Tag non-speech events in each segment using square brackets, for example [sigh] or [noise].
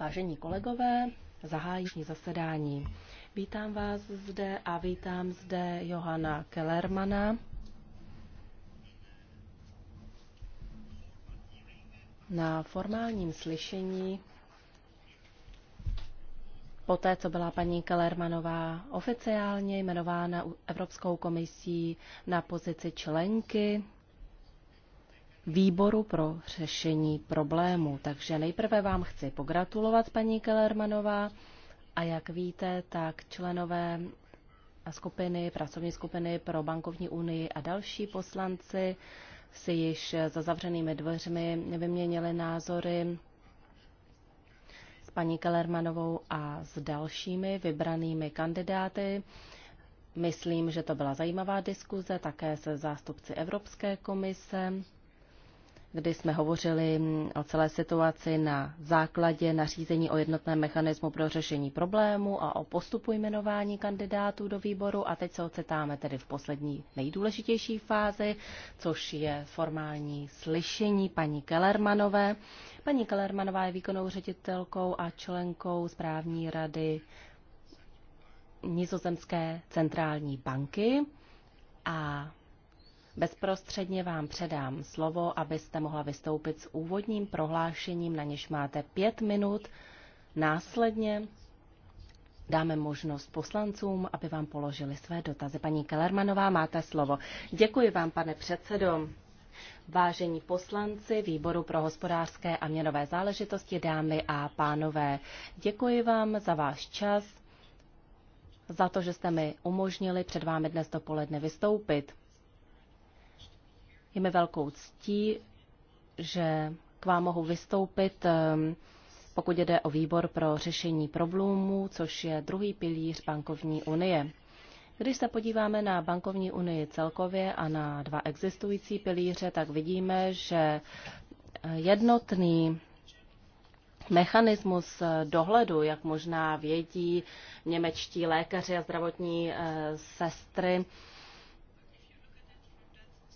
Vážení kolegové, zahájíční zasedání. Vítám vás zde a vítám zde Johana Kellermana. Na formálním slyšení Poté, co byla paní Kellermanová oficiálně jmenována Evropskou komisí na pozici členky výboru pro řešení problémů. Takže nejprve vám chci pogratulovat, paní Kellermanová. A jak víte, tak členové skupiny, pracovní skupiny pro bankovní unii a další poslanci si již za zavřenými dveřmi vyměnili názory s paní Kellermanovou a s dalšími vybranými kandidáty. Myslím, že to byla zajímavá diskuze také se zástupci Evropské komise kdy jsme hovořili o celé situaci na základě nařízení o jednotném mechanismu pro řešení problému a o postupu jmenování kandidátů do výboru. A teď se ocitáme tedy v poslední nejdůležitější fázi, což je formální slyšení paní Kellermanové. Paní Kellermanová je výkonnou ředitelkou a členkou správní rady Nizozemské centrální banky a Bezprostředně vám předám slovo, abyste mohla vystoupit s úvodním prohlášením, na něž máte pět minut. Následně Dáme možnost poslancům, aby vám položili své dotazy. Paní Kellermanová, máte slovo. Děkuji vám, pane předsedo. Vážení poslanci Výboru pro hospodářské a měnové záležitosti, dámy a pánové, děkuji vám za váš čas, za to, že jste mi umožnili před vámi dnes dopoledne vystoupit. Je mi velkou ctí, že k vám mohu vystoupit, ehm, pokud jde o výbor pro řešení problémů, což je druhý pilíř bankovní unie. Když se podíváme na bankovní unii celkově a na dva existující pilíře, tak vidíme, že jednotný mechanismus dohledu, jak možná vědí němečtí lékaři a zdravotní eh, sestry,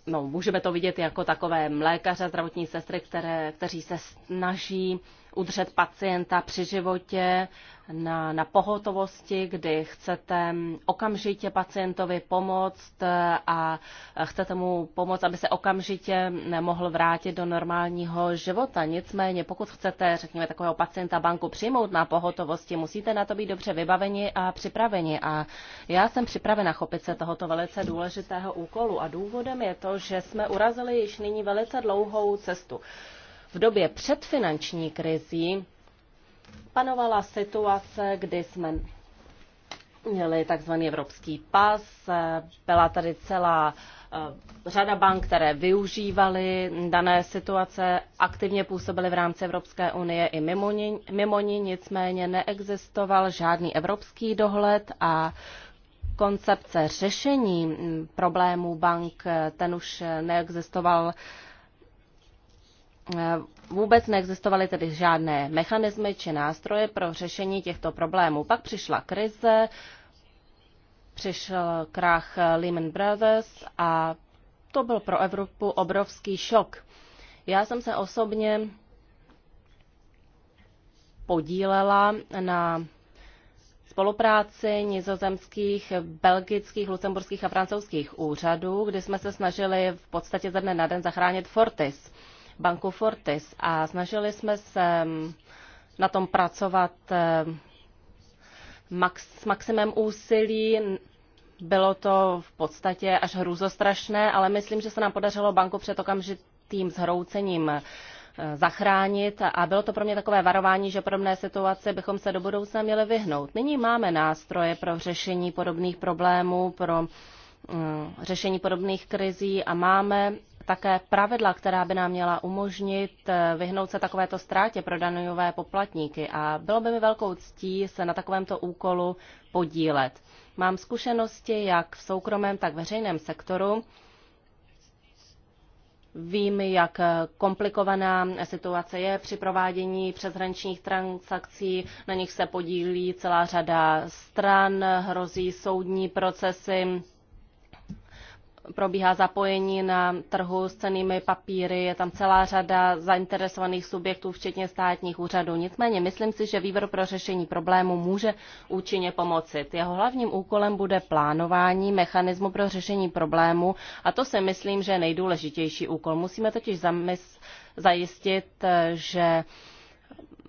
no, můžeme to vidět jako takové mlékaře, zdravotní sestry, které, kteří se snaží udržet pacienta při životě na, na pohotovosti, kdy chcete okamžitě pacientovi pomoct eh, a chcete mu pomoct, aby se okamžitě mohl vrátit do normálního života. Nicméně, pokud chcete, řekněme, takového pacienta banku přijmout na pohotovosti, musíte na to být dobře vybaveni a připraveni. A já jsem připravena chopit se tohoto velice důležitého úkolu. A důvodem je to, že jsme urazili již nyní velice dlouhou cestu v době před finanční krizí panovala situace, kdy jsme měli takzvaný evropský pas, byla tady celá eh, řada bank, které využívaly dané situace, aktivně působily v rámci Evropské unie i mimo ní, mimo ní, nicméně neexistoval žádný evropský dohled a koncepce řešení mm, problémů bank, eh, ten už eh, neexistoval Eh, vůbec neexistovaly tedy žádné mechanismy či nástroje pro řešení těchto problémů. Pak přišla krize, přišel krach Lehman Brothers a to byl pro Evropu obrovský šok. Já jsem se osobně podílela na spolupráci nizozemských, belgických, lucemburských a francouzských úřadů, kdy jsme se snažili v podstatě ze dne na den zachránit Fortis banku Fortis a snažili jsme se mm, na tom pracovat mm, max, s maximem úsilí. Bylo to v podstatě až hrůzostrašné, ale myslím, že se nám podařilo banku před okamžitým zhroucením e, zachránit a bylo to pro mě takové varování, že podobné situace bychom se do budoucna měli vyhnout. Nyní máme nástroje pro řešení podobných problémů, pro mm, řešení podobných krizí a máme také pravidla, která by nám měla umožnit eh, vyhnout se takovéto ztrátě pro daňové poplatníky a bylo by mi velkou ctí se na takovémto úkolu podílet. Mám zkušenosti jak v soukromém, tak v veřejném sektoru. Vím, jak eh, komplikovaná situace je při provádění přeshraničních transakcí, na nich se podílí celá řada stran, hrozí soudní procesy, probíhá zapojení na trhu s cenými papíry, je tam celá řada zainteresovaných subjektů, včetně státních úřadů. Nicméně myslím si, že výbor pro řešení problému může účinně pomoci. Jeho hlavním úkolem bude plánování mechanismu pro řešení problému a to si myslím, že je nejdůležitější úkol. Musíme totiž zamys- zajistit, že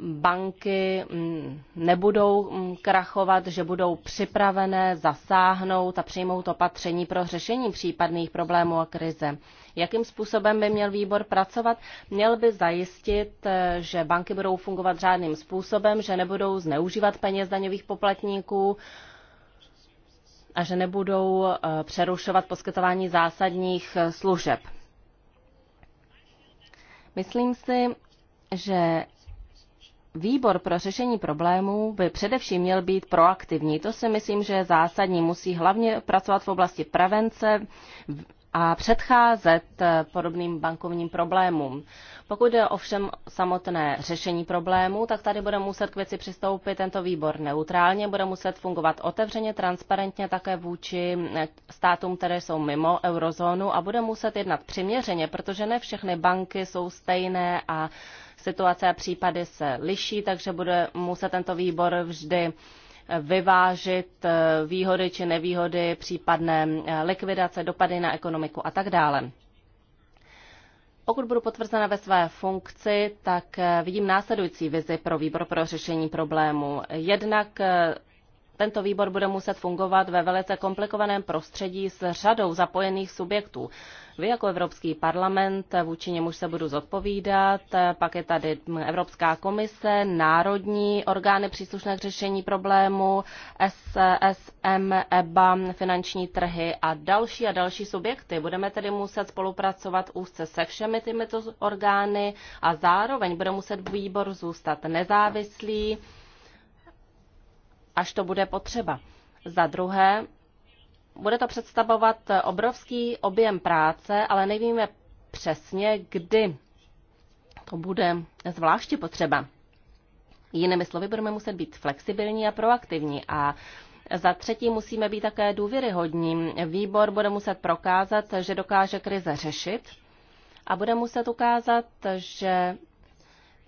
banky mm, nebudou mm, krachovat, že budou připravené zasáhnout a přijmout opatření pro řešení případných problémů a krize. Jakým způsobem by měl výbor pracovat? Měl by zajistit, eh, že banky budou fungovat řádným způsobem, že nebudou zneužívat peněz daňových poplatníků, a že nebudou eh, přerušovat poskytování zásadních eh, služeb. Myslím si, že Výbor pro řešení problémů by především měl být proaktivní. To si myslím, že je zásadní. Musí hlavně pracovat v oblasti prevence a předcházet eh, podobným bankovním problémům. Pokud je ovšem samotné řešení problému, tak tady bude muset k věci přistoupit tento výbor neutrálně, bude muset fungovat otevřeně, transparentně také vůči eh, státům, které jsou mimo eurozónu a bude muset jednat přiměřeně, protože ne všechny banky jsou stejné a situace a případy se liší, takže bude muset tento výbor vždy vyvážit eh, výhody či nevýhody, případné eh, likvidace, dopady na ekonomiku a tak dále. Pokud budu potvrzena ve své funkci, tak eh, vidím následující vizi pro výbor pro řešení problému. Jednak tento výbor bude muset fungovat ve velice komplikovaném prostředí s řadou zapojených subjektů. Vy jako Evropský parlament, vůči němuž se budu zodpovídat, pak je tady Evropská komise, národní orgány příslušné k řešení problému, SSM, EBA, finanční trhy a další a další subjekty. Budeme tedy muset spolupracovat úzce se všemi těmito orgány a zároveň bude muset výbor zůstat nezávislý až to bude potřeba. Za druhé, bude to představovat obrovský objem práce, ale nevíme přesně, kdy to bude zvláště potřeba. Jinými slovy, budeme muset být flexibilní a proaktivní a za třetí musíme být také důvěryhodní. Výbor bude muset prokázat, že dokáže krize řešit a bude muset ukázat, že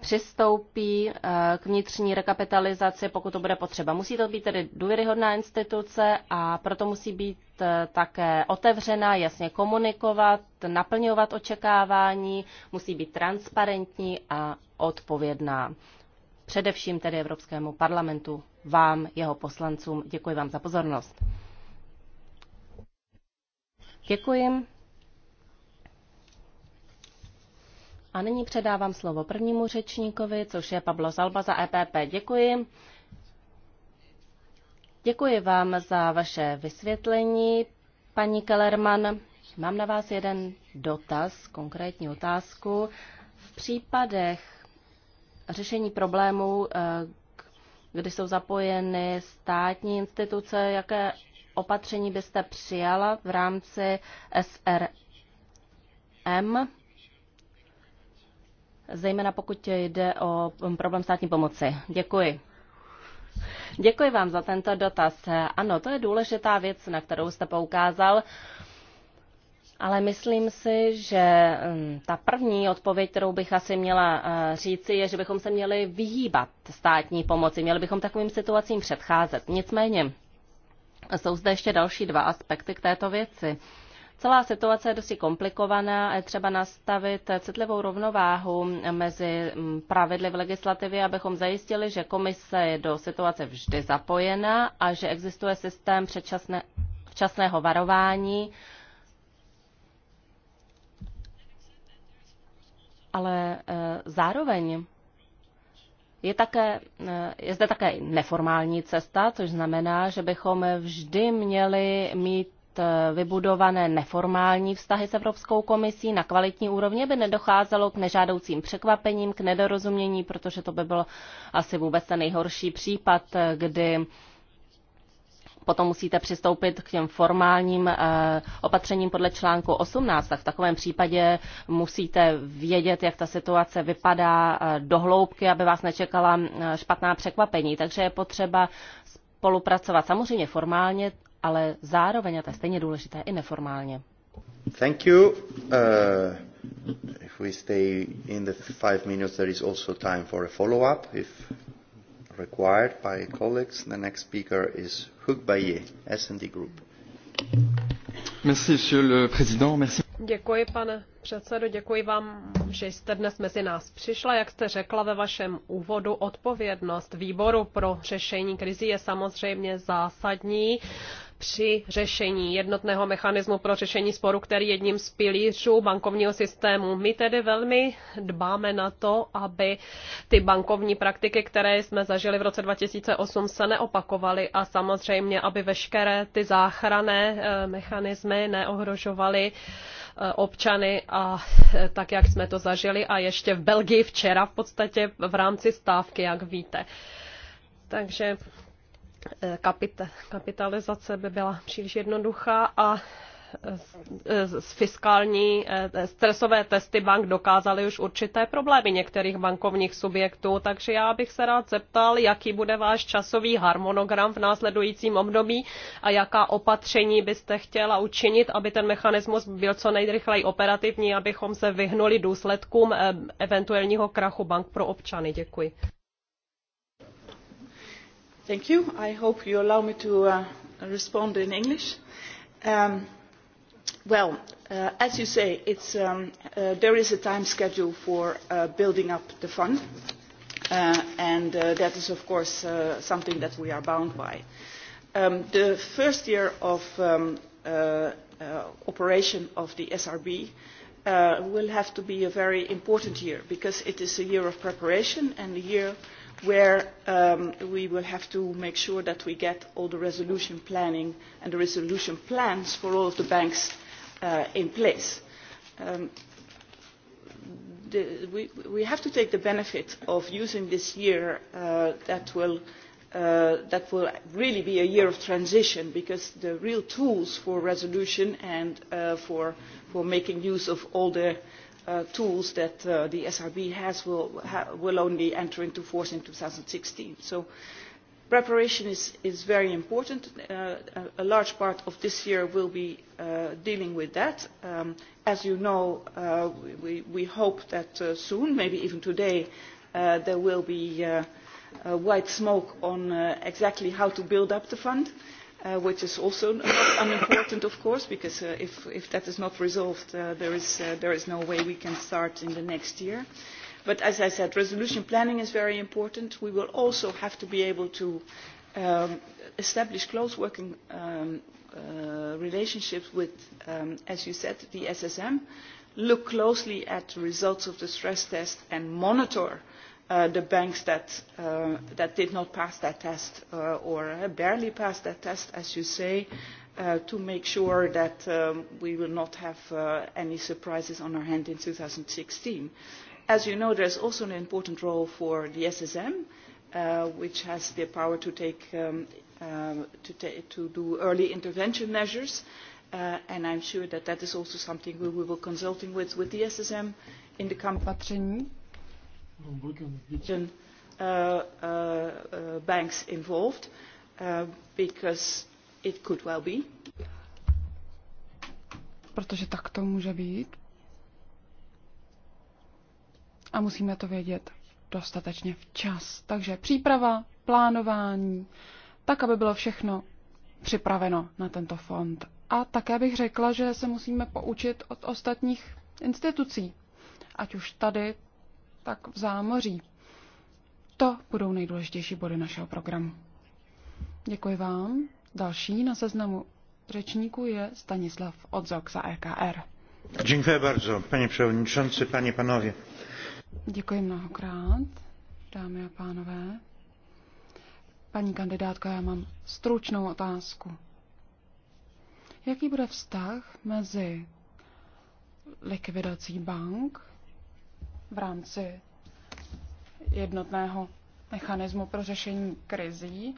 přistoupí eh, k vnitřní rekapitalizaci, pokud to bude potřeba. Musí to být tedy důvěryhodná instituce a proto musí být eh, také otevřená, jasně komunikovat, naplňovat očekávání, musí být transparentní a odpovědná. Především tedy Evropskému parlamentu, vám, jeho poslancům. Děkuji vám za pozornost. Děkuji. A nyní předávám slovo prvnímu řečníkovi, což je Pablo Zalba za EPP. Děkuji. Děkuji vám za vaše vysvětlení, paní Kellerman. Mám na vás jeden dotaz, konkrétní otázku. V případech řešení problémů, eh, kdy jsou zapojeny státní instituce, jaké opatření byste přijala v rámci SRM? zejména pokud jde o um, problém státní pomoci. Děkuji. Děkuji vám za tento dotaz. Ano, to je důležitá věc, na kterou jste poukázal. Ale myslím si, že um, ta první odpověď, kterou bych asi měla uh, říci, je, že bychom se měli vyhýbat státní pomoci. Měli bychom takovým situacím předcházet. Nicméně jsou zde ještě další dva aspekty k této věci. Celá situace je dosti komplikovaná a je třeba nastavit citlivou rovnováhu mezi mm, pravidly v legislativě, abychom zajistili, že komise je do situace vždy zapojena a že existuje systém předčasné, včasného varování, ale eh, zároveň je, také, eh, je zde také neformální cesta, což znamená, že bychom vždy měli mít Eh, vybudované neformální vztahy s Evropskou komisí na kvalitní úrovni, by nedocházelo k nežádoucím překvapením, k nedorozumění, protože to by byl asi vůbec ten nejhorší případ, eh, kdy potom musíte přistoupit k těm formálním eh, opatřením podle článku 18, tak v takovém případě musíte vědět, jak ta situace vypadá dohloubky, aby vás nečekala špatná překvapení. Takže je potřeba spolupracovat samozřejmě formálně, ale zároveň, a to je stejně důležité, i neformálně. Thank you. Uh, if we stay in the five minutes, there is also time for a follow-up if required by colleagues. The next speaker is S&D Group. Merci, Monsieur le Président. Merci. Děkuji, pane předsedo, děkuji vám, že jste dnes mezi nás přišla. Jak jste řekla ve vašem úvodu, odpovědnost výboru pro řešení krizi je samozřejmě zásadní při řešení jednotného mechanismu pro řešení sporu, který je jedním z pilířů bankovního systému. My tedy velmi dbáme na to, aby ty bankovní praktiky, které jsme zažili v roce 2008, se neopakovaly a samozřejmě, aby veškeré ty záchrané eh, mechanismy neohrožovaly eh, občany a eh, tak, jak jsme to zažili a ještě v Belgii včera v podstatě v rámci stávky, jak víte. Takže Eh, kapitalizace by byla příliš jednoduchá a z eh, fiskální eh, stresové testy bank dokázaly už určité problémy některých bankovních subjektů, takže já bych se rád zeptal, jaký bude váš časový harmonogram v následujícím období a jaká opatření byste chtěla učinit, aby ten mechanismus byl co nejrychleji operativní, abychom se vyhnuli důsledkům eventuálního krachu bank pro občany. Děkuji. Thank you. I hope you allow me to uh, respond in English. Um, uh, as you say, um, uh, there is a time schedule for building up the fund, and that is, of course, something that we are bound by. Um, the first year of operation of the SRB will have to be a very important year because it is a year of preparation and a year uh, where um, we will have to make sure that we get all the resolution planning and the resolution plans for all of the banks uh, in place. Um, the, we, we have to take the benefit of using this year uh, that, will, uh, that will really be a year of transition because the real tools for resolution and uh, for, for making use of all the Uh, tools that uh, the SRB has will, ha will only enter into force in 2016. So preparation is, is very important. Uh, a large part of this year will be uh, dealing with that. Um, as you know, uh, we, we hope that uh, soon, maybe even today, uh, there will be uh, uh, white smoke on uh, exactly how to build up the fund. Uh, Uh, which is also unimportant, of course, because uh, if, if that is not resolved, uh, there, is, uh, there is no way we can start in the next year. But as I said, resolution planning is very important. We will also have to be able to um, establish close working um, uh, relationships with, um, as you said, the SSM, look closely at the results of the stress test and monitor uh, Uh, the banks uh, that, did not pass that test uh, or barely passed that test, as you say, to make sure that um, we will not have any surprises on our hand in 2016. As you know, there is also an important role for the SSM, which has the power to, take, um, to, do early intervention measures. and I am sure that that is also something we, will be consulting with, the SSM in the coming Uh, uh, uh, banks involved uh, because it could well be. Protože tak to může být. A musíme to vědět dostatečně včas. Takže příprava, plánování, tak, aby bylo všechno připraveno na tento fond. A také bych řekla, že se musíme poučit od ostatních institucí, ať už tady tak v zámoří. To budou nejdůležitější body našeho programu. Děkuji vám. Další na seznamu řečníků je Stanislav Odzok za EKR. Dziękuję bardzo, panie przewodniczący, panie panowie. Děkuji mnohokrát, dámy a pánové. Paní kandidátko, já mám stručnou otázku. Jaký bude vztah mezi likvidací bank v rámci jednotného mechanismu pro řešení krizí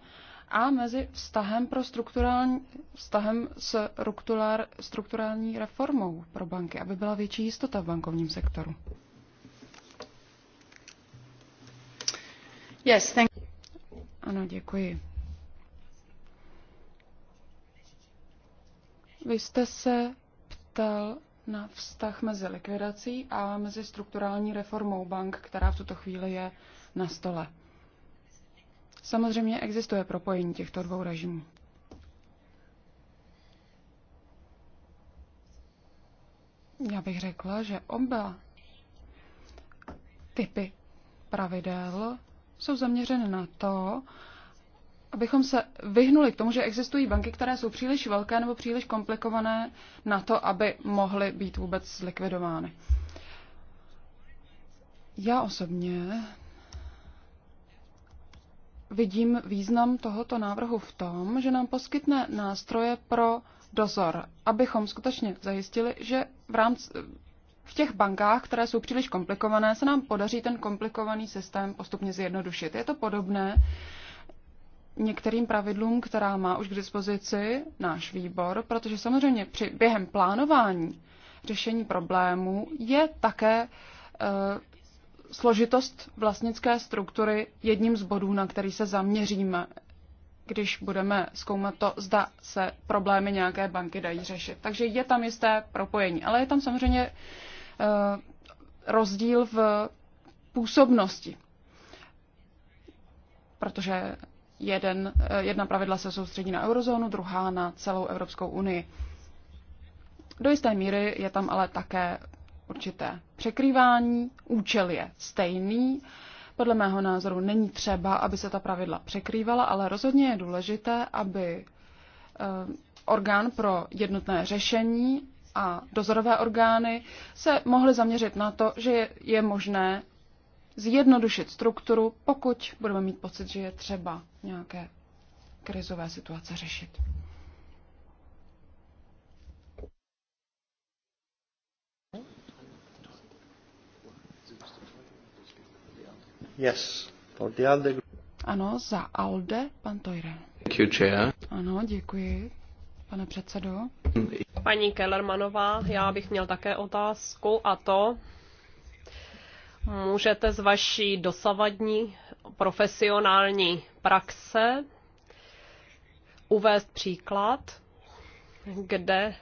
a mezi vztahem, pro strukturální, vztahem s ruktulár, strukturální reformou pro banky, aby byla větší jistota v bankovním sektoru. Yes, thank you. Ano, děkuji. Vy jste se ptal na vztah mezi likvidací a mezi strukturální reformou bank, která v tuto chvíli je na stole. Samozřejmě existuje propojení těchto dvou režimů. Já bych řekla, že oba typy pravidel jsou zaměřeny na to, abychom se vyhnuli k tomu, že existují banky, které jsou příliš velké nebo příliš komplikované na to, aby mohly být vůbec zlikvidovány. Já osobně vidím význam tohoto návrhu v tom, že nám poskytne nástroje pro dozor, abychom skutečně zajistili, že v rámci v těch bankách, které jsou příliš komplikované, se nám podaří ten komplikovaný systém postupně zjednodušit. Je to podobné některým pravidlům, která má už k dispozici náš výbor, protože samozřejmě při, během plánování řešení problémů je také e, složitost vlastnické struktury jedním z bodů, na který se zaměříme, když budeme zkoumat to, zda se problémy nějaké banky dají řešit. Takže je tam jisté propojení, ale je tam samozřejmě e, rozdíl v působnosti, protože jeden, eh, jedna pravidla se soustředí na eurozónu, druhá na celou Evropskou unii. Do jisté míry je tam ale také určité překrývání, účel je stejný. Podle mého názoru není třeba, aby se ta pravidla překrývala, ale rozhodně je důležité, aby eh, orgán pro jednotné řešení a dozorové orgány se mohly zaměřit na to, že je možné zjednodušit strukturu, pokud budeme mít pocit, že je třeba nějaké krizové situace řešit. Yes, for the ALDE. Ano, za ALDE, pan Tojre. Thank you, Chair. Ano, děkuji, pane předsedo. Paní Kellermanová, já bych měl také otázku a to, můžete z vaší dosavadní profesionální praxe uvést příklad, kde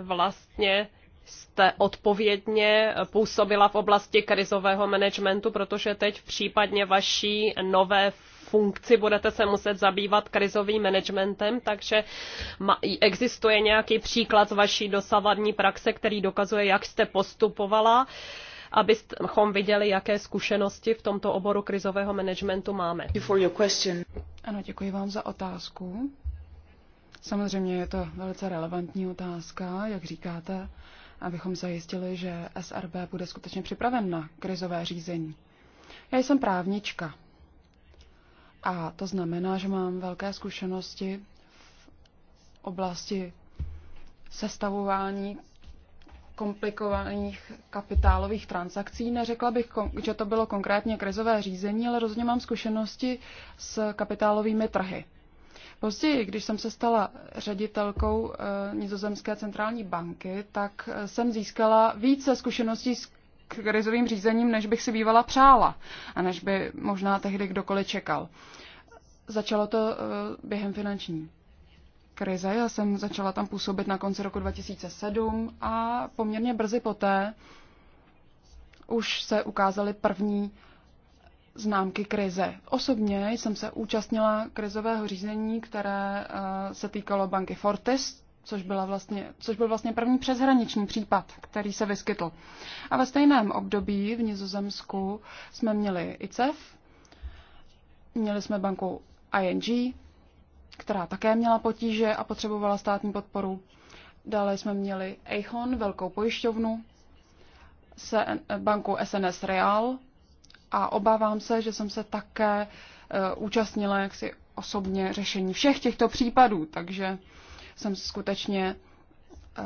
vlastně jste odpovědně působila v oblasti krizového managementu, protože teď v případně vaší nové funkci budete se muset zabývat krizovým managementem, takže existuje nějaký příklad z vaší dosavadní praxe, který dokazuje, jak jste postupovala abychom viděli, jaké zkušenosti v tomto oboru krizového managementu máme. Ano, děkuji vám za otázku. Samozřejmě je to velice relevantní otázka, jak říkáte, abychom zajistili, že SRB bude skutečně připraven na krizové řízení. Já jsem právnička a to znamená, že mám velké zkušenosti v oblasti sestavování komplikovaných kapitálových transakcí. Neřekla bych, že to bylo konkrétně krizové řízení, ale rozhodně mám zkušenosti s kapitálovými trhy. Později, když jsem se stala ředitelkou eh, Nizozemské centrální banky, tak eh, jsem získala více zkušeností s krizovým řízením, než bych si bývala přála a než by možná tehdy kdokoliv čekal. Začalo to eh, během finanční krize. Já jsem začala tam působit na konci roku 2007 a poměrně brzy poté už se ukázaly první známky krize. Osobně jsem se účastnila krizového řízení, které eh, se týkalo banky Fortis, což, byla vlastně, což byl vlastně první přeshraniční případ, který se vyskytl. A ve stejném období v Nizozemsku jsme měli ICEF, měli jsme banku ING která také měla potíže a potřebovala státní podporu. Dále jsme měli Eichon, velkou pojišťovnu, banku SNS Real a obávám se, že jsem se také e, účastnila jaksi osobně řešení všech těchto případů, takže jsem skutečně e,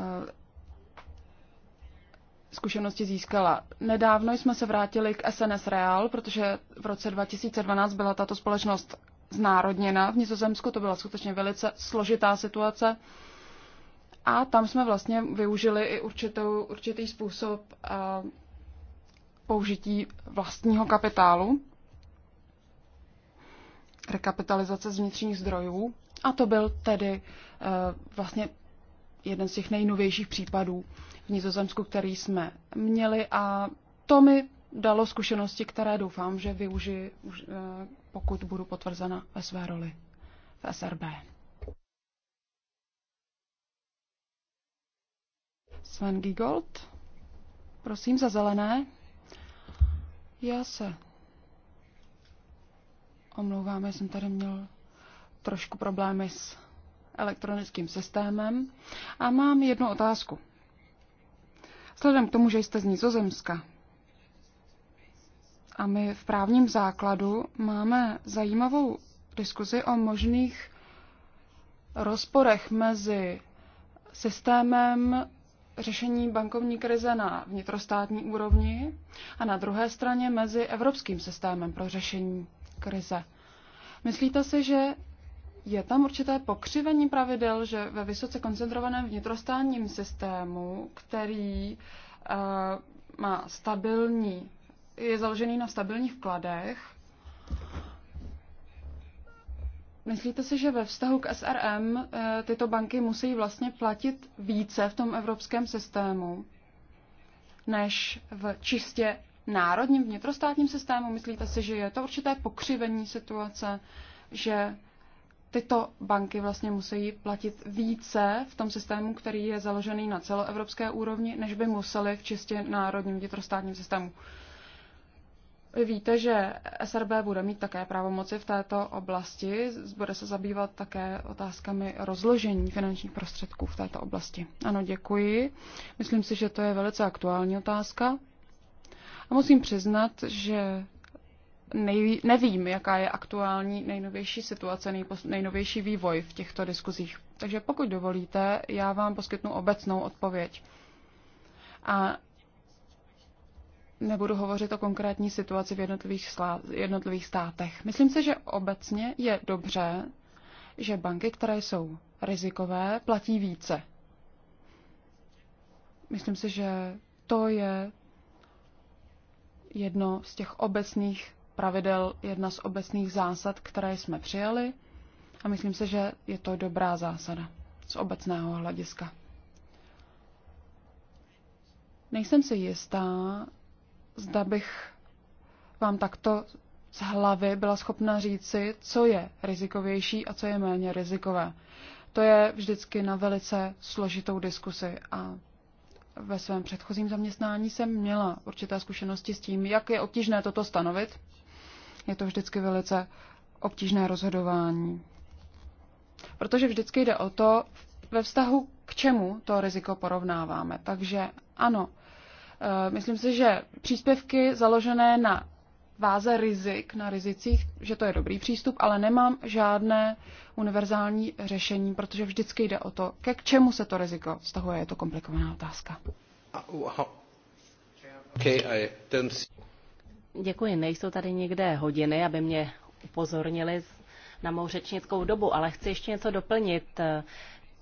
zkušenosti získala. Nedávno jsme se vrátili k SNS Real, protože v roce 2012 byla tato společnost znárodněna. V Nizozemsku to byla skutečně velice složitá situace. A tam jsme vlastně využili i určitou, určitý způsob uh, použití vlastního kapitálu, rekapitalizace z vnitřních zdrojů. A to byl tedy uh, vlastně jeden z těch nejnovějších případů v Nizozemsku, který jsme měli. A to mi dalo zkušenosti, které doufám, že využiji, pokud budu potvrzena ve své roli v SRB. Sven Gigold, prosím za zelené. Já se omlouvám, já jsem tady měl trošku problémy s elektronickým systémem a mám jednu otázku. Vzhledem k tomu, že jste z Nizozemska, a my v právním základu máme zajímavou diskuzi o možných rozporech mezi systémem řešení bankovní krize na vnitrostátní úrovni a na druhé straně mezi evropským systémem pro řešení krize. Myslíte si, že je tam určité pokřivení pravidel, že ve vysoce koncentrovaném vnitrostátním systému, který uh, má stabilní je založený na stabilních vkladech. Myslíte si, že ve vztahu k SRM eh, tyto banky musí vlastně platit více v tom evropském systému než v čistě národním vnitrostátním systému? Myslíte si, že je to určité pokřivení situace, že tyto banky vlastně musí platit více v tom systému, který je založený na celoevropské úrovni, než by museli v čistě národním vnitrostátním systému? Vy víte, že SRB bude mít také pravomoci v této oblasti, bude se zabývat také otázkami rozložení finančních prostředků v této oblasti. Ano, děkuji. Myslím si, že to je velice aktuální otázka. A musím přiznat, že nejví, nevím, jaká je aktuální nejnovější situace, nejnovější vývoj v těchto diskuzích. Takže pokud dovolíte, já vám poskytnu obecnou odpověď. A nebudu hovořit o konkrétní situaci v jednotlivých, slá, jednotlivých státech. Myslím si, že obecně je dobře, že banky, které jsou rizikové, platí více. Myslím si, že to je jedno z těch obecných pravidel, jedna z obecných zásad, které jsme přijali. A myslím si, že je to dobrá zásada z obecného hlediska. Nejsem si jistá, zda bych vám takto z hlavy byla schopna říci, co je rizikovější a co je méně rizikové. To je vždycky na velice složitou diskusi a ve svém předchozím zaměstnání jsem měla určité zkušenosti s tím, jak je obtížné toto stanovit. Je to vždycky velice obtížné rozhodování. Protože vždycky jde o to, ve vztahu k čemu to riziko porovnáváme. Takže ano, Eh, myslím si, že příspěvky založené na váze rizik, na rizicích, že to je dobrý přístup, ale nemám žádné univerzální řešení, protože vždycky jde o to, ke k čemu se to riziko vztahuje. Je to komplikovaná otázka. Děkuji, nejsou tady někde hodiny, aby mě upozornili na mou řečnickou dobu, ale chci ještě něco doplnit. Eh,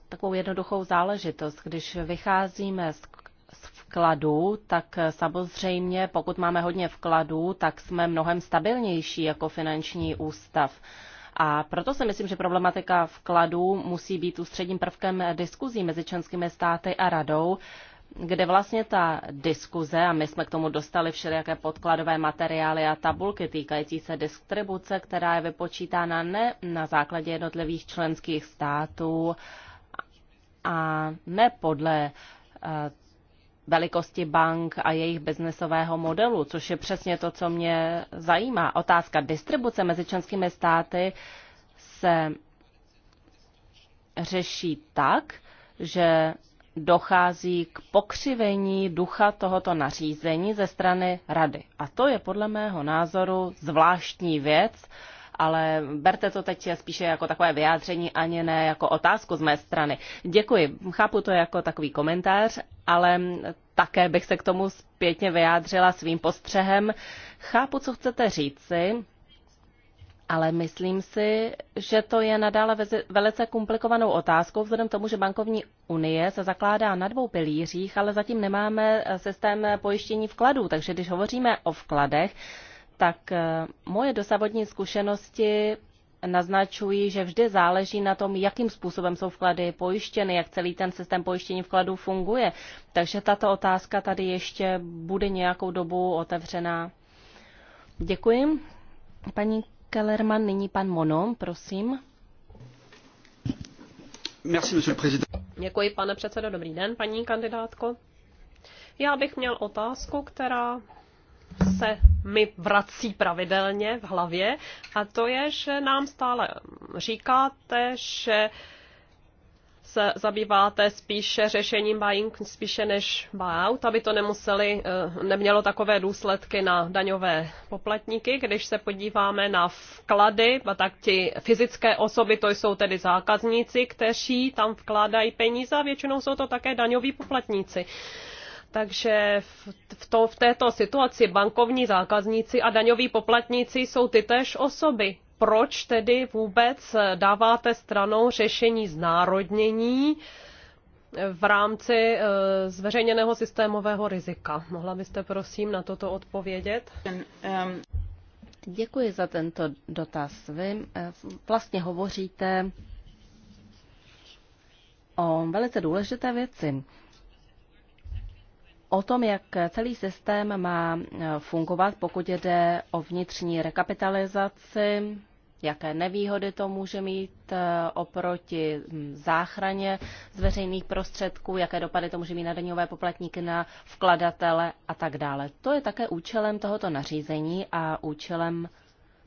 takovou jednoduchou záležitost. Když vycházíme z z vkladů, tak samozřejmě, pokud máme hodně vkladů, tak jsme mnohem stabilnější jako finanční ústav. A proto si myslím, že problematika vkladů musí být ústředním prvkem diskuzí mezi členskými státy a radou, kde vlastně ta diskuze, a my jsme k tomu dostali všelijaké podkladové materiály a tabulky týkající se distribuce, která je vypočítána ne na základě jednotlivých členských států a ne podle eh, velikosti bank a jejich biznesového modelu, což je přesně to, co mě zajímá. Otázka distribuce mezi členskými státy se řeší tak, že dochází k pokřivení ducha tohoto nařízení ze strany rady. A to je podle mého názoru zvláštní věc, ale berte to teď spíše jako takové vyjádření, ani ne jako otázku z mé strany. Děkuji, chápu to jako takový komentář, ale také bych se k tomu zpětně vyjádřila svým postřehem. Chápu, co chcete říci, ale myslím si, že to je nadále velice komplikovanou otázkou, vzhledem tomu, že bankovní unie se zakládá na dvou pilířích, ale zatím nemáme systém pojištění vkladů. Takže když hovoříme o vkladech, tak eh, moje dosavadní zkušenosti naznačují, že vždy záleží na tom, jakým způsobem jsou vklady pojištěny, jak celý ten systém pojištění vkladů funguje. Takže tato otázka tady ještě bude nějakou dobu otevřená. Děkuji. Paní Kellerman, nyní pan Mono, prosím. Merci, Děkuji, pane předsedo. Dobrý den, paní kandidátko. Já bych měl otázku, která se mi vrací pravidelně v hlavě a to je, že nám stále říkáte, že se zabýváte spíše řešením buying spíše než buyout, aby to nemuseli, eh, nemělo takové důsledky na daňové poplatníky. Když se podíváme na vklady, tak ti fyzické osoby, to jsou tedy zákazníci, kteří tam vkládají peníze a většinou jsou to také daňoví poplatníci. Takže v, v, to, v této situaci bankovní zákazníci a daňoví poplatníci jsou tytéž osoby. Proč tedy vůbec dáváte stranou řešení znárodnění v rámci e, zveřejněného systémového rizika? Mohla byste prosím na toto odpovědět? Děkuji za tento dotaz. Vy e, vlastně hovoříte o velice důležité věci o tom, jak celý systém má eh, fungovat, pokud jde o vnitřní rekapitalizaci, jaké nevýhody to může mít eh, oproti hm, záchraně z veřejných prostředků, jaké dopady to může mít na daňové poplatníky, na vkladatele a tak dále. To je také účelem tohoto nařízení a účelem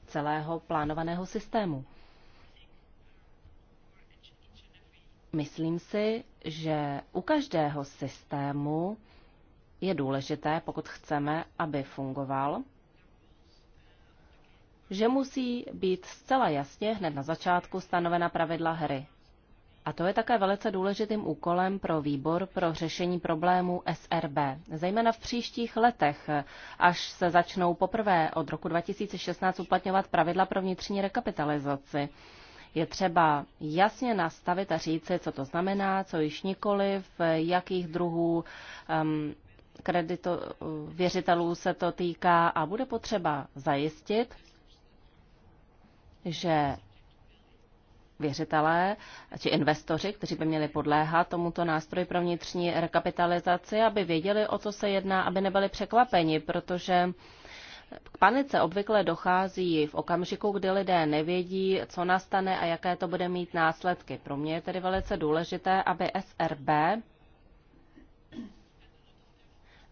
celého plánovaného systému. Myslím si, že u každého systému je důležité, pokud chceme, aby fungoval, že musí být zcela jasně hned na začátku stanovena pravidla hry. A to je také velice důležitým úkolem pro výbor pro řešení problémů SRB, zejména v příštích letech, až se začnou poprvé od roku 2016 uplatňovat pravidla pro vnitřní rekapitalizaci. Je třeba jasně nastavit a říci, co to znamená, co již v jakých druhů um, kredito, věřitelů se to týká a bude potřeba zajistit, že věřitelé či investoři, kteří by měli podléhat tomuto nástroji pro vnitřní rekapitalizaci, aby věděli, o co se jedná, aby nebyli překvapeni, protože k panice obvykle dochází v okamžiku, kdy lidé nevědí, co nastane a jaké to bude mít následky. Pro mě je tedy velice důležité, aby SRB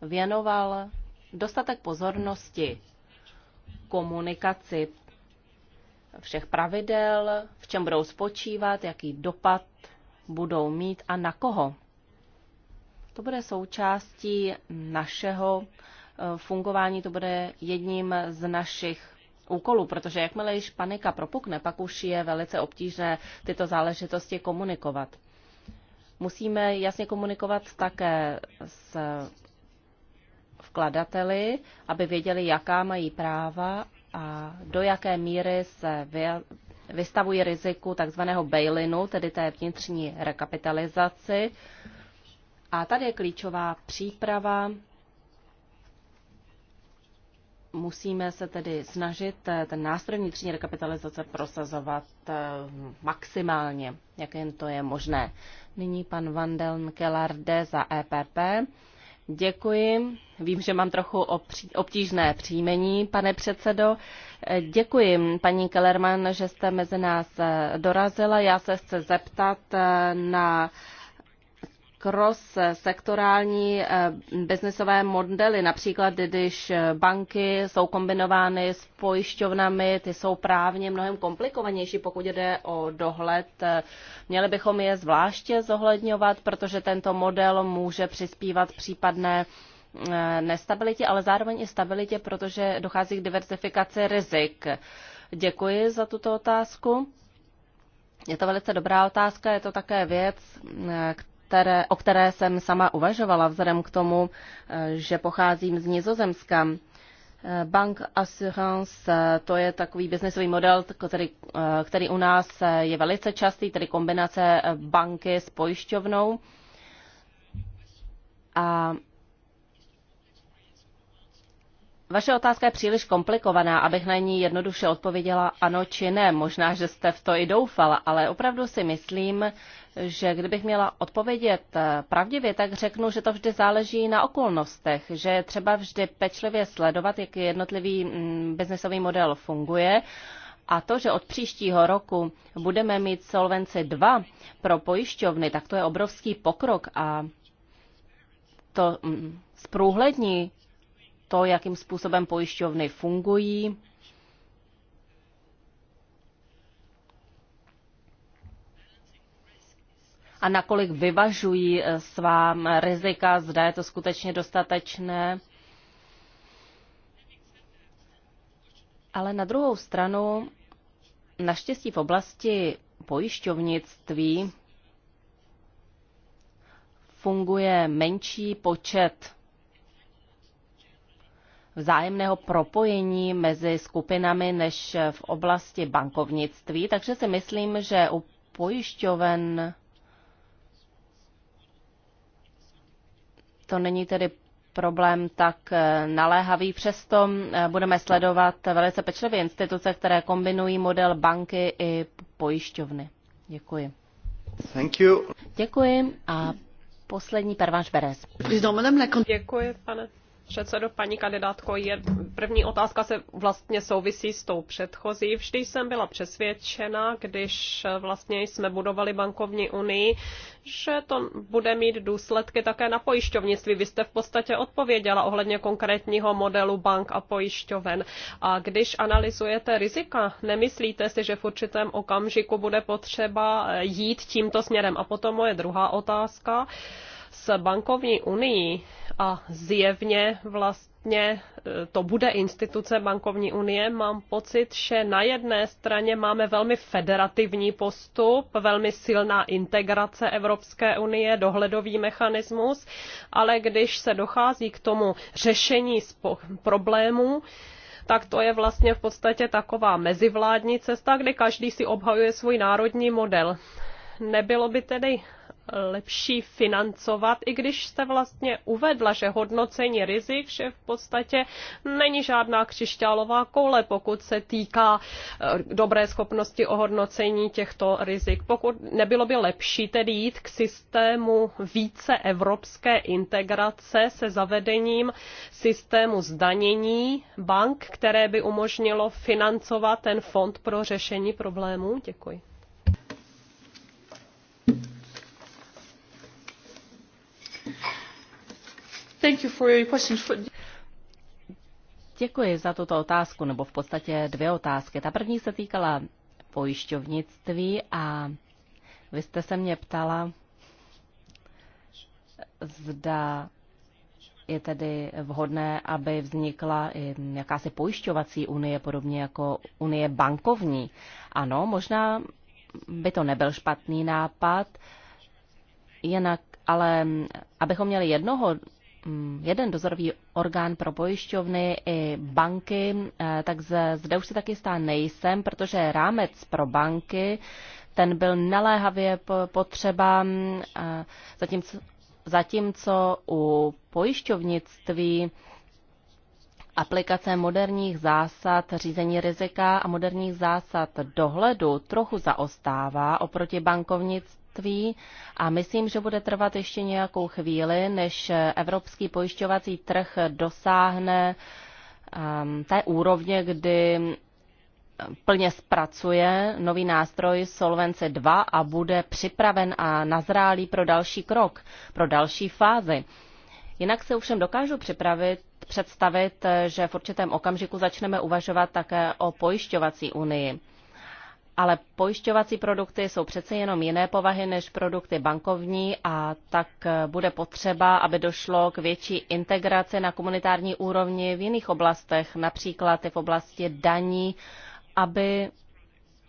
věnoval dostatek pozornosti komunikaci všech pravidel, v čem budou spočívat, jaký dopad budou mít a na koho. To bude součástí našeho eh, fungování, to bude jedním z našich úkolů, protože jakmile již panika propukne, pak už je velice obtížné tyto záležitosti komunikovat. Musíme jasně komunikovat také s vkladateli, aby věděli, jaká mají práva a do jaké míry se vystavují riziku tzv. bailinu, tedy té vnitřní rekapitalizaci. A tady je klíčová příprava. Musíme se tedy snažit ten nástroj vnitřní rekapitalizace prosazovat eh, maximálně, jak jen to je možné. Nyní pan Vandel Kellarde za EPP. Děkuji. Vím, že mám trochu obtížné příjmení, pane předsedo. Děkuji, paní Kellerman, že jste mezi nás eh, dorazila. Já se chci zeptat eh, na cross sektorální eh, biznesové modely, například když eh, banky jsou kombinovány s pojišťovnami, ty jsou právně mnohem komplikovanější, pokud jde o dohled. Eh, měli bychom je zvláště zohledňovat, protože tento model může přispívat případné nestabilitě, ale zároveň i stabilitě, protože dochází k diversifikaci rizik. Děkuji za tuto otázku. Je to velice dobrá otázka, je to také věc, které, o které jsem sama uvažovala vzhledem k tomu, eh, že pocházím z Nizozemska. Eh, Bank Assurance, eh, to je takový biznesový model, který, který u nás je velice častý, tedy kombinace banky s pojišťovnou. A vaše otázka je příliš komplikovaná, abych na ní jednoduše odpověděla ano či ne. Možná, že jste v to i doufala, ale opravdu si myslím, že kdybych měla odpovědět eh, pravdivě, tak řeknu, že to vždy záleží na okolnostech, že je třeba vždy pečlivě sledovat, jak jednotlivý mm, biznesový model funguje. A to, že od příštího roku budeme mít Solvenci 2 pro pojišťovny, tak to je obrovský pokrok a to sprůhlední mm, to, jakým způsobem pojišťovny fungují. A nakolik vyvažují eh, svá rizika, zda je to skutečně dostatečné. Ale na druhou stranu, naštěstí v oblasti pojišťovnictví funguje menší počet vzájemného propojení mezi skupinami než v oblasti bankovnictví, takže si myslím, že u pojišťoven to není tedy problém tak eh, naléhavý. Přesto eh, budeme sledovat velice pečlivě instituce, které kombinují model banky i pojišťovny. Děkuji. Thank you. Děkuji a poslední pervář Beres. Děkuji, pane předsedo, paní kandidátko, je, první otázka se vlastně souvisí s tou předchozí. Vždy jsem byla přesvědčena, když vlastně jsme budovali bankovní unii, že to bude mít důsledky také na pojišťovnictví. Vy jste v podstatě odpověděla ohledně konkrétního modelu bank a pojišťoven. A když analyzujete rizika, nemyslíte si, že v určitém okamžiku bude potřeba jít tímto směrem? A potom moje druhá otázka s bankovní unií a zjevně vlastně e, to bude instituce bankovní unie, mám pocit, že na jedné straně máme velmi federativní postup, velmi silná integrace Evropské unie, dohledový mechanismus, ale když se dochází k tomu řešení problémů, tak to je vlastně v podstatě taková mezivládní cesta, kdy každý si obhajuje svůj národní model. Nebylo by tedy lepší financovat, i když jste vlastně uvedla, že hodnocení rizik, že v podstatě není žádná křišťálová koule, pokud se týká eh, dobré schopnosti ohodnocení těchto rizik. Pokud nebylo by lepší tedy jít k systému více evropské integrace se zavedením systému zdanění bank, které by umožnilo financovat ten fond pro řešení problémů? Děkuji. Děkuji za tuto otázku, nebo v podstatě dvě otázky. Ta první se týkala pojišťovnictví a vy jste se mě ptala, zda je tedy vhodné, aby vznikla jakási pojišťovací unie, podobně jako unie bankovní. Ano, možná by to nebyl špatný nápad, jinak, ale abychom měli jednoho Mm, jeden dozorový orgán pro pojišťovny i banky, eh, tak zde už se taky stá nejsem, protože rámec pro banky ten byl naléhavě potřeba, mm, eh, zatímco, zatímco u pojišťovnictví aplikace moderních zásad řízení rizika a moderních zásad dohledu trochu zaostává oproti bankovnictví odvětví a myslím, že bude trvat ještě nějakou chvíli, než evropský pojišťovací trh dosáhne um, té úrovně, kdy plně zpracuje nový nástroj Solvence 2 a bude připraven a nazrálý pro další krok, pro další fázi. Jinak se ovšem dokážu připravit, představit, že v určitém okamžiku začneme uvažovat také o pojišťovací unii ale pojišťovací produkty jsou přece jenom jiné povahy než produkty bankovní a tak eh, bude potřeba, aby došlo k větší integraci na komunitární úrovni v jiných oblastech, například i v oblasti daní, aby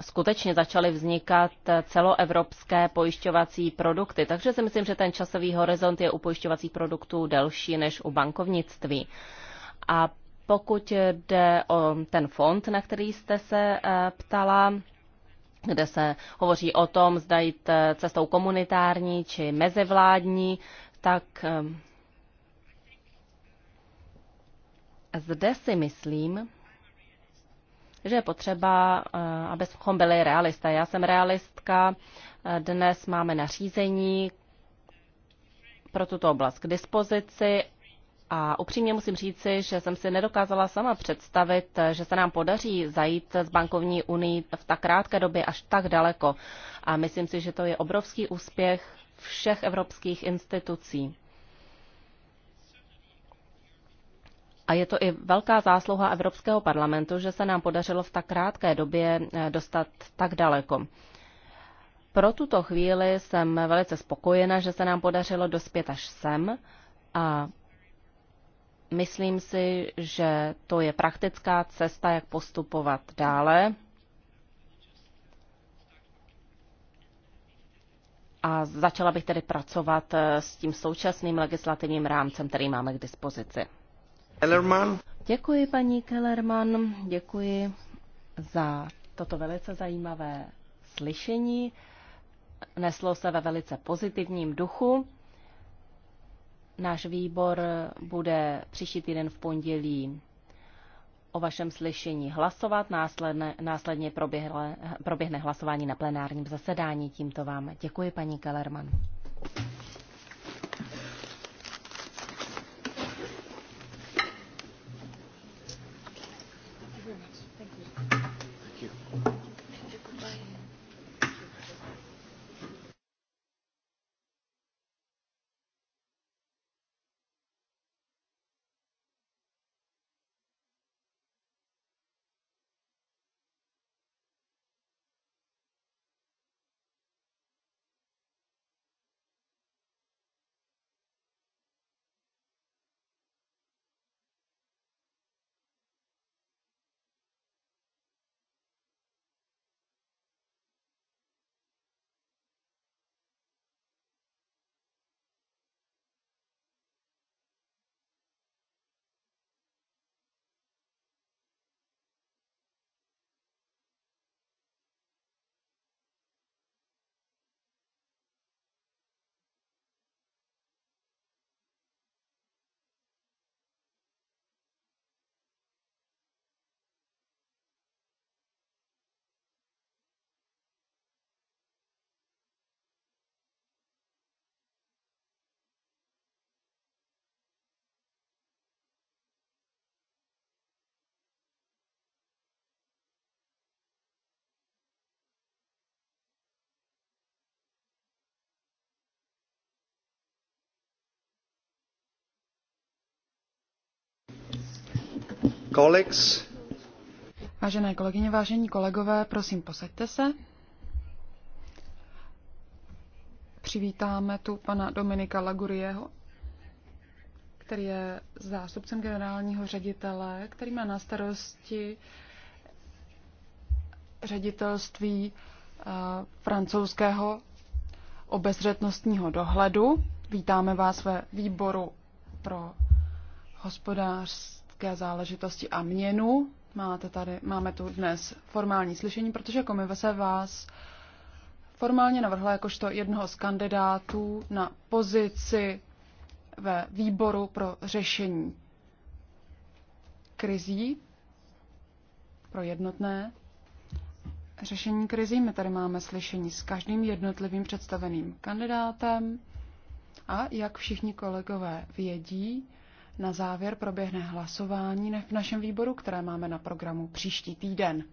skutečně začaly vznikat eh, celoevropské pojišťovací produkty. Takže si myslím, že ten časový horizont je u pojišťovacích produktů delší než u bankovnictví. A pokud jde o ten fond, na který jste se eh, ptala, kde se hovoří o tom, zda jít eh, cestou komunitární či mezivládní, tak eh, zde si myslím, že je potřeba, eh, abychom byli realisté. Já jsem realistka, dnes máme nařízení pro tuto oblast k dispozici a upřímně musím říci, že jsem si nedokázala sama představit, že se nám podaří zajít z bankovní unii v tak krátké době až tak daleko. A myslím si, že to je obrovský úspěch všech evropských institucí. A je to i velká zásluha Evropského parlamentu, že se nám podařilo v tak krátké době eh, dostat tak daleko. Pro tuto chvíli jsem velice spokojena, že se nám podařilo dospět až sem a Myslím si, že to je praktická cesta, jak postupovat dále. A začala bych tedy pracovat eh, s tím současným legislativním rámcem, který máme k dispozici. Kellerman. Děkuji, paní Kellerman, děkuji za toto velice zajímavé slyšení. Neslo se ve velice pozitivním duchu. Náš výbor bude příští týden v pondělí o vašem slyšení hlasovat. Následne, následně proběhle, proběhne hlasování na plenárním zasedání. Tímto vám děkuji, paní Kellerman. colleagues. Vážené kolegyně, vážení kolegové, prosím, posaďte se. Přivítáme tu pana Dominika Lagurieho, který je zástupcem generálního ředitele, který má na starosti ředitelství eh, francouzského obezřetnostního dohledu. Vítáme vás ve výboru pro hospodářství evropské záležitosti a měnu. Máte tady, máme tu dnes formální slyšení, protože komise vás formálně navrhla jakožto jednoho z kandidátů na pozici ve výboru pro řešení krizí, pro jednotné řešení krizí. My tady máme slyšení s každým jednotlivým představeným kandidátem. A jak všichni kolegové vědí, na závěr proběhne hlasování v našem výboru, které máme na programu příští týden.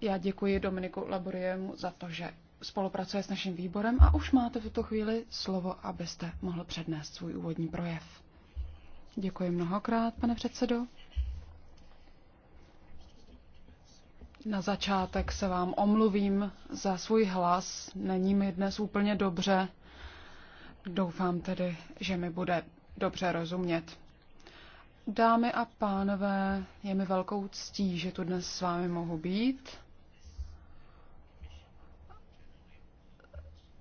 Já děkuji Dominiku Laboriemu za to, že spolupracuje s naším výborem a už máte v tuto chvíli slovo, abyste mohl přednést svůj úvodní projev. Děkuji mnohokrát, pane předsedo. Na začátek se vám omluvím za svůj hlas. Není mi dnes úplně dobře. Doufám tedy, že mi bude dobře rozumět. Dámy a pánové, je mi velkou ctí, že tu dnes s vámi mohu být.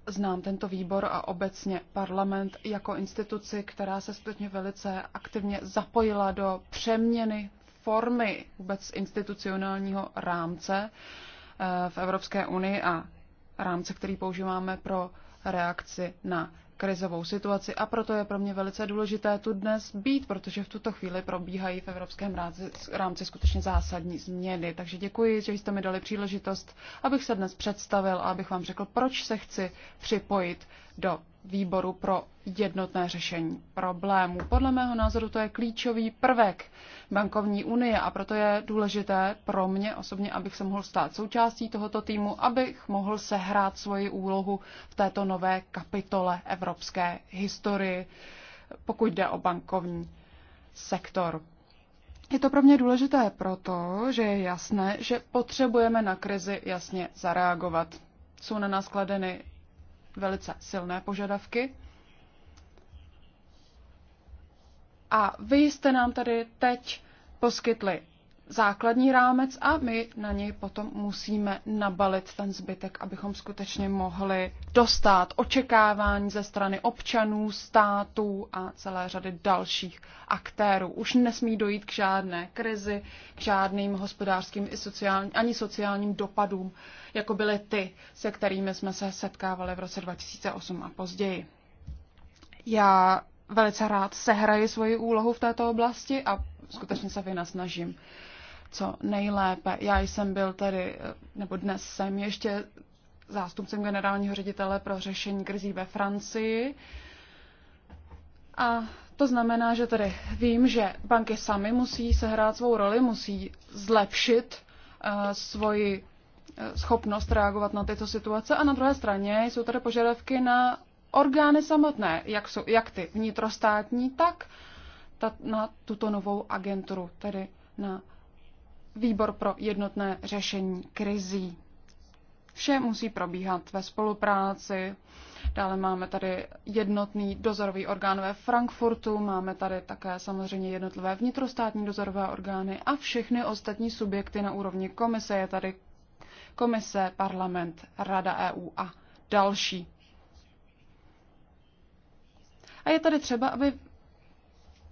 Znám tento výbor a obecně parlament jako instituci, která se skutečně velice aktivně zapojila do přeměny formy vůbec institucionálního rámce eh, v Evropské unii a rámce, který používáme pro reakci na krizovou situaci a proto je pro mě velice důležité tu dnes být, protože v tuto chvíli probíhají v evropském rámci, rámci skutečně zásadní změny. Takže děkuji, že jste mi dali příležitost, abych se dnes představil a abych vám řekl, proč se chci připojit do výboru pro jednotné řešení problémů. Podle mého názoru to je klíčový prvek bankovní unie a proto je důležité pro mě osobně, abych se mohl stát součástí tohoto týmu, abych mohl sehrát svoji úlohu v této nové kapitole evropské historii, pokud jde o bankovní sektor. Je to pro mě důležité proto, že je jasné, že potřebujeme na krizi jasně zareagovat. Jsou na nás kladeny velice silné požadavky. A vy jste nám tady teď poskytli základní rámec a my na něj potom musíme nabalit ten zbytek, abychom skutečně mohli dostat očekávání ze strany občanů, států a celé řady dalších aktérů. Už nesmí dojít k žádné krizi, k žádným hospodářským i sociální, ani sociálním dopadům, jako byly ty, se kterými jsme se setkávali v roce 2008 a později. Já velice rád sehraji svoji úlohu v této oblasti a skutečně se vynasnažím. snažím co nejlépe. Já jsem byl tady, nebo dnes jsem ještě zástupcem generálního ředitele pro řešení krizí ve Francii. A to znamená, že tedy vím, že banky sami musí sehrát svou roli, musí zlepšit uh, svoji eh, schopnost reagovat na tyto situace. A na druhé straně jsou tady požadavky na orgány samotné, jak, jsou, jak ty vnitrostátní, tak ta, na tuto novou agenturu, tedy na výbor pro jednotné řešení krizí. Vše musí probíhat ve spolupráci. Dále máme tady jednotný dozorový orgán ve Frankfurtu, máme tady také samozřejmě jednotlivé vnitrostátní dozorové orgány a všechny ostatní subjekty na úrovni komise. Je tady komise, parlament, rada EU a další. A je tady třeba, aby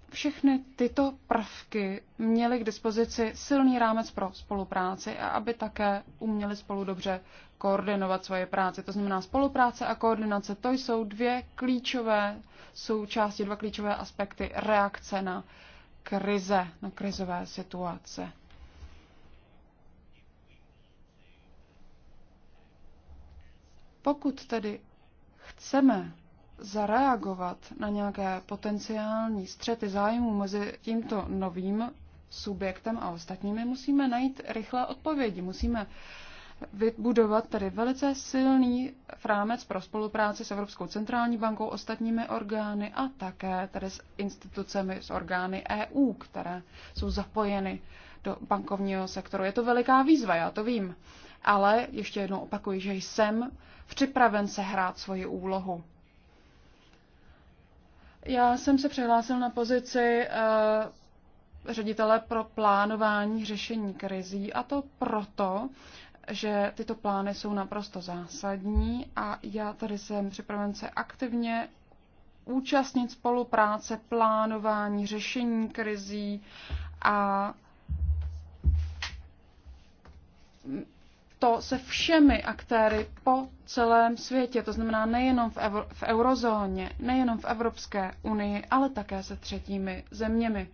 všechny tyto prvky měly k dispozici silný rámec pro spolupráci a aby také uměli spolu dobře koordinovat svoje práce. To znamená spolupráce a koordinace, to jsou dvě klíčové součásti, dva klíčové aspekty reakce na krize, na krizové situace. Pokud tedy chceme zareagovat na nějaké potenciální střety zájmů mezi tímto novým subjektem a ostatními, musíme najít rychlé odpovědi. Musíme vybudovat tedy velice silný frámec pro spolupráci s Evropskou centrální bankou, ostatními orgány a také tedy s institucemi, s orgány EU, které jsou zapojeny do bankovního sektoru. Je to veliká výzva, já to vím. Ale ještě jednou opakuji, že jsem připraven hrát svoji úlohu. Já jsem se přihlásil na pozici eh, ředitele pro plánování řešení krizí a to proto, že tyto plány jsou naprosto zásadní a já tady jsem připraven se aktivně účastnit spolupráce, plánování, řešení krizí a to se všemi aktéry po celém světě, to znamená nejenom v, evro, v eurozóně, nejenom v Evropské unii, ale také se třetími zeměmi.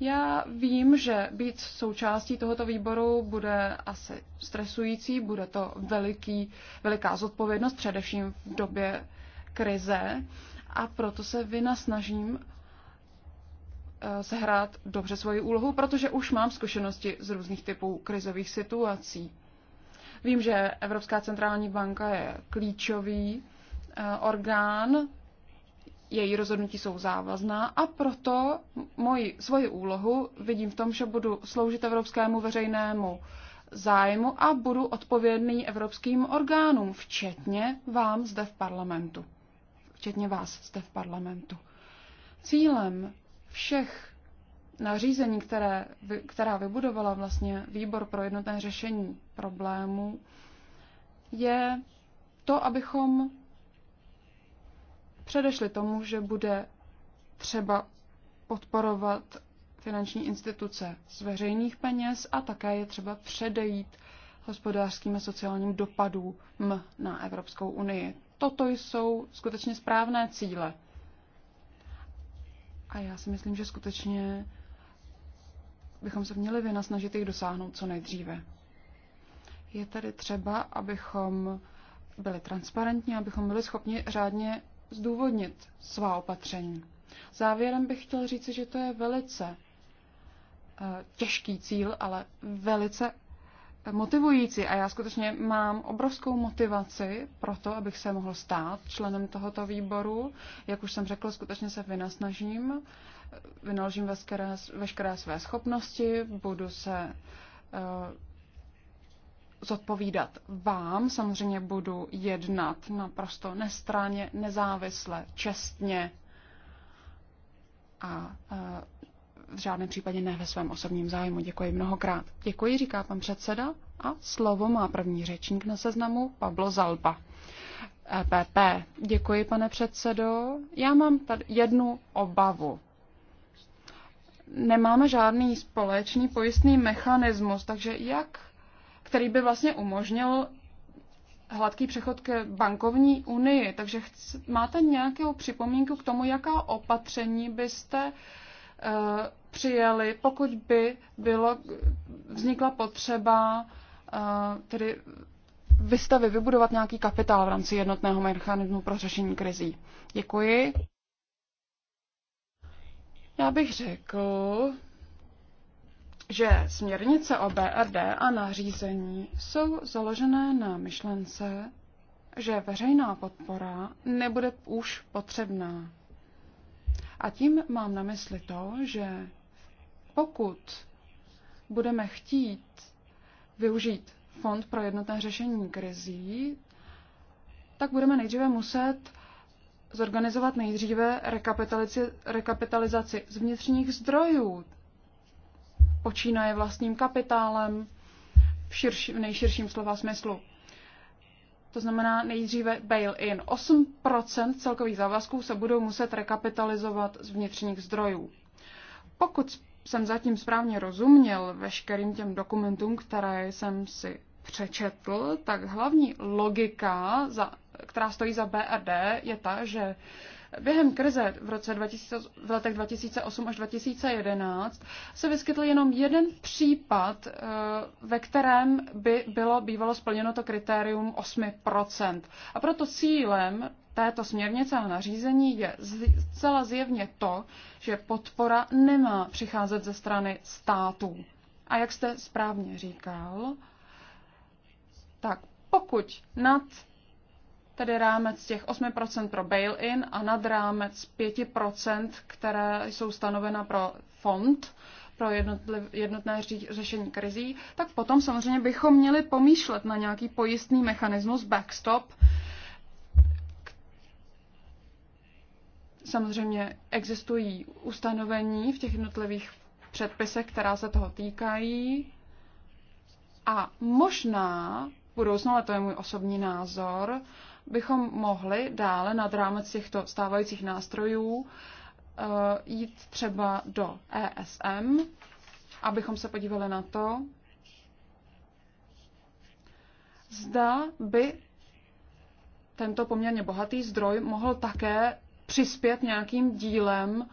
Já vím, že být součástí tohoto výboru bude asi stresující, bude to veliký, veliká zodpovědnost, především v době krize a proto se vynasnažím eh, sehrát dobře svoji úlohu, protože už mám zkušenosti z různých typů krizových situací. Vím, že Evropská centrální banka je klíčový eh, orgán, její rozhodnutí jsou závazná a proto moji, svoji úlohu vidím v tom, že budu sloužit evropskému veřejnému zájmu a budu odpovědný evropským orgánům, včetně vám zde v parlamentu. Včetně vás zde v parlamentu. Cílem všech nařízení, které, která vybudovala vlastně výbor pro jednotné řešení problémů, je to, abychom předešli tomu, že bude třeba podporovat finanční instituce z veřejných peněz a také je třeba předejít hospodářským a sociálním dopadům na Evropskou unii. Toto jsou skutečně správné cíle. A já si myslím, že skutečně bychom se měli vynasnažit jich dosáhnout co nejdříve. Je tedy třeba, abychom byli transparentní, abychom byli schopni řádně zdůvodnit svá opatření. Závěrem bych chtěl říct, že to je velice eh, těžký cíl, ale velice eh, motivující a já skutečně mám obrovskou motivaci pro to, abych se mohl stát členem tohoto výboru. Jak už jsem řekl, skutečně se vynasnažím vynaložím veškeré, veškeré své schopnosti, budu se eh, zodpovídat vám. Samozřejmě budu jednat naprosto nestráně, nezávisle, čestně a eh, v žádném případě ne ve svém osobním zájmu. Děkuji mnohokrát. Děkuji, říká pan předseda. A slovo má první řečník na seznamu Pablo Zalba. EPP. Děkuji, pane předsedo. Já mám tady jednu obavu nemáme žádný společný pojistný mechanismus, takže jak, který by vlastně umožnil hladký přechod k bankovní unii. Takže chci, máte nějakou připomínku k tomu, jaká opatření byste e, přijeli, pokud by bylo, vznikla potřeba e, tedy vystavy, vybudovat nějaký kapitál v rámci jednotného mechanismu pro řešení krizí. Děkuji. Já bych řekl, že směrnice o BRD a nařízení jsou založené na myšlence, že veřejná podpora nebude už potřebná. A tím mám na mysli to, že pokud budeme chtít využít fond pro jednotné řešení krizí, tak budeme nejdříve muset zorganizovat nejdříve rekapitalizaci, rekapitalizaci z vnitřních zdrojů. Počínaje vlastním kapitálem v, širši, v nejširším slova smyslu. To znamená nejdříve bail-in. 8% celkových závazků se budou muset rekapitalizovat z vnitřních zdrojů. Pokud jsem zatím správně rozuměl veškerým těm dokumentům, které jsem si přečetl, tak hlavní logika za která stojí za BRD, je ta, že během krize v, roce 2000, v letech 2008 až 2011 se vyskytl jenom jeden případ, eh, ve kterém by bylo bývalo splněno to kritérium 8%. A proto cílem této směrnice a nařízení je zcela zjevně to, že podpora nemá přicházet ze strany států. A jak jste správně říkal, tak pokud nad tedy rámec těch 8% pro bail-in a nad rámec 5%, které jsou stanovena pro fond, pro jednotné řešení krizí, tak potom samozřejmě bychom měli pomýšlet na nějaký pojistný mechanismus backstop. Samozřejmě existují ustanovení v těch jednotlivých předpisech, která se toho týkají. A možná v budoucnu, ale to je můj osobní názor, bychom mohli dále nad rámec těchto stávajících nástrojů eh, jít třeba do ESM, abychom se podívali na to, zda by tento poměrně bohatý zdroj mohl také přispět nějakým dílem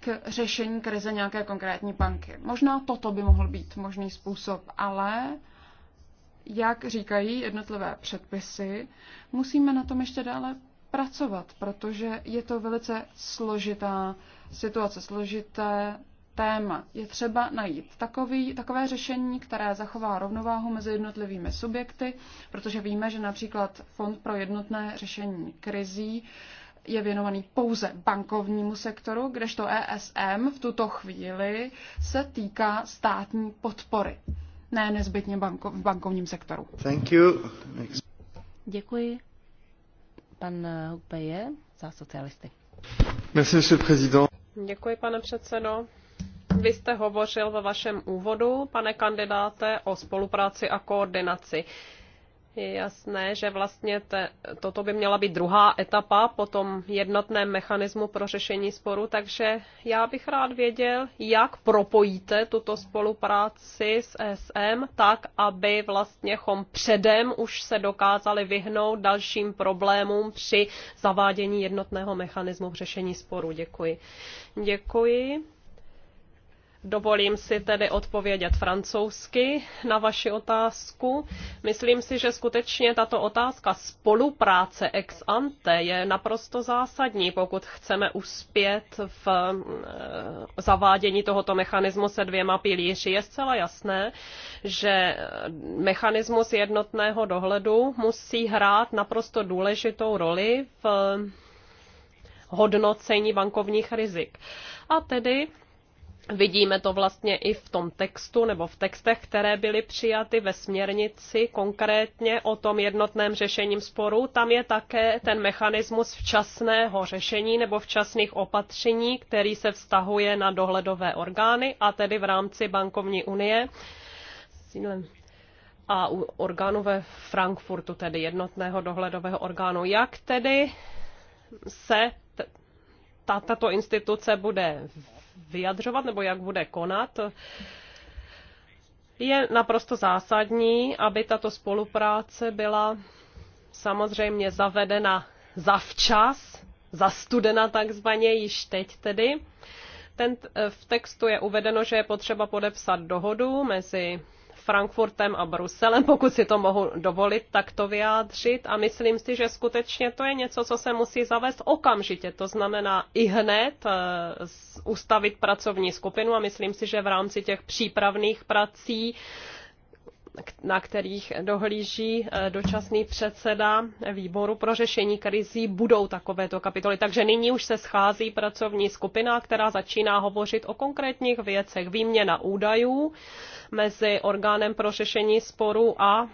k řešení krize nějaké konkrétní banky. Možná toto by mohl být možný způsob, ale jak říkají jednotlivé předpisy, musíme na tom ještě dále pracovat, protože je to velice složitá situace, složité téma. Je třeba najít takový, takové řešení, které zachová rovnováhu mezi jednotlivými subjekty, protože víme, že například Fond pro jednotné řešení krizí je věnovaný pouze bankovnímu sektoru, kdežto ESM v tuto chvíli se týká státní podpory ne nezbytně banko, v bankovním sektoru. Thank you. Děkuji. Pan Hupeje za socialisty. Merci, monsieur président. Děkuji, pane předsedo. Vy jste hovořil ve vašem úvodu, pane kandidáte, o spolupráci a koordinaci. Je jasné, že vlastně te, toto by měla být druhá etapa po tom jednotném mechanismu pro řešení sporu, takže já bych rád věděl, jak propojíte tuto spolupráci s SM, tak aby vlastně chom předem už se dokázali vyhnout dalším problémům při zavádění jednotného mechanismu v řešení sporu. Děkuji. Děkuji. Dovolím si tedy odpovědět francouzsky na vaši otázku. Myslím si, že skutečně tato otázka spolupráce ex ante je naprosto zásadní, pokud chceme uspět v eh, zavádění tohoto mechanismu se dvěma pilíři. Je zcela jasné, že mechanismus jednotného dohledu musí hrát naprosto důležitou roli v hodnocení bankovních rizik. A tedy Vidíme to vlastně i v tom textu nebo v textech, které byly přijaty ve směrnici konkrétně o tom jednotném řešením sporů. Tam je také ten mechanismus včasného řešení nebo včasných opatření, který se vztahuje na dohledové orgány a tedy v rámci bankovní unie a u orgánu ve Frankfurtu, tedy jednotného dohledového orgánu. Jak tedy se tato instituce bude vyjadřovat nebo jak bude konat, je naprosto zásadní, aby tato spolupráce byla samozřejmě zavedena zavčas, zastudena takzvaně již teď tedy. Ten, eh, v textu je uvedeno, že je potřeba podepsat dohodu mezi Frankfurtem a Bruselem, pokud si to mohu dovolit takto vyjádřit. A myslím si, že skutečně to je něco, co se musí zavést okamžitě. To znamená i hned eh, ustavit pracovní skupinu a myslím si, že v rámci těch přípravných prací na kterých dohlíží eh, dočasný předseda výboru pro řešení krizí, budou takovéto kapitoly. Takže nyní už se schází pracovní skupina, která začíná hovořit o konkrétních věcech. Výměna údajů, mezi orgánem pro řešení sporů a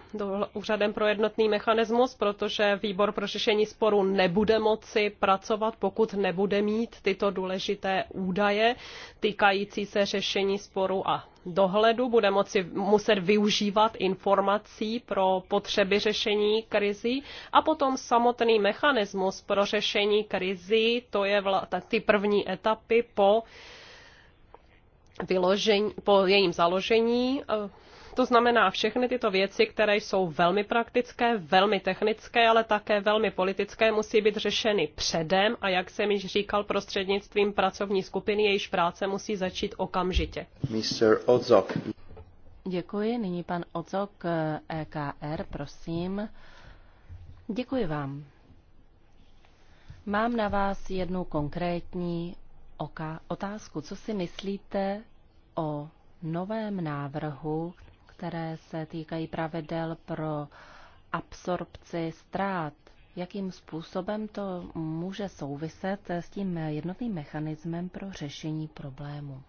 úřadem pro jednotný mechanismus, protože výbor pro řešení sporů nebude moci pracovat, pokud nebude mít tyto důležité údaje týkající se řešení sporů a dohledu, bude moci muset využívat informací pro potřeby řešení krizí a potom samotný mechanismus pro řešení krizí, to je vla, ty první etapy po uh, vyložení, po jejím založení. Eh, to znamená všechny tyto věci, které jsou velmi praktické, velmi technické, ale také velmi politické, musí být řešeny předem a jak jsem již říkal, prostřednictvím pracovní skupiny, jejíž práce musí začít okamžitě. Mr. Odzok. Děkuji. Nyní pan Odzok EKR, eh, e prosím. Děkuji vám. Mám na vás jednu konkrétní otázku. Co si myslíte o novém návrhu, které se týkají pravidel pro absorpci ztrát? Jakým způsobem to může souviset s tím jednotným mechanismem pro řešení problému?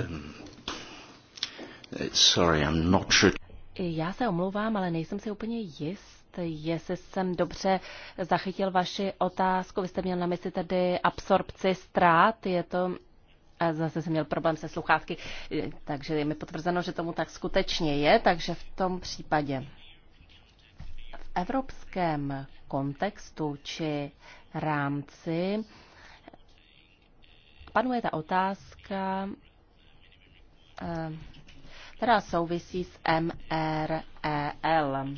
Um, sorry, I'm not sure. Já se omlouvám, ale nejsem si úplně jist, jestli jsem dobře zachytil vaši otázku. Vy jste měl na mysli tedy absorpci ztrát, je to a zase jsem měl problém se sluchátky, takže je mi potvrzeno, že tomu tak skutečně je, takže v tom případě v evropském kontextu či rámci panuje ta otázka, eh, která souvisí s MREL.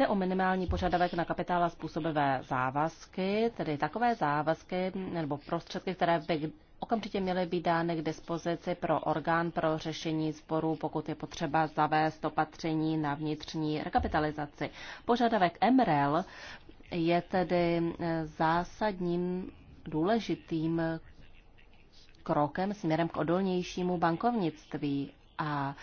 Jde o minimální požadavek na kapitála způsobivé závazky, tedy takové závazky nebo prostředky, které by okamžitě měly být dány k dispozici pro orgán pro řešení sporů, pokud je potřeba zavést opatření na vnitřní rekapitalizaci. Požadavek MREL je tedy eh, zásadním důležitým krokem směrem k odolnějšímu bankovnictví a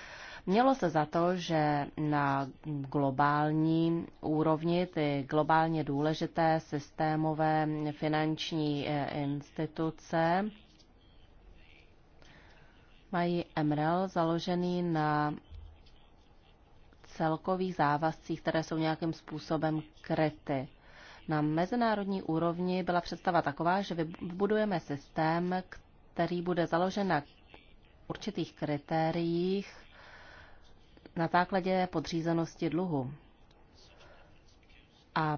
Mělo se za to, že na globální úrovni ty globálně důležité systémové finanční eh, instituce mají MREL založený na celkových závazcích, které jsou nějakým způsobem kryty. Na mezinárodní úrovni byla představa taková, že vybudujeme systém, který bude založen na určitých kritériích na základě podřízenosti dluhu. A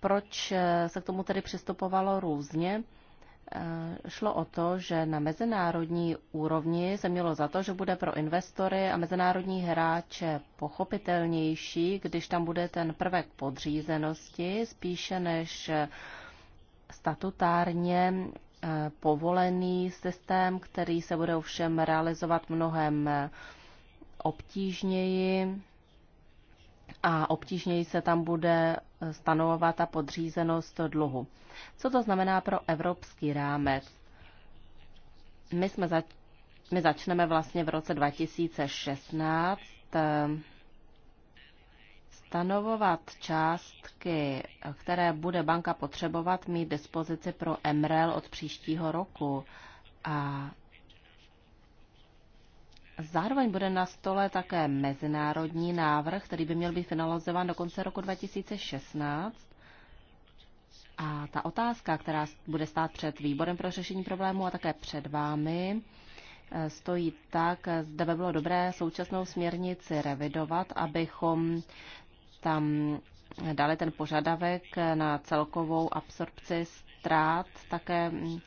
proč se k tomu tedy přistupovalo různě? Eh, šlo o to, že na mezinárodní úrovni se mělo za to, že bude pro investory a mezinárodní hráče pochopitelnější, když tam bude ten prvek podřízenosti, spíše než statutárně eh, povolený systém, který se bude ovšem realizovat mnohem obtížněji a obtížněji se tam bude stanovovat ta podřízenost dluhu. Co to znamená pro evropský rámec? My, jsme zač- my začneme vlastně v roce 2016 eh, stanovovat částky, které bude banka potřebovat mít dispozici pro MREL od příštího roku. A Zároveň bude na stole také mezinárodní návrh, který by měl být finalizován do konce roku 2016. A ta otázka, která bude stát před výborem pro řešení problému a také před vámi, eh, stojí tak, zda by bylo dobré současnou směrnici revidovat, abychom tam dali ten požadavek na celkovou absorpci ztrát také mm,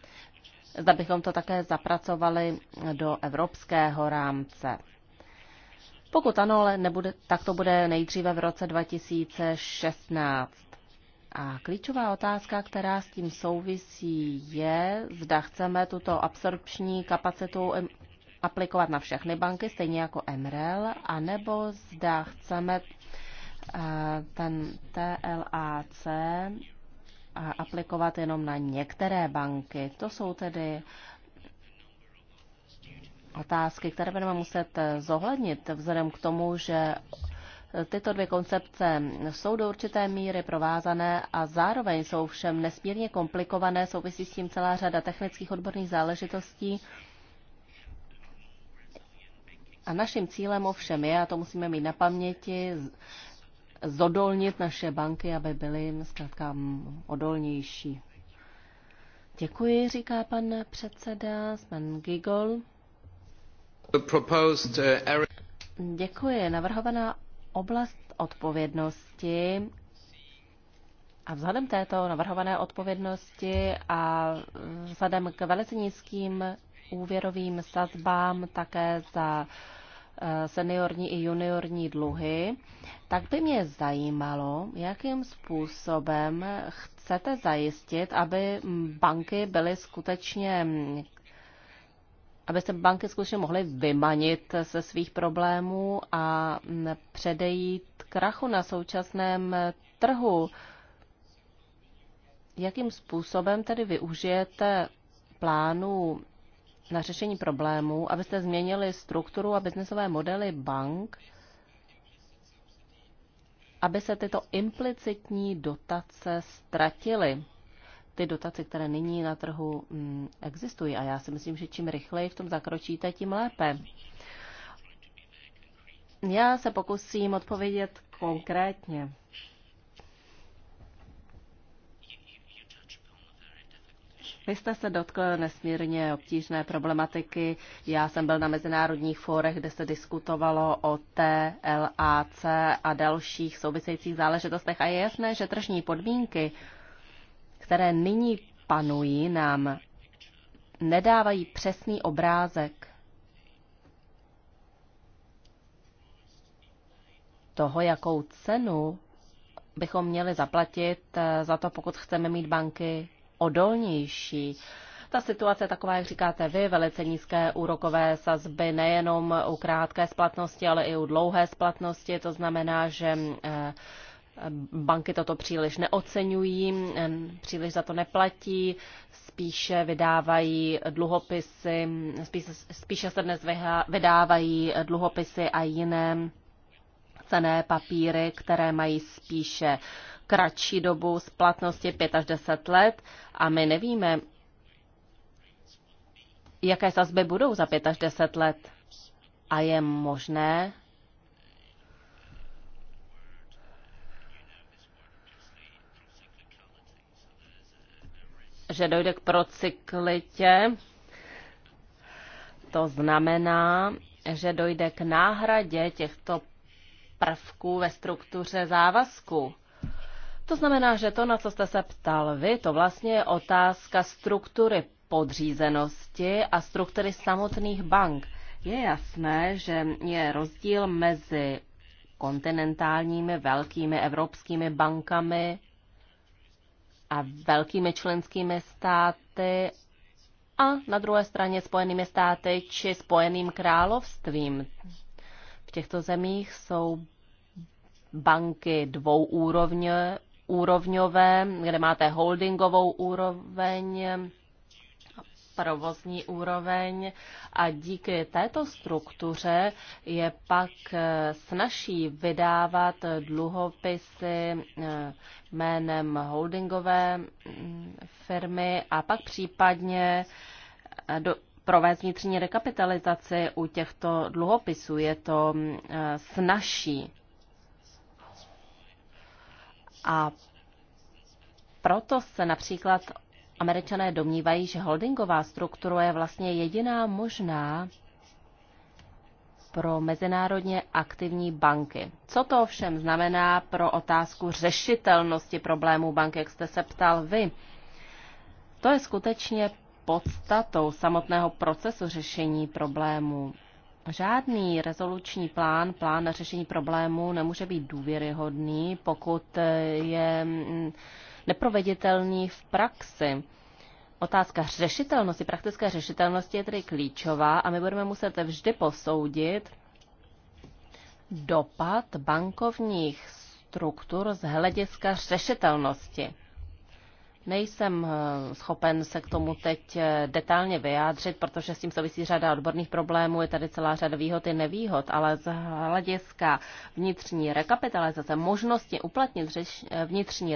zda bychom to také zapracovali do evropského rámce. Pokud ano, ale nebude, tak to bude nejdříve v roce 2016. A klíčová otázka, která s tím souvisí, je, zda chceme tuto absorpční kapacitu aplikovat na všechny banky, stejně jako MREL, anebo zda chceme eh, ten TLAC aplikovat jenom na některé banky. To jsou tedy otázky, které budeme muset zohlednit vzhledem k tomu, že tyto dvě koncepce jsou do určité míry provázané a zároveň jsou všem nesmírně komplikované, souvisí s tím celá řada technických odborných záležitostí. A naším cílem ovšem je, a to musíme mít na paměti, zodolnit naše banky, aby byly zkrátka odolnější. Děkuji, říká pan předseda Sven Gigol. Uh, Děkuji. Navrhovaná oblast odpovědnosti a vzhledem této navrhované odpovědnosti a vzhledem k velice nízkým úvěrovým sazbám také za uh, Eh, seniorní i juniorní dluhy, tak by mě zajímalo, jakým způsobem chcete zajistit, aby banky byly skutečně aby se banky skutečně mohly vymanit ze svých problémů a předejít krachu na současném trhu. Jakým způsobem tedy využijete plánu na řešení problémů, abyste změnili strukturu a biznesové modely bank, aby se tyto implicitní dotace ztratily. Ty dotace, které nyní na trhu mm, existují. A já si myslím, že čím rychleji v tom zakročíte, tím lépe. Já se pokusím odpovědět konkrétně. Vy jste se dotkl nesmírně obtížné problematiky. Já jsem byl na mezinárodních fórech, kde se diskutovalo o TLAC a dalších souvisejících záležitostech a je jasné, že tržní podmínky, které nyní panují, nám nedávají přesný obrázek toho, jakou cenu bychom měli zaplatit eh, za to, pokud chceme mít banky odolnější. Ta situace je taková, jak říkáte vy, velice nízké úrokové sazby nejenom u krátké splatnosti, ale i u dlouhé splatnosti. To znamená, že eh, banky toto příliš neocenují, příliš za to neplatí, spíše vydávají dluhopisy, spíše, spíše se dnes vydávají dluhopisy a jiné cené papíry, které mají spíše kratší dobu splatnosti 5 až 10 let a my nevíme, jaké sazby budou za 5 až 10 let. A je možné, že dojde k procyklitě. To znamená, že dojde k náhradě těchto prvků ve struktuře závazku. To znamená, že to, na co jste se ptal vy, to vlastně je otázka struktury podřízenosti a struktury samotných bank. Je jasné, že je rozdíl mezi kontinentálními velkými evropskými bankami a velkými členskými státy a na druhé straně Spojenými státy či Spojeným královstvím. V těchto zemích jsou banky úrovně úrovňové, kde máte holdingovou úroveň, provozní úroveň a díky této struktuře je pak eh, snaží vydávat dluhopisy eh, jménem holdingové mm, firmy a pak případně eh, do, provést vnitřní rekapitalizaci u těchto dluhopisů. Je to mm, snažší. A proto se například američané domnívají, že holdingová struktura je vlastně jediná možná pro mezinárodně aktivní banky. Co to ovšem znamená pro otázku řešitelnosti problémů bank, jak jste se ptal vy? To je skutečně podstatou samotného procesu řešení problémů. Žádný rezoluční plán, plán na řešení problému nemůže být důvěryhodný, pokud je mm, neproveditelný v praxi. Otázka řešitelnosti, praktické řešitelnosti je tedy klíčová a my budeme muset vždy posoudit dopad bankovních struktur z hlediska řešitelnosti. Nejsem eh, schopen se k tomu teď eh, detailně vyjádřit, protože s tím souvisí řada odborných problémů, je tady celá řada výhod i nevýhod, ale z hlediska vnitřní rekapitalizace, možnosti uplatnit eh, vnitřní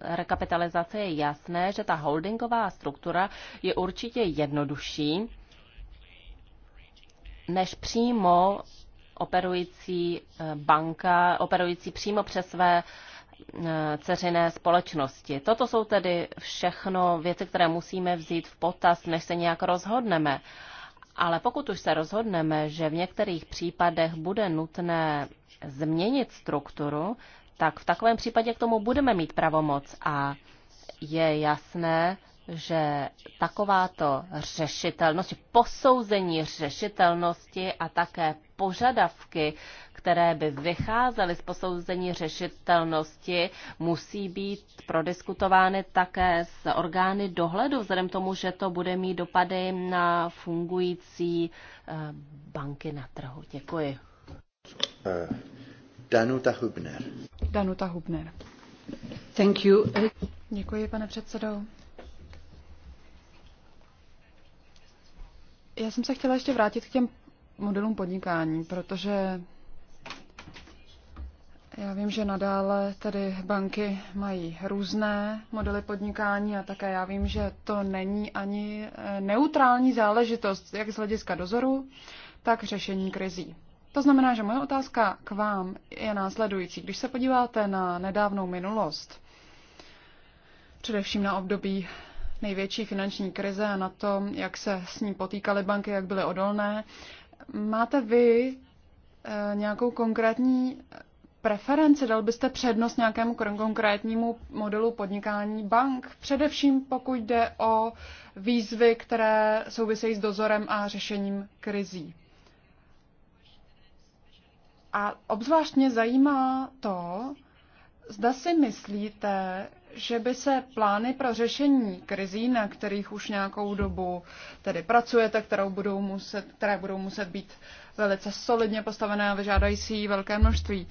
rekapitalizace je jasné, že ta holdingová struktura je určitě jednodušší než přímo operující banka, operující přímo přes své ceřiné společnosti. Toto jsou tedy všechno věci, které musíme vzít v potaz, než se nějak rozhodneme. Ale pokud už se rozhodneme, že v některých případech bude nutné změnit strukturu, tak v takovém případě k tomu budeme mít pravomoc a je jasné, že takováto řešitelnost, posouzení řešitelnosti a také požadavky, které by vycházely z posouzení řešitelnosti, musí být prodiskutovány také s orgány dohledu, vzhledem tomu, že to bude mít dopady na fungující eh, banky na trhu. Děkuji. Eh, Danuta Hubner. Danuta Hubner. Thank you. Děkuji, pane předsedo. Já jsem se chtěla ještě vrátit k těm modelům podnikání, protože já vím, že nadále tedy banky mají různé modely podnikání a také já vím, že to není ani eh, neutrální záležitost, jak z hlediska dozoru, tak řešení krizí. To znamená, že moje otázka k vám je následující. Když se podíváte na nedávnou minulost, především na období největší finanční krize a na to, jak se s ní potýkaly banky, jak byly odolné, máte vy eh, nějakou konkrétní preferenci, dal byste přednost nějakému konkrétnímu modelu podnikání bank, především pokud jde o výzvy, které souvisejí s dozorem a řešením krizí. A obzvláštně zajímá to, zda si myslíte, že by se plány pro řešení krizí, na kterých už nějakou dobu tedy pracujete, kterou budou muset, které budou muset být velice solidně postavené a vyžádající si velké množství,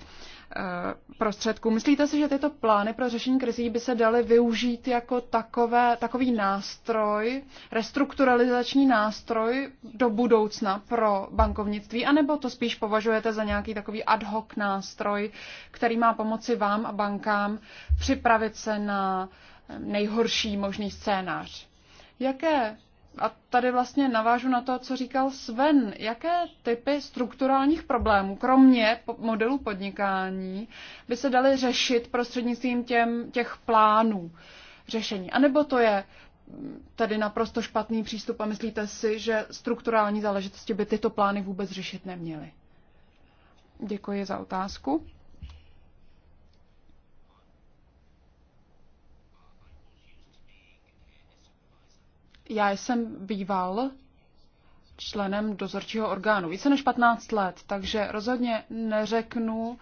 Eh, prostředků. Myslíte si, že tyto plány pro řešení krizí by se daly využít jako takové, takový nástroj, restrukturalizační nástroj do budoucna pro bankovnictví, anebo to spíš považujete za nějaký takový ad hoc nástroj, který má pomoci vám a bankám připravit se na nejhorší možný scénář? Jaké a tady vlastně navážu na to, co říkal Sven, jaké typy strukturálních problémů, kromě modelu podnikání, by se daly řešit prostřednictvím těm, těch plánů řešení. A nebo to je mm, tedy naprosto špatný přístup a myslíte si, že strukturální záležitosti by tyto plány vůbec řešit neměly? Děkuji za otázku. Já jsem býval členem dozorčího orgánu více než 15 let, takže rozhodně neřeknu,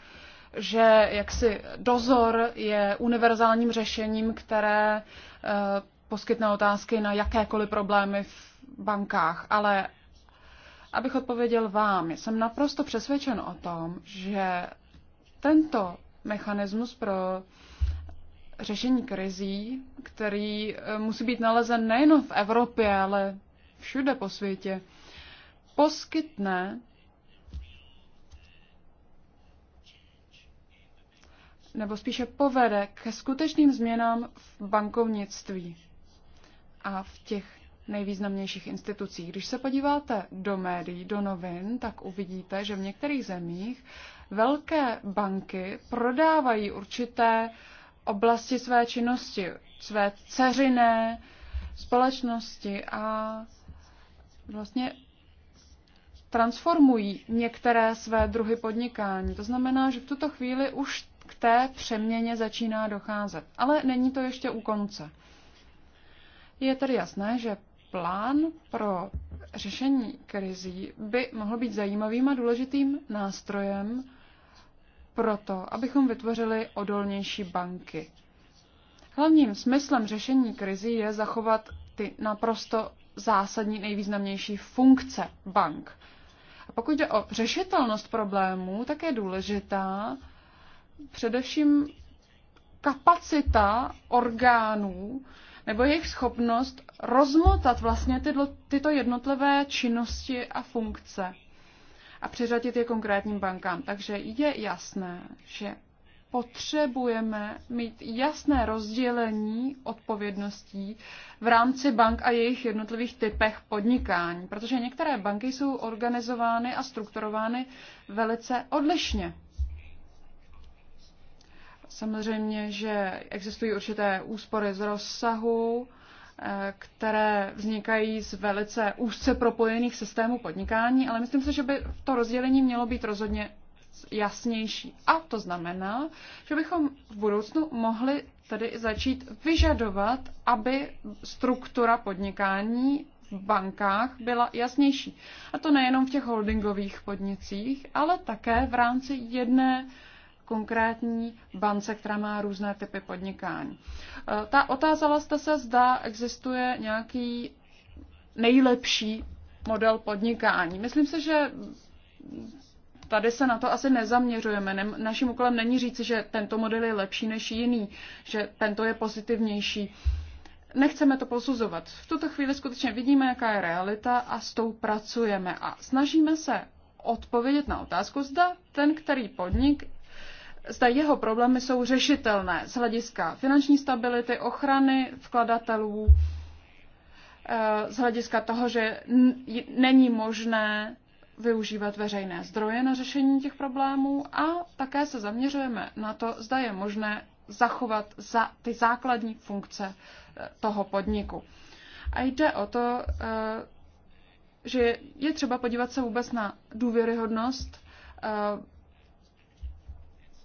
že jaksi dozor je univerzálním řešením, které eh, poskytne otázky na jakékoliv problémy v bankách, ale abych odpověděl vám, jsem naprosto přesvědčen o tom, že tento mechanismus pro řešení krizí, který eh, musí být nalezen nejen v Evropě, ale všude po světě, poskytne nebo spíše povede ke skutečným změnám v bankovnictví a v těch nejvýznamnějších institucích. Když se podíváte do médií, do novin, tak uvidíte, že v některých zemích velké banky prodávají určité uh, oblasti své činnosti, své ceřiné společnosti a vlastně transformují některé své druhy podnikání. To znamená, že v tuto chvíli už k té přeměně začíná docházet. Ale není to ještě u konce. Je tedy jasné, že plán pro řešení krizí by mohl být zajímavým a důležitým nástrojem proto, abychom vytvořili odolnější banky. Hlavním smyslem řešení krizi je zachovat ty naprosto zásadní nejvýznamnější funkce bank. A pokud jde o řešitelnost problémů, tak je důležitá především kapacita orgánů nebo jejich schopnost rozmotat vlastně tyto, tyto jednotlivé činnosti a funkce a přeřadit je konkrétním bankám. Takže je jasné, že potřebujeme mít jasné rozdělení odpovědností v rámci bank a jejich jednotlivých typech podnikání, protože některé banky jsou organizovány a strukturovány velice odlišně. Samozřejmě, že existují určité úspory z rozsahu Eh, které vznikají z velice úzce propojených systémů podnikání, ale myslím si, že by to rozdělení mělo být rozhodně jasnější. A to znamená, že bychom v budoucnu mohli tedy začít vyžadovat, aby struktura podnikání v bankách byla jasnější. A to nejenom v těch holdingových podnicích, ale také v rámci jedné konkrétní bance, která má různé typy podnikání. E, ta otázala jste se, zda existuje nějaký nejlepší model podnikání. Myslím si, že tady se na to asi nezaměřujeme. Naším úkolem není říci, že tento model je lepší než jiný, že tento je pozitivnější. Nechceme to posuzovat. V tuto chvíli skutečně vidíme, jaká je realita a s tou pracujeme a snažíme se odpovědět na otázku, zda ten, který podnik zda jeho problémy jsou řešitelné z hlediska finanční stability, ochrany vkladatelů, eh, z hlediska toho, že není možné využívat veřejné zdroje na řešení těch problémů a také se zaměřujeme na to, zda je možné zachovat za ty základní funkce eh, toho podniku. A jde o to, eh, že je třeba podívat se vůbec na důvěryhodnost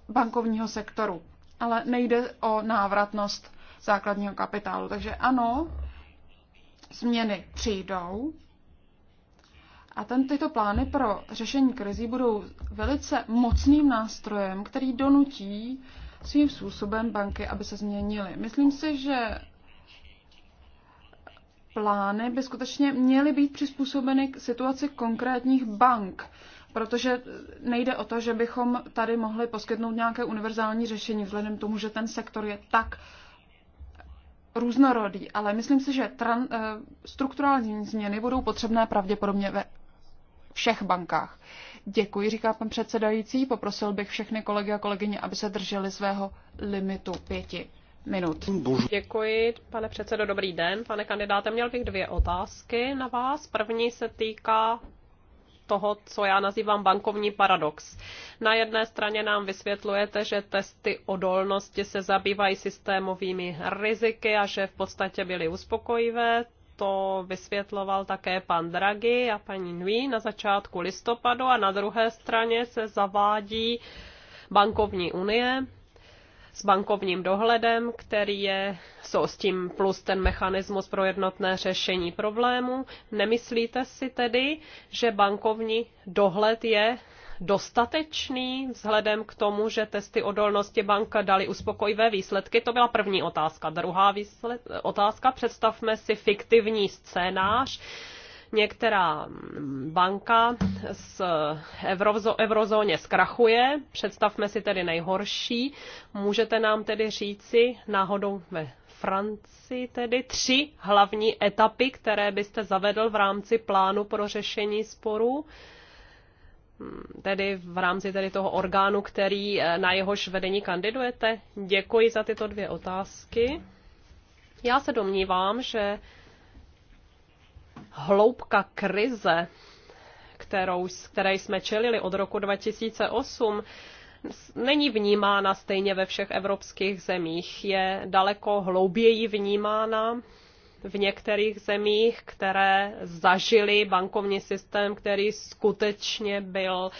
bankovního sektoru. Ale nejde o návratnost základního kapitálu. Takže ano, změny přijdou. A ten, tyto plány pro řešení krizí budou velice mocným nástrojem, který donutí svým způsobem banky, aby se změnily. Myslím si, že plány by skutečně měly být přizpůsobeny k situaci konkrétních bank. Protože nejde o to, že bychom tady mohli poskytnout nějaké univerzální řešení vzhledem k tomu, že ten sektor je tak různorodý, ale myslím si, že tran, eh, strukturální změny budou potřebné pravděpodobně ve všech bankách. Děkuji, říká pan předsedající. Poprosil bych všechny kolegy a kolegyně, aby se drželi svého limitu pěti minut. Děkuji, pane předsedo, dobrý den. Pane kandidáte, měl bych dvě otázky na vás. První se týká toho, co já nazývám bankovní paradox. Na jedné straně nám vysvětlujete, že testy odolnosti se zabývají systémovými riziky a že v podstatě byly uspokojivé, to vysvětloval také pan Draghi a paní Nui na začátku listopadu a na druhé straně se zavádí bankovní unie, s bankovním dohledem, který je s tím plus ten mechanismus pro jednotné řešení problému. Nemyslíte si tedy, že bankovní dohled je dostatečný vzhledem k tomu, že testy odolnosti banka dali uspokojivé výsledky? To byla první otázka. Druhá výsled, otázka, představme si fiktivní scénář, některá banka z eurozóně zkrachuje, představme si tedy nejhorší, můžete nám tedy říci náhodou ve Francii tedy tři hlavní etapy, které byste zavedl v rámci plánu pro řešení sporů? tedy v rámci tedy toho orgánu, který eh, na jehož vedení kandidujete? Děkuji za tyto dvě otázky. Já se domnívám, že hloubka krize, kterou, které jsme čelili od roku 2008, není vnímána stejně ve všech evropských zemích. Je daleko hlouběji vnímána v některých zemích, které zažily bankovní systém, který skutečně byl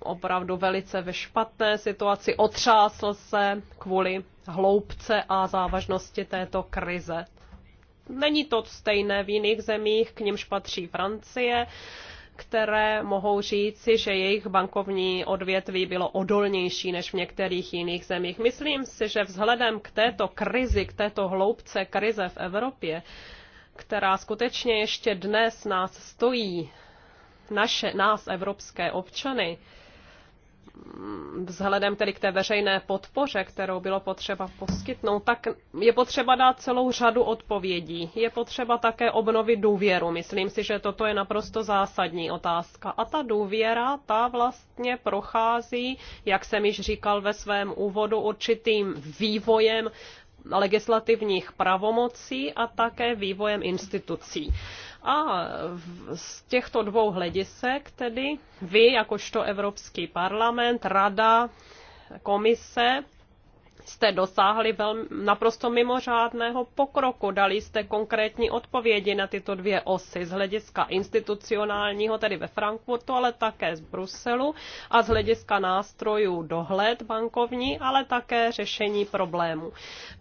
opravdu velice ve špatné situaci, otřásl se kvůli hloubce a závažnosti této krize. Není to stejné v jiných zemích, k nímž patří Francie, které mohou říci, že jejich bankovní odvětví bylo odolnější než v některých jiných zemích. Myslím si, že vzhledem k této krizi, k této hloubce krize v Evropě, která skutečně ještě dnes nás stojí, naše, nás, evropské občany, vzhledem tedy k té veřejné podpoře, kterou bylo potřeba poskytnout, tak je potřeba dát celou řadu odpovědí. Je potřeba také obnovit důvěru. Myslím si, že toto je naprosto zásadní otázka. A ta důvěra, ta vlastně prochází, jak jsem již říkal ve svém úvodu, určitým vývojem legislativních pravomocí a také vývojem institucí. A z těchto dvou hledisek tedy vy, jakožto Evropský parlament, Rada, Komise, jste dosáhli velmi, naprosto mimořádného pokroku. Dali jste konkrétní odpovědi na tyto dvě osy z hlediska institucionálního, tedy ve Frankfurtu, ale také z Bruselu a z hlediska nástrojů dohled bankovní, ale také řešení problémů.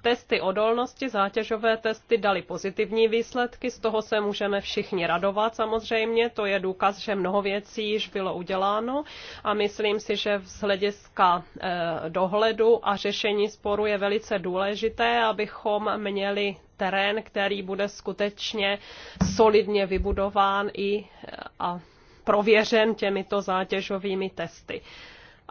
Testy odolnosti, zátěžové testy dali pozitivní výsledky, z toho se můžeme všichni radovat samozřejmě, to je důkaz, že mnoho věcí již bylo uděláno a myslím si, že z hlediska eh, dohledu a řešení sporu je velice důležité, abychom měli terén, který bude skutečně solidně vybudován i a prověřen těmito zátěžovými testy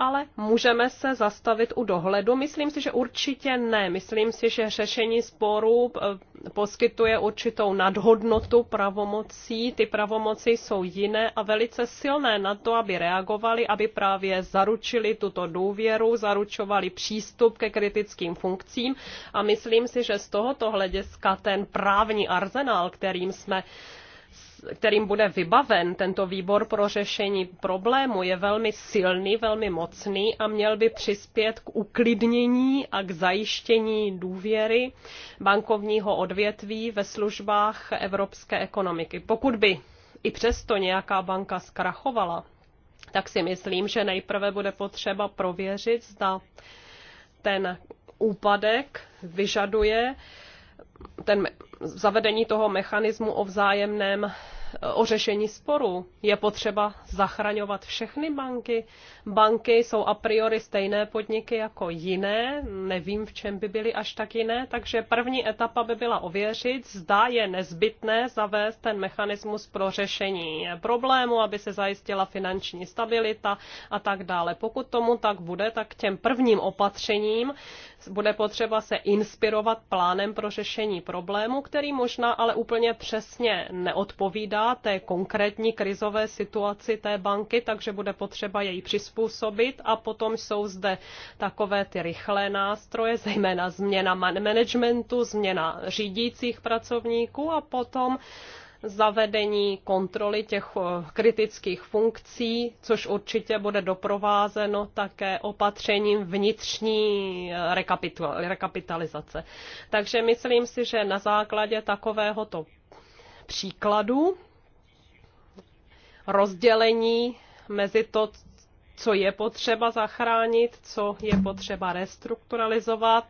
ale můžeme se zastavit u dohledu? Myslím si, že určitě ne. Myslím si, že řešení sporů eh, poskytuje určitou nadhodnotu pravomocí. Ty pravomoci jsou jiné a velice silné na to, aby reagovali, aby právě zaručili tuto důvěru, zaručovali přístup ke kritickým funkcím. A myslím si, že z tohoto hlediska ten právní arzenál, kterým jsme kterým bude vybaven tento výbor pro řešení problému, je velmi silný, velmi mocný a měl by přispět k uklidnění a k zajištění důvěry bankovního odvětví ve službách evropské ekonomiky. Pokud by i přesto nějaká banka zkrachovala, tak si myslím, že nejprve bude potřeba prověřit, zda ten úpadek vyžaduje ten zavedení toho mechanismu o vzájemném o řešení sporů. Je potřeba zachraňovat všechny banky. Banky jsou a priori stejné podniky jako jiné, nevím, v čem by byly až tak jiné, takže první etapa by byla ověřit, zda je nezbytné zavést ten mechanismus pro řešení problému, aby se zajistila finanční stabilita a tak dále. Pokud tomu tak bude, tak těm prvním opatřením bude potřeba se inspirovat plánem pro řešení problému, který možná ale úplně přesně neodpovídá odpovídá té konkrétní krizové situaci té banky, takže bude potřeba jej přizpůsobit a potom jsou zde takové ty rychlé nástroje, zejména změna managementu, změna řídících pracovníků a potom zavedení kontroly těch eh, kritických funkcí, což určitě bude doprovázeno také opatřením vnitřní eh, rekapitalizace. Takže myslím si, že na základě takovéhoto příkladu rozdělení mezi to, co je potřeba zachránit, co je potřeba restrukturalizovat,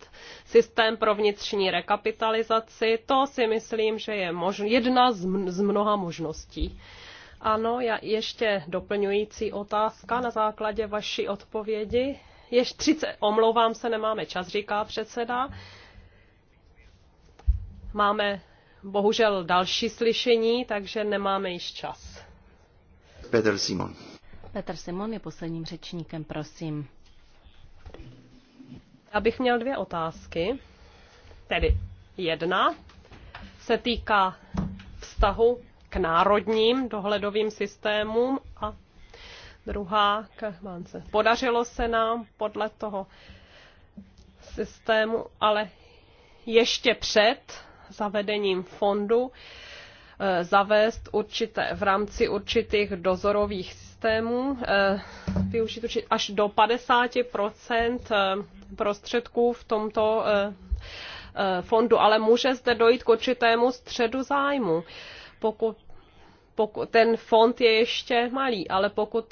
systém pro vnitřní rekapitalizaci, to si myslím, že je možn- jedna z mnoha možností. Ano, já ještě doplňující otázka na základě vaší odpovědi. Ještě 30, omlouvám se, nemáme čas, říká předseda. Máme bohužel další slyšení, takže nemáme již čas. Petr Simon. Petr Simon je posledním řečníkem, prosím. Já bych měl dvě otázky. Tedy jedna se týká vztahu k národním dohledovým systémům a druhá k bance. Podařilo se nám podle toho systému, ale ještě před zavedením fondu Eh, zavést určité, v rámci určitých dozorových systémů eh, využít až do 50 eh, prostředků v tomto fondu, ale může zde dojít k určitému středu zájmu. Pokud, pokud ten fond je ještě malý, ale pokud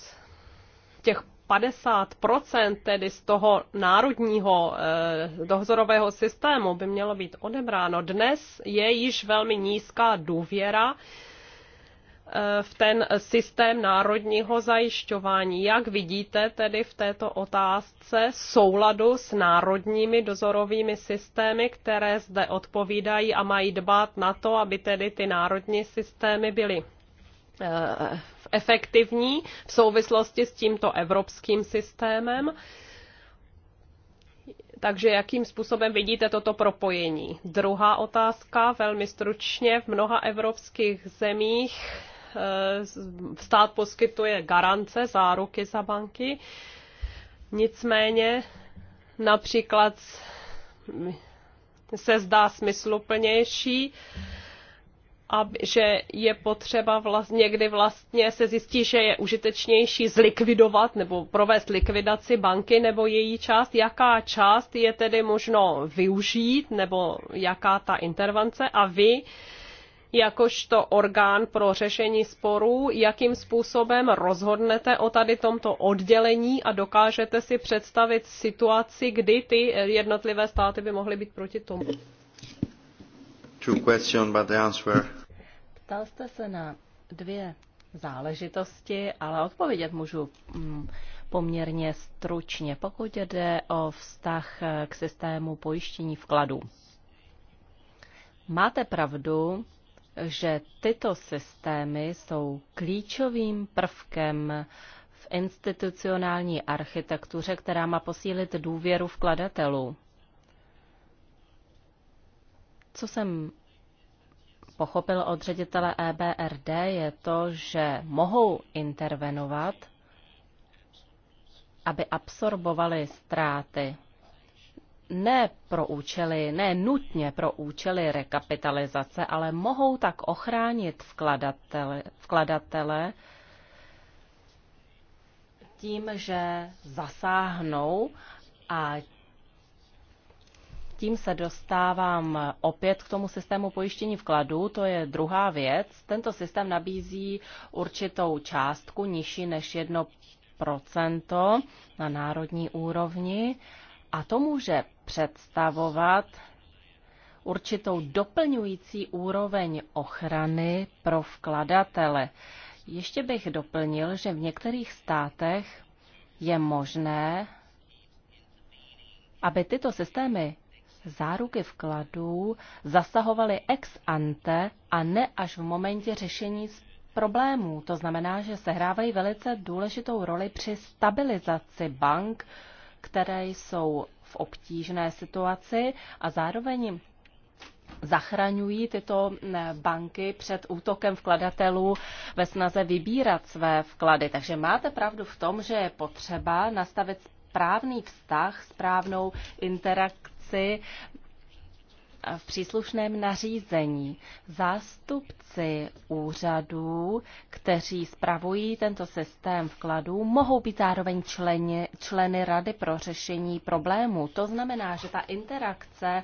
těch 50% tedy z toho národního eh, dozorového systému by mělo být odebráno. Dnes je již velmi nízká důvěra eh, v ten systém národního zajišťování. Jak vidíte tedy v této otázce souladu s národními dozorovými systémy, které zde odpovídají a mají dbát na to, aby tedy ty národní systémy byly eh, efektivní v souvislosti s tímto evropským systémem. Takže jakým způsobem vidíte toto propojení? Druhá otázka, velmi stručně, v mnoha evropských zemích eh, stát poskytuje garance, záruky za banky. Nicméně například se zdá smysluplnější a že je potřeba vlast, někdy vlastně se zjistí, že je užitečnější zlikvidovat nebo provést likvidaci banky nebo její část, jaká část je tedy možno využít nebo jaká ta intervence a vy jakožto orgán pro řešení sporů, jakým způsobem rozhodnete o tady tomto oddělení a dokážete si představit situaci, kdy ty jednotlivé státy by mohly být proti tomu. Ptal jste se na dvě záležitosti, ale odpovědět můžu mm, poměrně stručně, pokud jde o vztah k systému pojištění vkladů. Máte pravdu, že tyto systémy jsou klíčovým prvkem v institucionální architektuře, která má posílit důvěru vkladatelů. Co jsem pochopil od ředitele EBRD, je to, že mohou intervenovat, aby absorbovali ztráty. Ne pro účely, ne nutně pro účely rekapitalizace, ale mohou tak ochránit vkladatele, vkladatele tím, že zasáhnou a tím se dostávám opět k tomu systému pojištění vkladů, to je druhá věc. Tento systém nabízí určitou částku nižší než 1% na národní úrovni a to může představovat určitou doplňující úroveň ochrany pro vkladatele. Ještě bych doplnil, že v některých státech je možné, aby tyto systémy záruky vkladů zasahovaly ex ante a ne až v momentě řešení problémů. To znamená, že sehrávají velice důležitou roli při stabilizaci bank, které jsou v obtížné situaci a zároveň zachraňují tyto eh, banky před útokem vkladatelů ve snaze vybírat své vklady. Takže máte pravdu v tom, že je potřeba nastavit správný vztah, správnou interakci moci v příslušném nařízení. Zástupci úřadů, kteří spravují tento systém vkladů, mohou být zároveň členi, členy Rady pro řešení problémů. To znamená, že ta interakce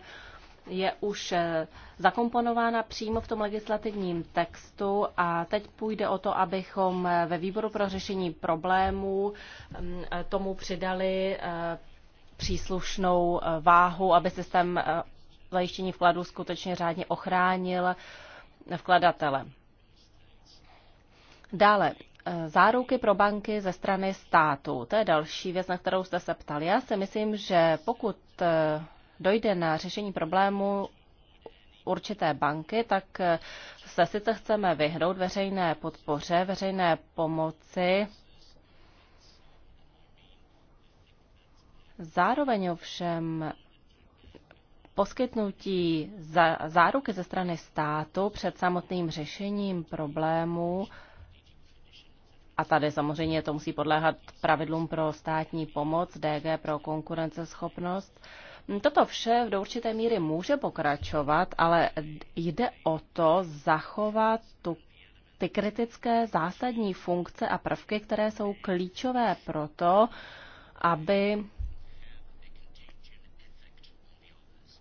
je už eh, zakomponována přímo v tom legislativním textu a teď půjde o to, abychom eh, ve výboru pro řešení problémů mm, eh, tomu přidali příslušnou eh, váhu, aby systém eh, zajištění vkladů skutečně řádně ochránil eh, vkladatele. Dále, záruky pro banky ze strany státu. To je další věc, na kterou jste se ptali. Já si myslím, že pokud dojde na řešení problému určité banky, tak se sice chceme vyhnout veřejné podpoře, veřejné pomoci, Zároveň ovšem poskytnutí za, záruky ze strany státu před samotným řešením problému a tady samozřejmě to musí podléhat pravidlům pro státní pomoc, DG pro konkurenceschopnost. Toto vše do určité míry může pokračovat, ale jde o to zachovat tu, ty kritické zásadní funkce a prvky, které jsou klíčové pro to, aby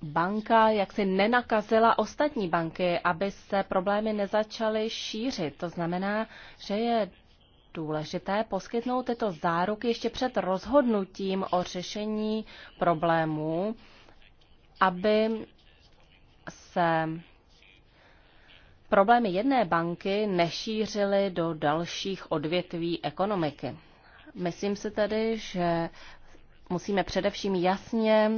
banka jaksi nenakazila ostatní banky, aby se problémy nezačaly šířit. To znamená, že je důležité poskytnout tyto záruky ještě před rozhodnutím o řešení problémů, aby se problémy jedné banky nešířily do dalších odvětví ekonomiky. Myslím si tedy, že musíme především jasně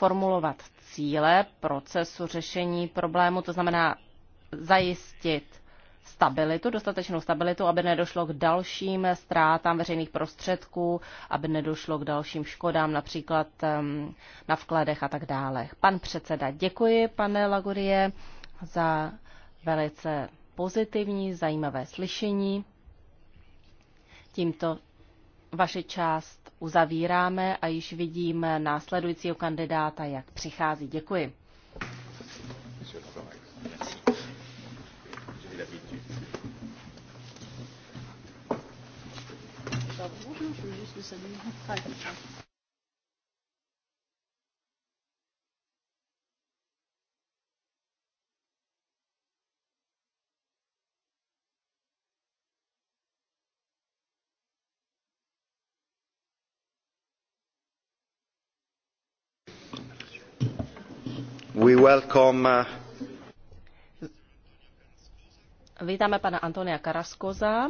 formulovat cíle procesu řešení problému, to znamená zajistit stabilitu, dostatečnou stabilitu, aby nedošlo k dalším ztrátám veřejných prostředků, aby nedošlo k dalším škodám, například na vkladech a tak dále. Pan předseda, děkuji, pane Lagurie, za velice pozitivní, zajímavé slyšení. Tímto vaše část uzavíráme a již vidím následujícího kandidáta, jak přichází. Děkuji. Bonjour, Uh, Vítáme pana Antonia Karaskoza.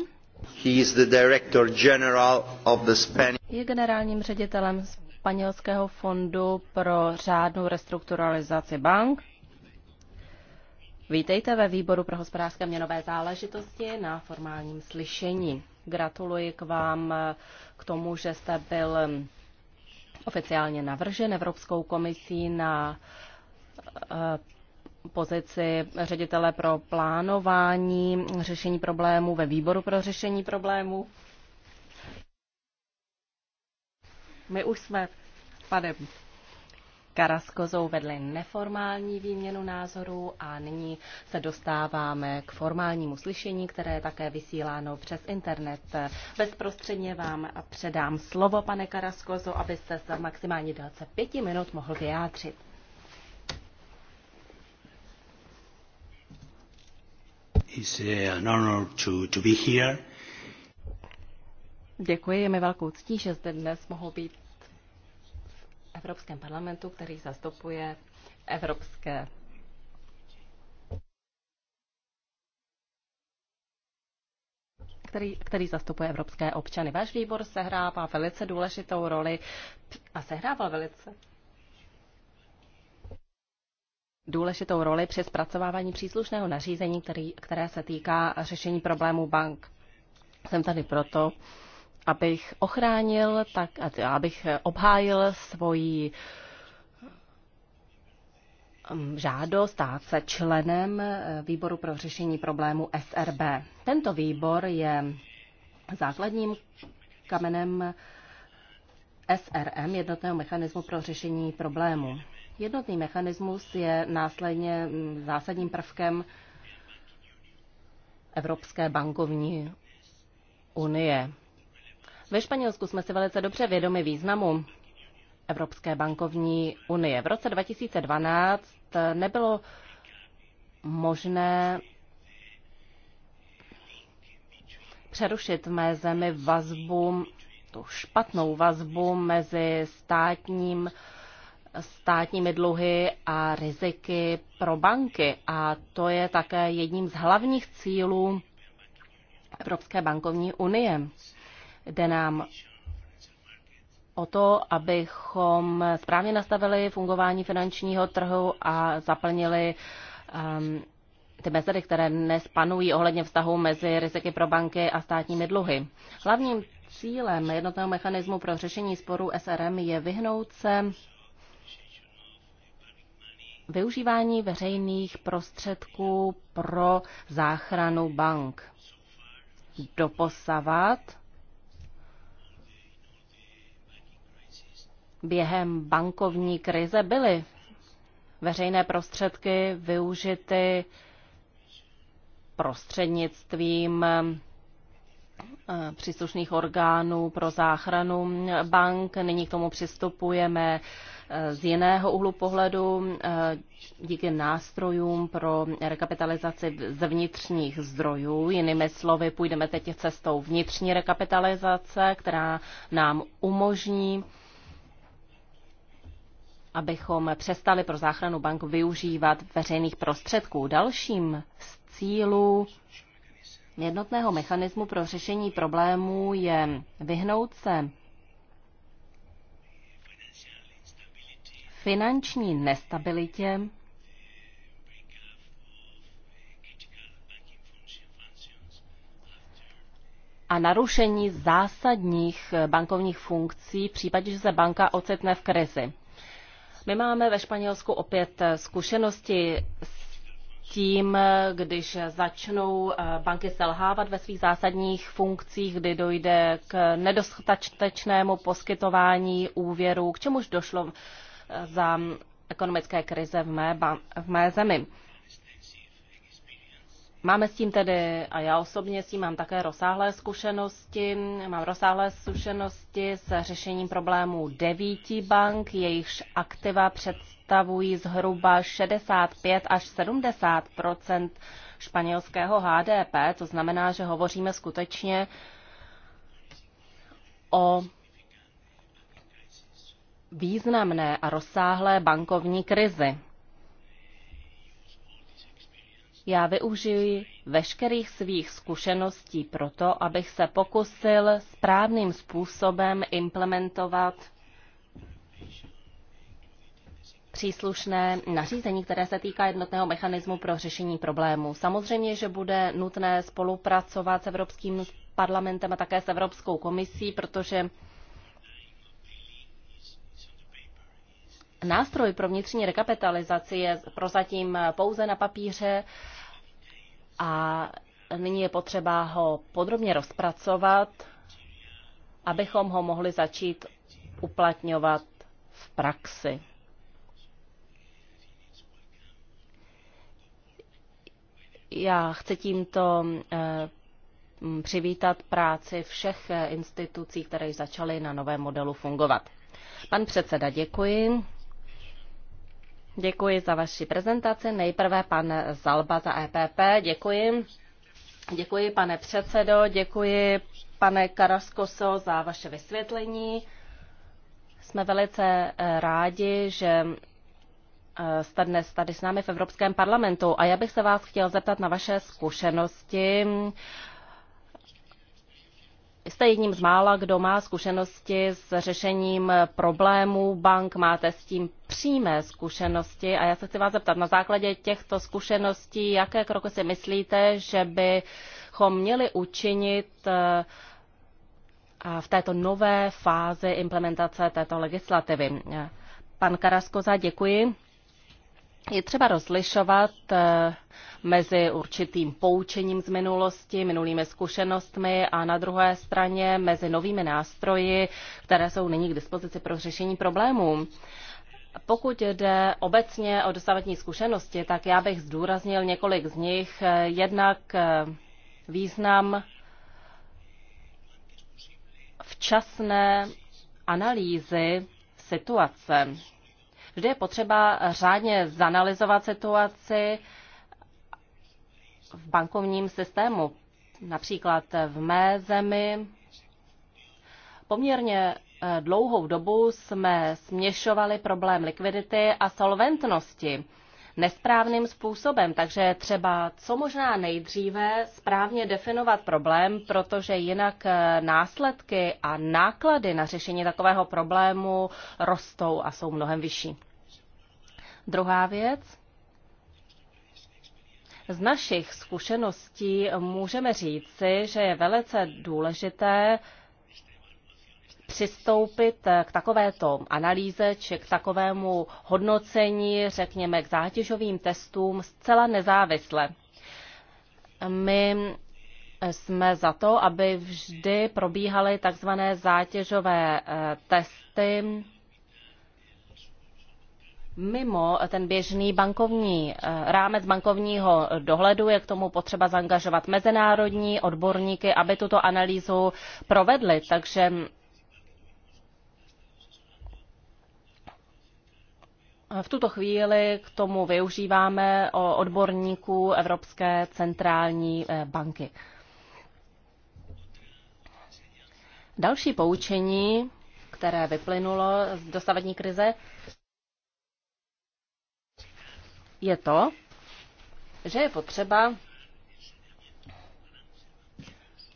He is the director general of the Spanish... Je generálním ředitelem Španělského fondu pro řádnou restrukturalizaci bank. Vítejte ve výboru pro hospodářské měnové záležitosti na formálním slyšení. Gratuluji k vám k tomu, že jste byl oficiálně navržen Evropskou komisí na Eh, pozici ředitele pro plánování řešení problémů ve výboru pro řešení problémů. My už jsme panem Karaskozou vedli neformální výměnu názorů a nyní se dostáváme k formálnímu slyšení, které je také vysíláno přes internet. Bezprostředně vám předám slovo, pane Karaskozo, abyste se v maximální délce pěti minut mohl vyjádřit. It's uh, an honor to, to be here. Děkuji, je mi velkou ctí, že zde dnes mohl být v Evropském parlamentu, který zastupuje evropské který, který zastupuje evropské občany. Váš výbor sehrává velice důležitou roli a sehrával velice důležitou roli při zpracovávání příslušného nařízení, který, které se týká řešení problémů bank. Jsem tady proto, abych ochránil, tak, abych obhájil svoji um, žádost stát se členem eh, výboru pro řešení problému SRB. Tento výbor je základním kamenem SRM, jednotného mechanismu pro řešení problému. Jednotný mechanismus je následně mm, zásadním prvkem Evropské bankovní unie. Ve Španělsku jsme si velice dobře vědomi významu Evropské bankovní unie. V roce 2012 nebylo možné přerušit v mé zemi vazbu, tu špatnou vazbu mezi státním státními dluhy a riziky pro banky. A to je také jedním z hlavních cílů Evropské bankovní unie. Jde nám o to, abychom správně nastavili fungování finančního trhu a zaplnili um, ty mezery, které dnes panují ohledně vztahu mezi riziky pro banky a státními dluhy. Hlavním cílem jednotného mechanismu pro řešení sporů SRM je vyhnout se využívání veřejných prostředků pro záchranu bank. Doposavat během bankovní krize byly veřejné prostředky využity prostřednictvím eh, příslušných orgánů pro záchranu bank. Nyní k tomu přistupujeme Eh, z jiného úhlu pohledu eh, díky nástrojům pro rekapitalizaci z vnitřních zdrojů. Jinými slovy, půjdeme teď cestou vnitřní rekapitalizace, která nám umožní abychom přestali pro záchranu bank využívat veřejných prostředků. Dalším z cílů jednotného mechanismu pro řešení problémů je vyhnout se finanční nestabilitě a narušení zásadních bankovních funkcí v případě, že se banka ocitne v krizi. My máme ve Španělsku opět zkušenosti s tím, když začnou eh, banky selhávat ve svých zásadních funkcích, kdy dojde k nedostatečnému poskytování úvěru, k čemuž došlo za ekonomické krize v mé, v mé zemi. Máme s tím tedy, a já osobně s tím mám také rozsáhlé zkušenosti, mám rozsáhlé zkušenosti s řešením problémů devíti bank, jejichž aktiva představují zhruba 65 až 70 španělského HDP, to znamená, že hovoříme skutečně o významné a rozsáhlé bankovní krizi. Já využiji veškerých svých zkušeností proto, abych se pokusil správným způsobem implementovat příslušné nařízení, které se týká jednotného mechanismu pro řešení problémů. Samozřejmě, že bude nutné spolupracovat s Evropským parlamentem a také s Evropskou komisí, protože nástroj pro vnitřní rekapitalizaci je prozatím pouze na papíře a nyní je potřeba ho podrobně rozpracovat, abychom ho mohli začít uplatňovat v praxi. Já chci tímto eh, přivítat práci všech institucí, které začaly na novém modelu fungovat. Pan předseda, děkuji. Děkuji za vaši prezentaci. Nejprve pan Zalba za EPP. Děkuji. Děkuji, pane předsedo. Děkuji, pane Karaskoso, za vaše vysvětlení. Jsme velice eh, rádi, že eh, jste dnes tady s námi v Evropském parlamentu a já bych se vás chtěl zeptat na vaše zkušenosti. Jste jedním z mála, kdo má zkušenosti s řešením problémů bank, máte s tím přímé zkušenosti a já se chci vás zeptat, na základě těchto zkušeností, jaké kroky si myslíte, že bychom měli učinit eh, v této nové fázi implementace této legislativy? Pan Karaskoza, děkuji. Je třeba rozlišovat eh, mezi určitým poučením z minulosti, minulými zkušenostmi a na druhé straně mezi novými nástroji, které jsou nyní k dispozici pro řešení problémů. Pokud jde obecně o dosavadní zkušenosti, tak já bych zdůraznil několik z nich. Jednak eh, význam včasné analýzy situace. Vždy je potřeba řádně zanalizovat situaci v bankovním systému. Například v mé zemi poměrně Eh, dlouhou dobu jsme směšovali problém likvidity a solventnosti nesprávným způsobem, takže třeba co možná nejdříve správně definovat problém, protože jinak eh, následky a náklady na řešení takového problému rostou a jsou mnohem vyšší. Druhá věc. Z našich zkušeností můžeme říci, že je velice důležité uh, přistoupit eh, k takovéto analýze či k takovému hodnocení, řekněme k zátěžovým testům, zcela nezávisle. My jsme za to, aby vždy probíhaly takzvané zátěžové eh, testy mimo ten běžný bankovní eh, rámec bankovního dohledu je k tomu potřeba zangažovat mezinárodní odborníky, aby tuto analýzu provedli. Takže v tuto chvíli k tomu využíváme odborníků Evropské centrální eh, banky. Další poučení, které vyplynulo z dostavení krize, je to, že je potřeba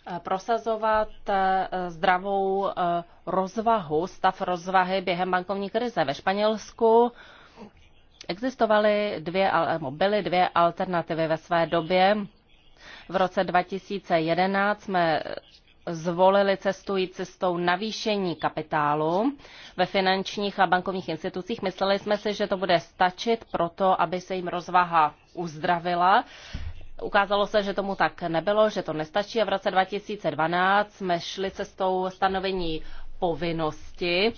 eh, prosazovat eh, zdravou rozvahu, stav rozvahy během bankovní krize. Ve Španělsku Existovaly dvě, byly dvě alternativy ve své době. V roce 2011 jsme zvolili cestu jít cestou navýšení kapitálu ve finančních a bankovních institucích. Mysleli jsme si, že to bude stačit pro to, aby se jim rozvaha uzdravila. Ukázalo se, že tomu tak nebylo, že to nestačí a v roce 2012 jsme šli cestou stanovení povinnosti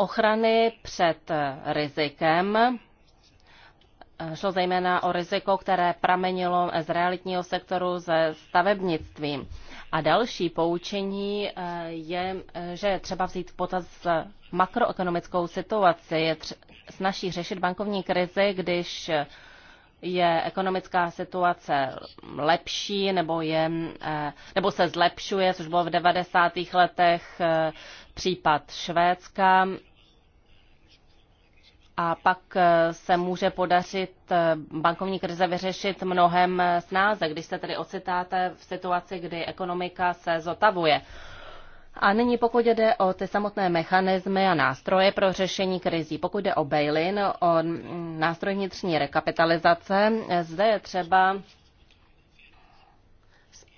ochrany před rizikem. Šlo zejména o riziko, které pramenilo z realitního sektoru ze stavebnictví. A další poučení eh, je, eh, že je třeba vzít v potaz makroekonomickou situaci. Je tř- snaží řešit bankovní krizi, když je ekonomická situace lepší nebo, je, eh, nebo se zlepšuje, což bylo v 90. letech případ Švédska a pak eh, se může podařit eh, bankovní krize vyřešit mnohem eh, snáze, když se tedy ocitáte v situaci, kdy ekonomika se zotavuje. A nyní pokud jde o ty samotné mechanismy a nástroje pro řešení krizí, pokud jde o bail-in, o mm, nástroj vnitřní rekapitalizace, zde je třeba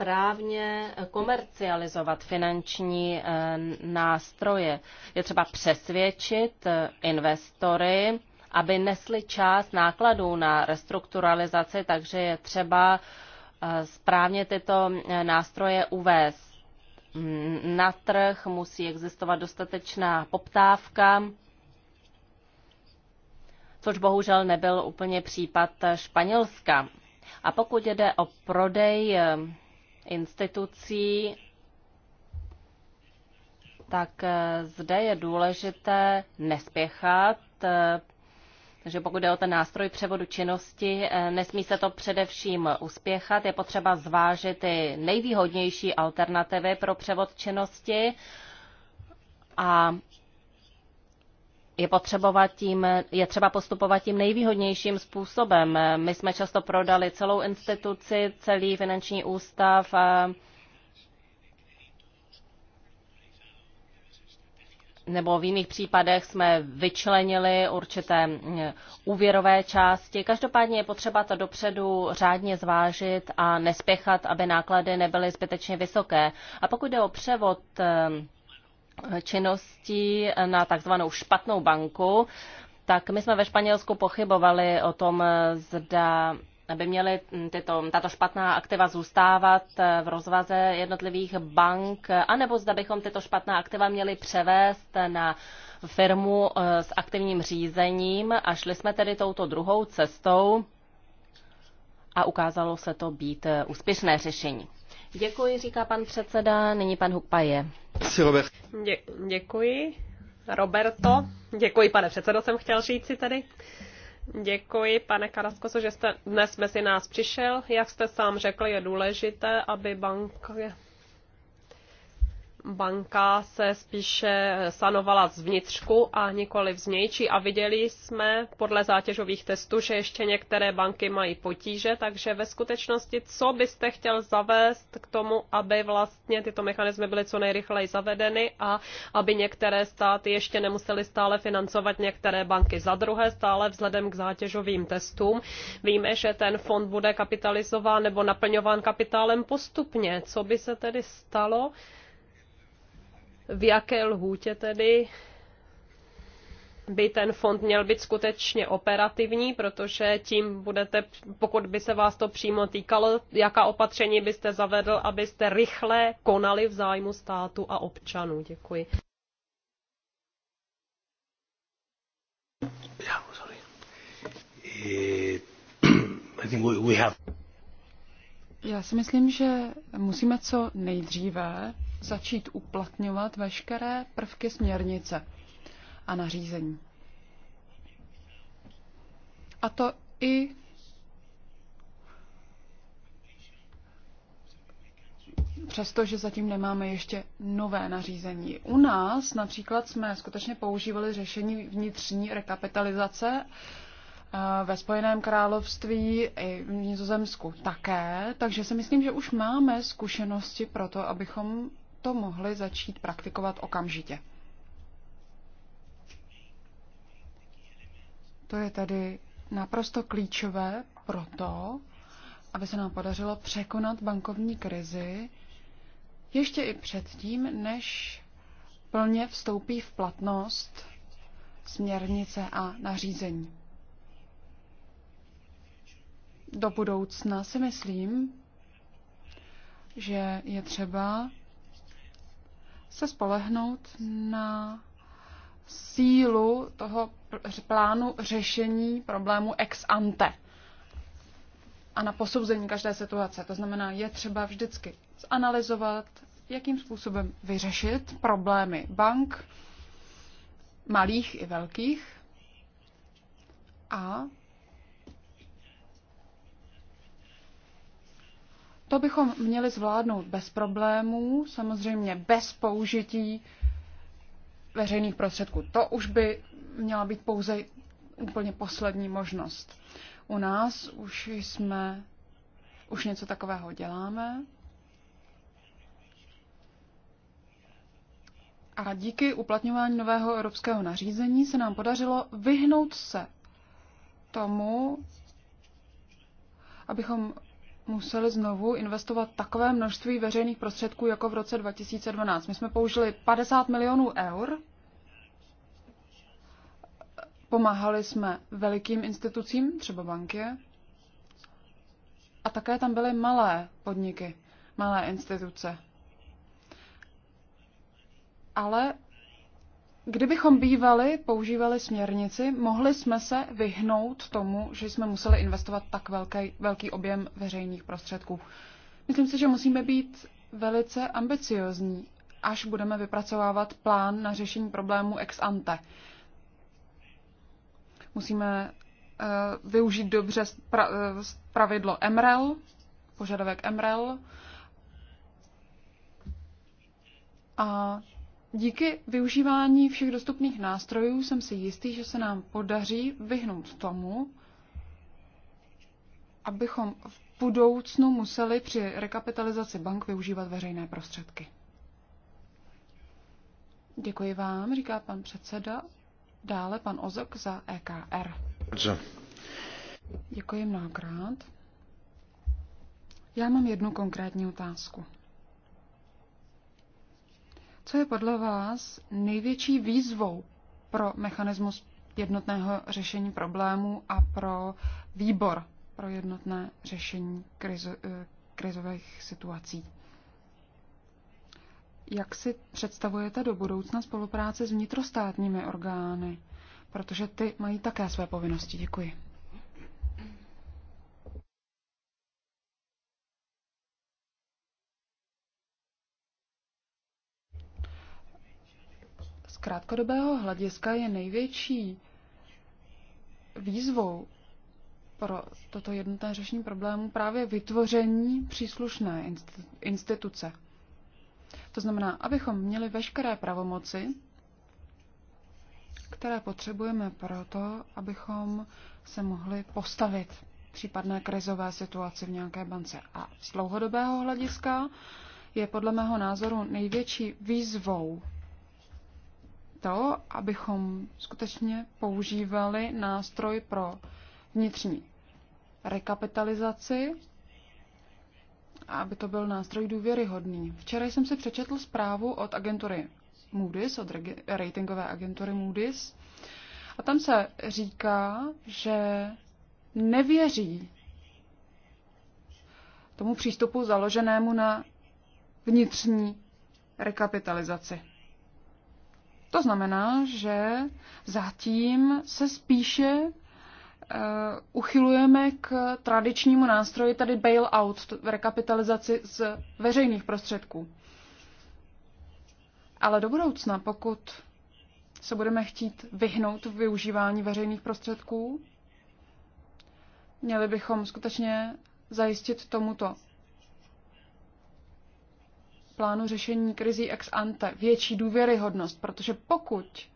správně komercializovat finanční eh, nástroje. Je třeba přesvědčit eh, investory, aby nesli část nákladů na restrukturalizaci, takže je třeba eh, správně tyto nástroje uvést mm, na trh, musí existovat dostatečná poptávka, což bohužel nebyl úplně případ Španělska. A pokud jde o prodej institucí, tak eh, zde je důležité nespěchat, eh, takže pokud jde o ten nástroj převodu činnosti, eh, nesmí se to především uspěchat. Je potřeba zvážit ty nejvýhodnější alternativy pro převod činnosti a je, potřebovat tím, je třeba postupovat tím nejvýhodnějším způsobem. My jsme často prodali celou instituci, celý finanční ústav. A nebo v jiných případech jsme vyčlenili určité mm, úvěrové části. Každopádně je potřeba to dopředu řádně zvážit a nespěchat, aby náklady nebyly zbytečně vysoké. A pokud jde o převod mm, činností na takzvanou špatnou banku, tak my jsme ve Španělsku pochybovali o tom, zda by měly tyto, tato špatná aktiva zůstávat v rozvaze jednotlivých bank, anebo zda bychom tyto špatná aktiva měli převést na firmu eh, s aktivním řízením a šli jsme tedy touto druhou cestou a ukázalo se to být eh, úspěšné řešení. Děkuji, říká pan předseda. Nyní pan Hukpa je Dě- děkuji. Roberto, děkuji pane předsedo, jsem chtěl říct si tady. Děkuji, pane Karaskoso, že jste dnes mezi nás přišel. Jak jste sám řekl, je důležité, aby banky banka se spíše sanovala zvnitřku a nikoli vnější a viděli jsme podle zátěžových testů, že ještě některé banky mají potíže, takže ve skutečnosti, co byste chtěl zavést k tomu, aby vlastně tyto mechanismy byly co nejrychleji zavedeny a aby některé státy ještě nemusely stále financovat některé banky. Za druhé stále vzhledem k zátěžovým testům víme, že ten fond bude kapitalizován nebo naplňován kapitálem postupně. Co by se tedy stalo? v jaké lhůtě tedy by ten fond měl být skutečně operativní, protože tím budete, pokud by se vás to přímo týkalo, jaká opatření byste zavedl, abyste rychle konali v zájmu státu a občanů. Děkuji. Eh, [clears throat] Já si myslím, že musíme co nejdříve začít uplatňovat veškeré prvky směrnice a nařízení. A to i přestože zatím nemáme ještě nové nařízení. U nás například jsme skutečně používali řešení vnitřní rekapitalizace eh, ve Spojeném království i v Nizozemsku také, takže si myslím, že už máme zkušenosti pro to, abychom to mohli začít praktikovat okamžitě. To je tedy naprosto klíčové pro to, aby se nám podařilo překonat bankovní krizi ještě i předtím, než plně vstoupí v platnost směrnice a nařízení. Do budoucna si myslím, že je třeba se spolehnout na sílu toho plánu řešení problému ex ante a na posouzení každé situace. To znamená, je třeba vždycky zanalizovat, jakým způsobem vyřešit problémy bank, malých i velkých, a To bychom měli zvládnout bez problémů, samozřejmě bez použití veřejných prostředků. To už by měla být pouze úplně poslední možnost. U nás už jsme, už něco takového děláme. A díky uplatňování nového evropského nařízení se nám podařilo vyhnout se tomu, abychom museli znovu investovat takové množství veřejných prostředků jako v roce 2012. My jsme použili 50 milionů eur, pomáhali jsme velikým institucím, třeba bankě, a také tam byly malé podniky, malé instituce. Ale Kdybychom bývali, používali směrnici, mohli jsme se vyhnout tomu, že jsme museli investovat tak velký, velký objem veřejných prostředků. Myslím si, že musíme být velice ambiciozní, až budeme vypracovávat plán na řešení problému ex ante. Musíme uh, využít dobře pra, uh, eh, pravidlo MREL, požadavek MREL, a Díky využívání všech dostupných nástrojů jsem si jistý, že se nám podaří vyhnout tomu, abychom v budoucnu museli při rekapitalizaci bank využívat veřejné prostředky. Děkuji vám, říká pan předseda. Dále pan Ozok za EKR. Děkuji mnohokrát. Já mám jednu konkrétní otázku. Co je podle vás největší výzvou pro mechanismus jednotného řešení problémů a pro výbor pro jednotné řešení krizo, eh, krizových situací? Jak si představujete do budoucna spolupráce s vnitrostátními orgány? Protože ty mají také své povinnosti. Děkuji. krátkodobého hlediska je největší výzvou pro toto jednotné řešení problému právě vytvoření příslušné instituce. To znamená, abychom měli veškeré pravomoci, které potřebujeme pro to, abychom se mohli postavit případné krizové situaci v nějaké bance. A z dlouhodobého hlediska je podle mého názoru největší výzvou to, abychom skutečně používali nástroj pro vnitřní rekapitalizaci, aby to byl nástroj důvěryhodný. Včera jsem si přečetl zprávu od agentury Moody's, od ratingové agentury Moody's, a tam se říká, že nevěří tomu přístupu založenému na vnitřní rekapitalizaci. To znamená, že zatím se spíše eh, uchylujeme k tradičnímu nástroji, tady bailout, rekapitalizaci z veřejných prostředků. Ale do budoucna, pokud se budeme chtít vyhnout v využívání veřejných prostředků, měli bychom skutečně zajistit tomuto plánu řešení krizí ex ante větší důvěryhodnost, protože pokud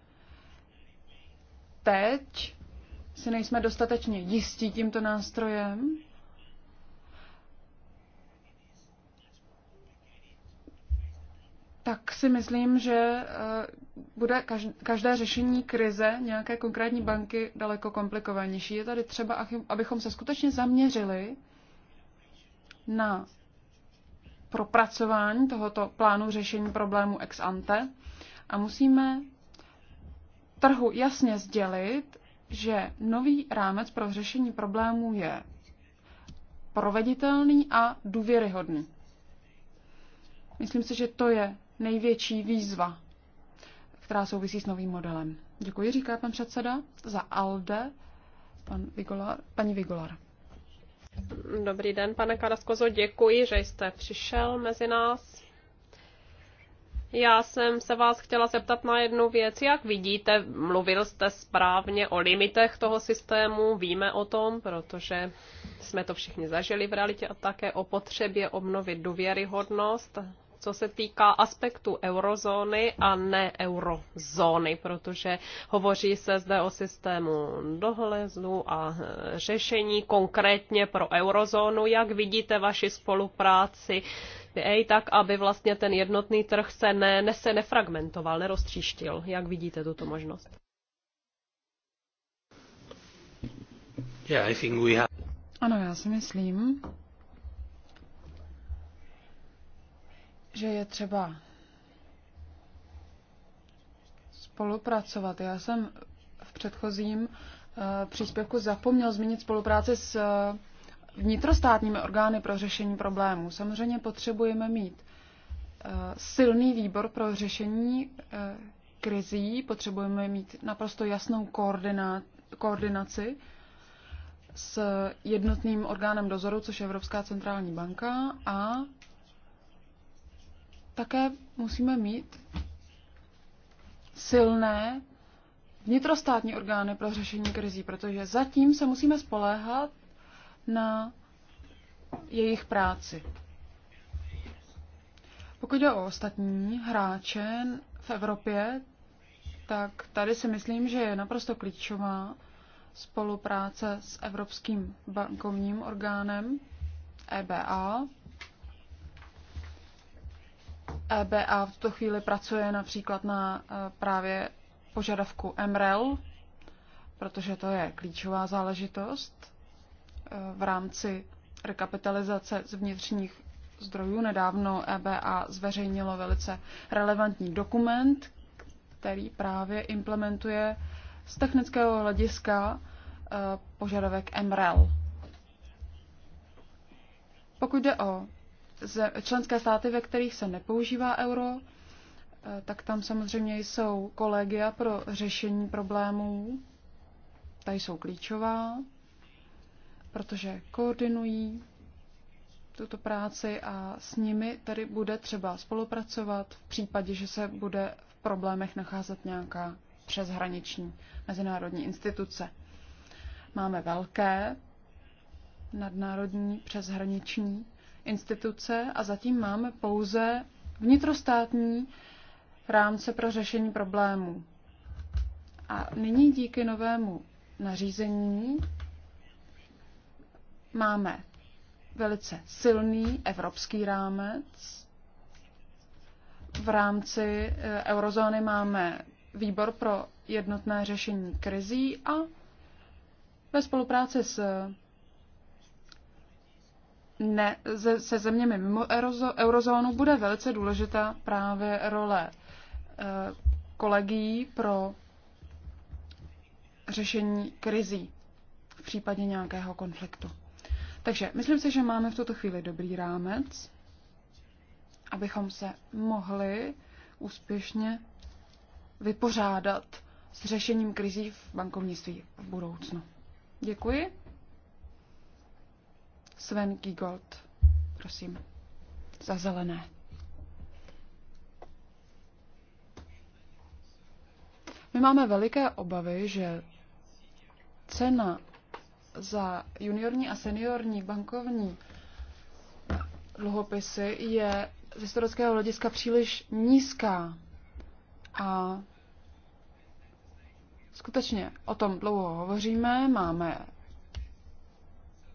teď si nejsme dostatečně jistí tímto nástrojem, tak si myslím, že eh, bude každé řešení krize nějaké konkrétní banky daleko komplikovanější. Je tady třeba, abychom se skutečně zaměřili na propracování tohoto plánu řešení problému ex ante a musíme trhu jasně sdělit, že nový rámec pro řešení problémů je proveditelný a důvěryhodný. Myslím si, že to je největší výzva, která souvisí s novým modelem. Děkuji, říká pan předseda, za ALDE, pan Vigolar, paní Vigolar. Dobrý den, pane Karaskozo, děkuji, že jste přišel mezi nás. Já jsem se vás chtěla zeptat na jednu věc. Jak vidíte, mluvil jste správně o limitech toho systému, víme o tom, protože jsme to všichni zažili v realitě a také o potřebě obnovit důvěryhodnost co se týká aspektu eurozóny a ne eurozóny, protože hovoří se zde o systému dohledu a e, řešení konkrétně pro eurozónu. Jak vidíte vaši spolupráci Ej, tak, aby vlastně ten jednotný trh se, ne, ne, se nefragmentoval, neroztříštil? Jak vidíte tuto možnost? Yeah, I think we have... Ano, já si myslím, že je třeba spolupracovat. Já jsem v předchozím eh, příspěvku zapomněl zmínit spolupráci s eh, vnitrostátními orgány pro řešení problémů. Samozřejmě potřebujeme mít eh, silný výbor pro řešení krizí, potřebujeme mít naprosto jasnou koordinaci s jednotným orgánem dozoru, což je Evropská centrální banka, a také musíme mít silné vnitrostátní orgány pro řešení krizí, protože zatím se musíme spoléhat na jejich práci. Pokud jde o ostatní hráče v Evropě, tak tady si myslím, že je naprosto klíčová spolupráce s Evropským bankovním orgánem EBA, EBA v tuto chvíli pracuje například na e, právě požadavku MREL, protože to je klíčová záležitost e, v rámci rekapitalizace z vnitřních zdrojů. Nedávno EBA zveřejnilo velice relevantní dokument, který právě implementuje z technického hlediska e, požadavek MREL. Pokud jde o členské státy, ve kterých se nepoužívá euro, eh, tak tam samozřejmě jsou kolegia pro řešení problémů. Ta jsou klíčová, protože koordinují tuto práci a s nimi tady bude třeba spolupracovat v případě, že se bude v problémech nacházet nějaká přeshraniční mezinárodní instituce. Máme velké nadnárodní přeshraniční instituce a zatím máme pouze vnitrostátní rámce pro řešení problémů. A nyní díky novému nařízení máme velice silný evropský rámec. V rámci e, eurozóny máme výbor pro jednotné řešení krizí a ve spolupráci s ne, se zeměmi mimo eurozónu bude velice důležitá právě role eh, kolegií pro řešení krizí v případě nějakého konfliktu. Takže myslím si, že máme v tuto chvíli dobrý rámec, abychom se mohli úspěšně vypořádat s řešením krizí v bankovnictví v budoucnu. Děkuji. Sven Gigold, prosím, za zelené. My máme veliké obavy, že cena za juniorní a seniorní bankovní dluhopisy je z historického hlediska příliš nízká. A skutečně o tom dlouho hovoříme, máme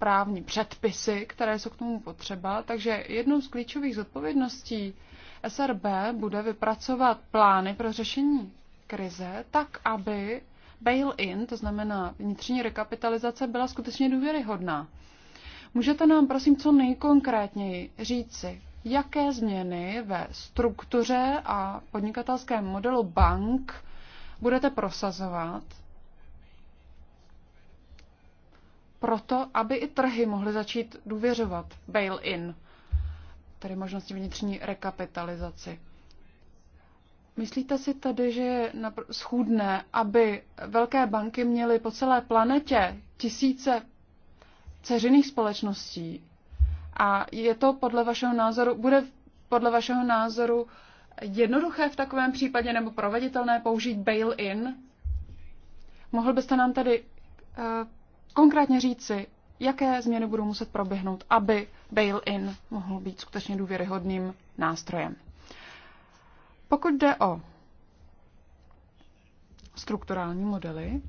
právní předpisy, které jsou k tomu potřeba. Takže jednou z klíčových zodpovědností SRB bude vypracovat plány pro řešení krize tak, aby bail-in, to znamená vnitřní rekapitalizace, byla skutečně důvěryhodná. Můžete nám prosím co nejkonkrétněji říci, jaké změny ve struktuře a podnikatelském modelu bank budete prosazovat, proto, aby i trhy mohly začít důvěřovat bail-in, tedy možnosti vnitřní rekapitalizaci. Myslíte si tedy, že je schůdné, aby velké banky měly po celé planetě tisíce ceřiných společností? A je to podle vašeho názoru, bude podle vašeho názoru jednoduché v takovém případě nebo proveditelné použít bail-in? Mohl byste nám tedy eh, konkrétně říci, jaké změny budou muset proběhnout, aby bail-in mohl být skutečně důvěryhodným nástrojem. Pokud jde o strukturální modely,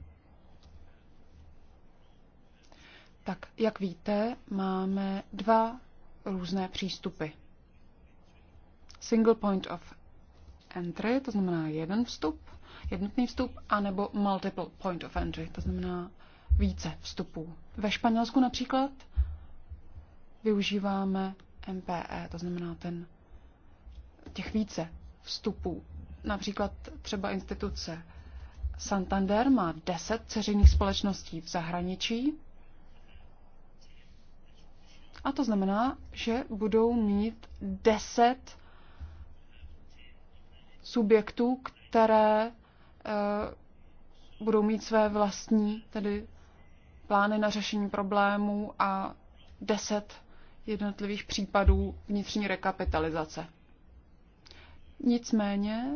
tak jak víte, máme dva různé přístupy. Single point of entry, to znamená jeden vstup, jednotný vstup, anebo multiple point of entry, to znamená více vstupů. Ve Španělsku například využíváme MPE, to znamená ten, těch více vstupů. Například třeba instituce Santander má 10 ceřinných společností v zahraničí. A to znamená, že budou mít 10 subjektů, které e, budou mít své vlastní tedy plány na řešení problémů a 10 jednotlivých případů vnitřní rekapitalizace. Nicméně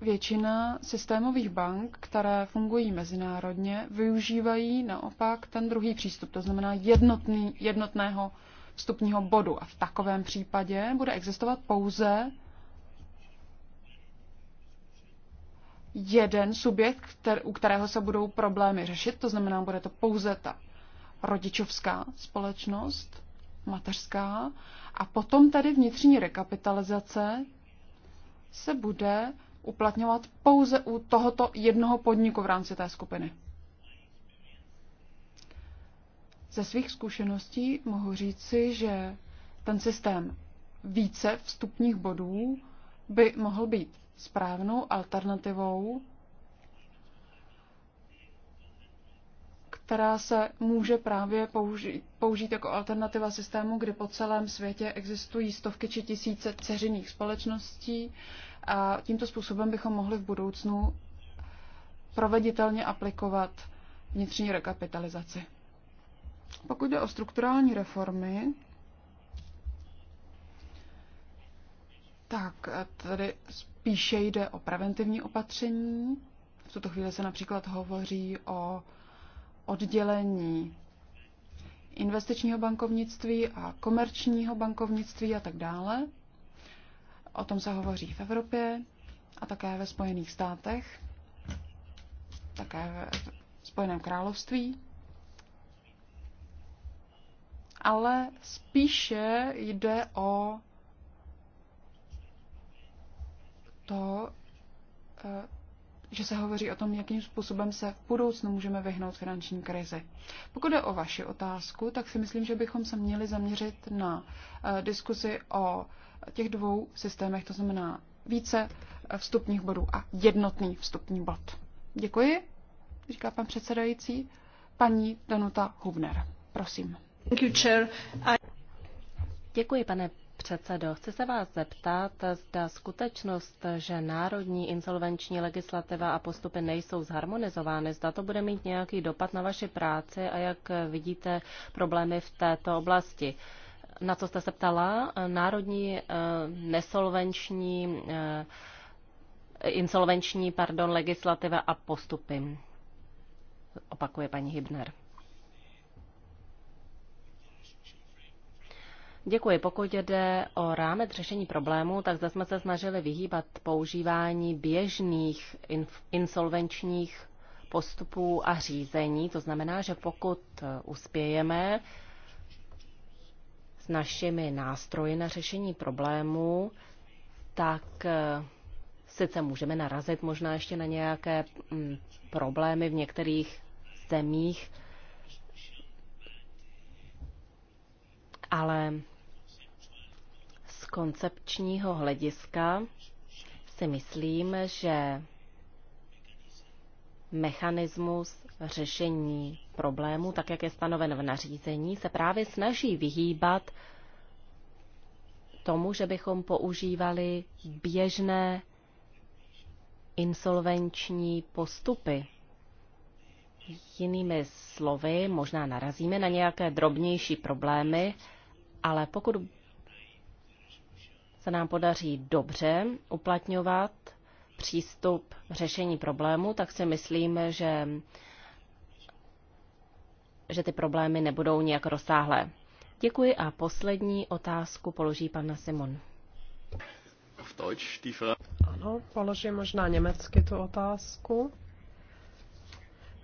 většina systémových bank, které fungují mezinárodně, využívají naopak ten druhý přístup, to znamená jednotný, jednotného vstupního bodu. A v takovém případě bude existovat pouze jeden subjekt, kter, u kterého se budou problémy řešit, to znamená, bude to pouze ta rodičovská společnost, mateřská, a potom tady vnitřní rekapitalizace se bude uplatňovat pouze u tohoto jednoho podniku v rámci té skupiny. Ze svých zkušeností mohu říci, že ten systém více vstupních bodů by mohl být správnou alternativou, která se může právě použít, použít jako alternativa systému, kdy po celém světě existují stovky či tisíce ceřinných společností a tímto způsobem bychom mohli v budoucnu proveditelně aplikovat vnitřní rekapitalizaci. Pokud jde o strukturální reformy, tak eh, tady Spíše jde o preventivní opatření. V tuto chvíli se například hovoří o oddělení investičního bankovnictví a komerčního bankovnictví a tak dále. O tom se hovoří v Evropě a také ve Spojených státech, také v Spojeném království. Ale spíše jde o To, eh, že se hovoří o tom, jakým způsobem se v budoucnu můžeme vyhnout finanční krizi. Pokud je o vaši otázku, tak si myslím, že bychom se měli zaměřit na eh, diskuzi o těch dvou systémech, to znamená více eh, vstupních bodů a jednotný vstupní bod. Děkuji, říká pan předsedající. Paní Danuta Hubner, prosím. Děkuji, pane předsedo. Chci se vás zeptat, zda skutečnost, že národní insolvenční legislativa a postupy nejsou zharmonizovány, zda to bude mít nějaký dopad na vaši práci a jak vidíte problémy v této oblasti. Na co jste se ptala? Národní eh, nesolvenční eh, insolvenční pardon, legislativa a postupy. Opakuje paní Hibner. Děkuji. Pokud jde o rámec řešení problému, tak zde jsme se snažili vyhýbat používání běžných insolvenčních postupů a řízení. To znamená, že pokud e, uspějeme s našimi nástroji na řešení problému, tak e, sice můžeme narazit možná ještě na nějaké mm, problémy v některých zemích, ale koncepčního hlediska si myslím, že mechanismus řešení problému, tak jak je stanoven v nařízení, se právě snaží vyhýbat tomu, že bychom používali běžné insolvenční postupy. Jinými slovy, možná narazíme na nějaké drobnější problémy, ale pokud se nám podaří dobře uplatňovat přístup k řešení problému, tak si myslím, že, že ty problémy nebudou nějak rozsáhlé. Děkuji a poslední otázku položí pan Simon. Ano, položím možná německy tu otázku.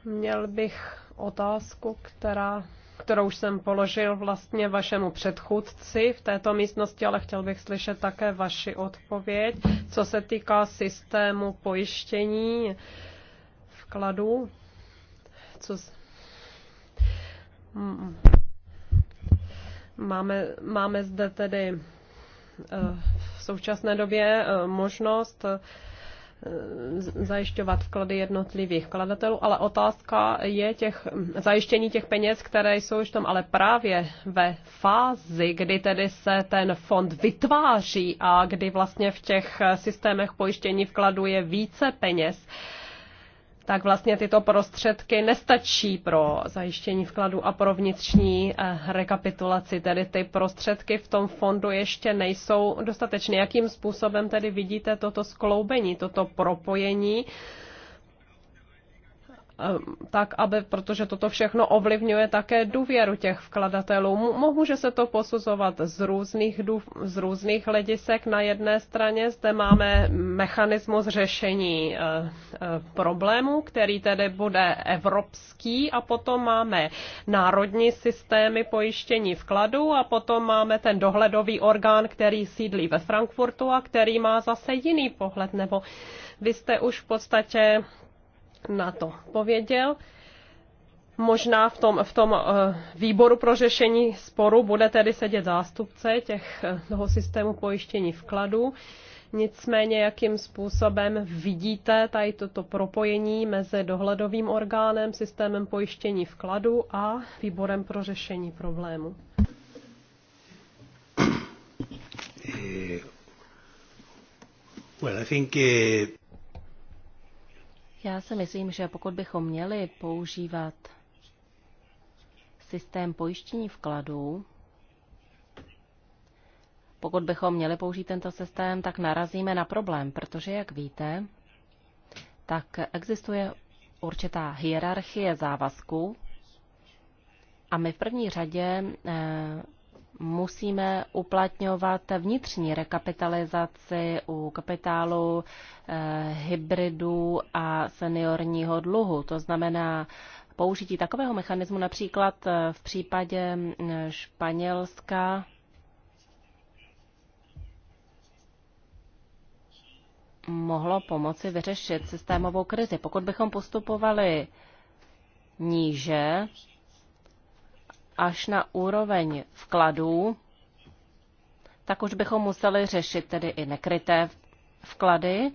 Měl bych otázku, která kterou jsem položil vlastně vašemu předchůdci v této místnosti, ale chtěl bych slyšet také vaši odpověď, co se týká systému pojištění vkladů. Co z... máme, máme zde tedy eh, v současné době eh, možnost Eh, zajišťovat vklady jednotlivých vkladatelů, ale otázka je těch, zajištění těch peněz, které jsou už tam, ale právě ve fázi, kdy tedy se ten fond vytváří a kdy vlastně v těch systémech pojištění vkladu je více peněz, tak vlastně tyto prostředky nestačí pro zajištění vkladu a pro vnitřní eh, rekapitulaci. Tedy ty prostředky v tom fondu ještě nejsou dostatečné. Jakým způsobem tedy vidíte toto skloubení, toto propojení? Ehm, tak aby, protože toto všechno ovlivňuje také důvěru těch vkladatelů. Může se to posuzovat z různých, dův, z různých hledisek. Na jedné straně zde máme mechanismus řešení eh, eh, problému, který tedy bude evropský a potom máme národní systémy pojištění vkladů a potom máme ten dohledový orgán, který sídlí ve Frankfurtu a který má zase jiný pohled nebo vy jste už v podstatě na to pověděl. Možná v tom, v tom eh, výboru pro řešení sporu bude tedy sedět zástupce těch, eh, toho systému pojištění vkladů. Nicméně, jakým způsobem vidíte tady toto propojení mezi dohledovým orgánem, systémem pojištění vkladu a výborem pro řešení problému? Eh, well, I think, uh... Já si myslím, že pokud bychom měli používat systém pojištění vkladů, pokud bychom měli použít tento systém, tak narazíme na problém, protože, jak víte, tak existuje určitá hierarchie závazků a my v první řadě eh, musíme uplatňovat vnitřní rekapitalizaci u kapitálu eh, hybridů a seniorního dluhu. To znamená použití takového mechanismu například eh, v případě mm, Španělska. mohlo pomoci vyřešit systémovou krizi. Pokud bychom postupovali níže, až na úroveň vkladů, tak už bychom museli řešit tedy i nekryté vklady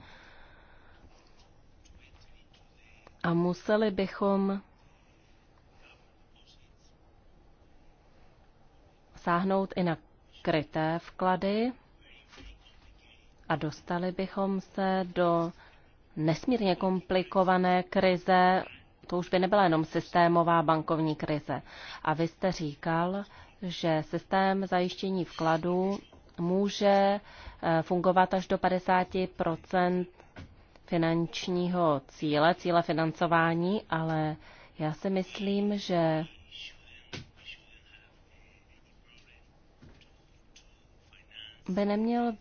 a museli bychom sáhnout i na kryté vklady a dostali bychom se do nesmírně komplikované krize to už by nebyla jenom systémová bankovní krize. A vy jste říkal, že systém zajištění vkladů může eh, fungovat až do 50 finančního cíle, cíle financování, ale já si myslím, že by neměl,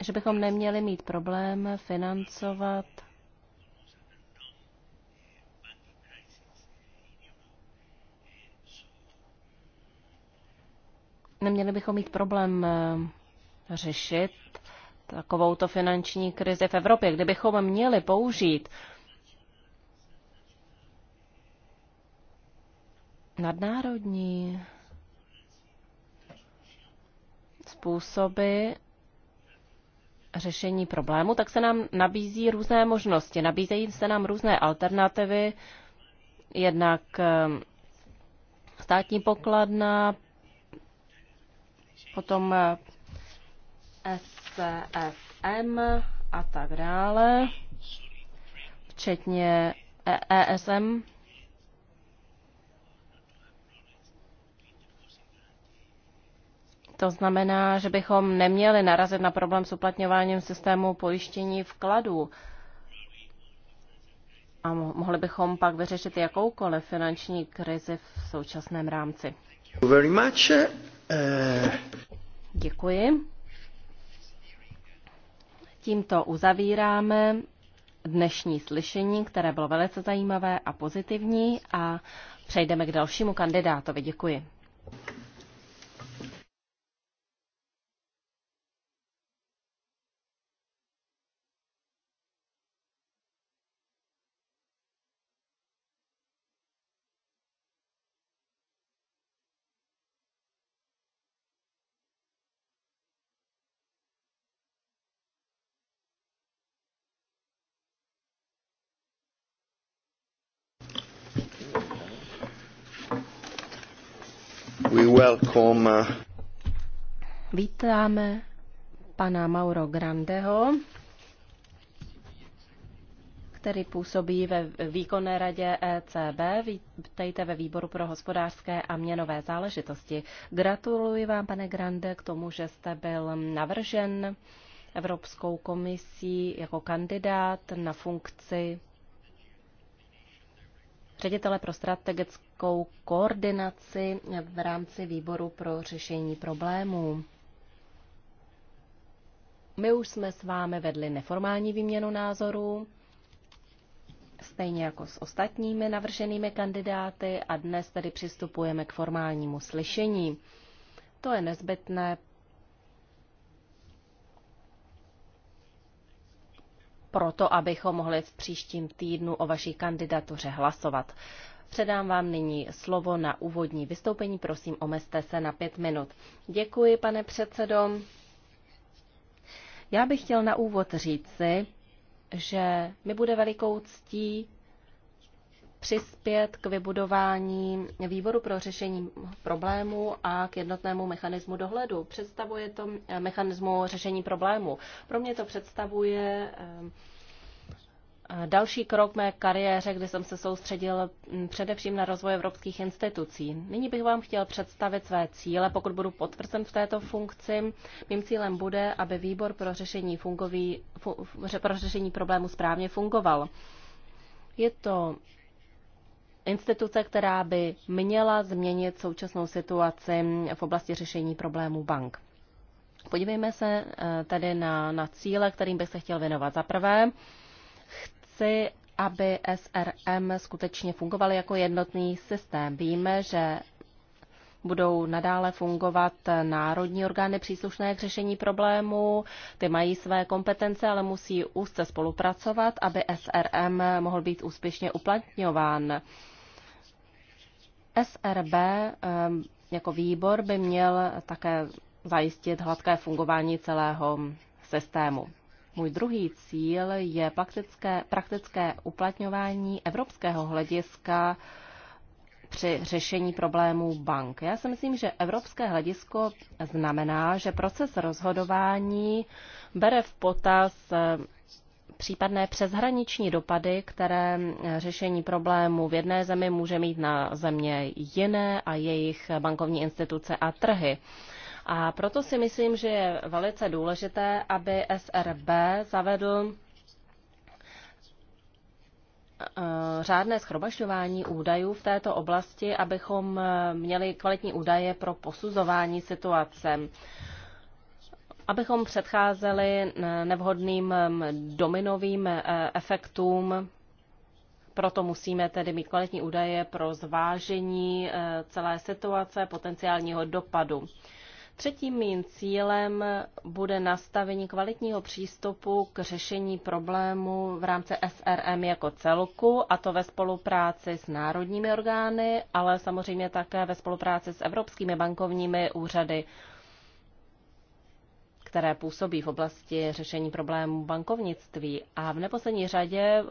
že bychom neměli mít problém financovat neměli bychom mít problém eh, řešit takovouto finanční krizi v Evropě. Kdybychom měli použít nadnárodní způsoby řešení problému, tak se nám nabízí různé možnosti. Nabízejí se nám různé alternativy, jednak eh, státní pokladna, potom eh, SCFM e a tak dále, včetně ESM. E to znamená, že bychom neměli narazit na problém s uplatňováním systému pojištění vkladů. A mohli bychom pak vyřešit jakoukoliv finanční krizi v současném rámci. Very much. Eh, děkuji. Tímto uzavíráme dnešní slyšení, které bylo velice zajímavé a pozitivní a přejdeme k dalšímu kandidátovi. Děkuji. welcome. Eh. Vítáme pana Mauro Grandeho, který působí ve výkonné radě ECB. Vítejte ve výboru pro hospodářské a měnové záležitosti. Gratuluji vám, pane Grande, k tomu, že jste byl navržen Evropskou komisí jako kandidát na funkci ředitele pro strategickou koordinaci v rámci výboru pro řešení problémů. My už jsme s vámi vedli neformální výměnu názorů, stejně jako s ostatními navrženými kandidáty a dnes tedy přistupujeme k formálnímu slyšení. To je nezbytné proto, abychom mohli v příštím týdnu o vaší kandidatuře hlasovat. Předám vám nyní slovo na úvodní vystoupení. Prosím, omezte se na pět minut. Děkuji, pane předsedo. Já bych chtěl na úvod říci, že mi bude velikou ctí přispět k vybudování výboru pro řešení problémů a k jednotnému mechanismu dohledu. Představuje to mechanismu řešení problémů. Pro mě to představuje eh, další krok mé kariéře, kdy jsem se soustředil hm, především na rozvoj evropských institucí. Nyní bych vám chtěl představit své cíle, pokud budu potvrzen v této funkci. Mým cílem bude, aby výbor pro řešení, fungový, pro řešení problému správně fungoval. Je to instituce, která by měla změnit současnou situaci v oblasti řešení problémů bank. Podívejme se eh, tedy na, na cíle, kterým bych se chtěl věnovat. Za prvé, chci, aby SRM skutečně fungovaly jako jednotný systém. Víme, že budou nadále fungovat národní orgány příslušné k řešení problému. Ty mají své kompetence, ale musí úzce spolupracovat, aby SRM mohl být úspěšně uplatňován. SRB ehm, jako výbor by měl také zajistit hladké fungování celého systému. Můj druhý cíl je praktické, praktické uplatňování evropského hlediska při řešení problémů bank. Já si myslím, že evropské hledisko znamená, že proces rozhodování bere v potaz ehm, případné přeshraniční dopady, které eh, řešení problému v jedné zemi může mít na země jiné a jejich bankovní instituce a trhy. A proto si myslím, že je velice důležité, aby SRB zavedl eh, řádné schromažďování údajů v této oblasti, abychom eh, měli kvalitní údaje pro posuzování situace abychom předcházeli nevhodným dominovým eh, efektům. Proto musíme tedy mít kvalitní údaje pro zvážení eh, celé situace potenciálního dopadu. Třetím mým cílem bude nastavení kvalitního přístupu k řešení problému v rámci SRM jako celku, a to ve spolupráci s národními orgány, ale samozřejmě také ve spolupráci s evropskými bankovními úřady které působí v oblasti řešení problémů bankovnictví. A v neposlední řadě eh,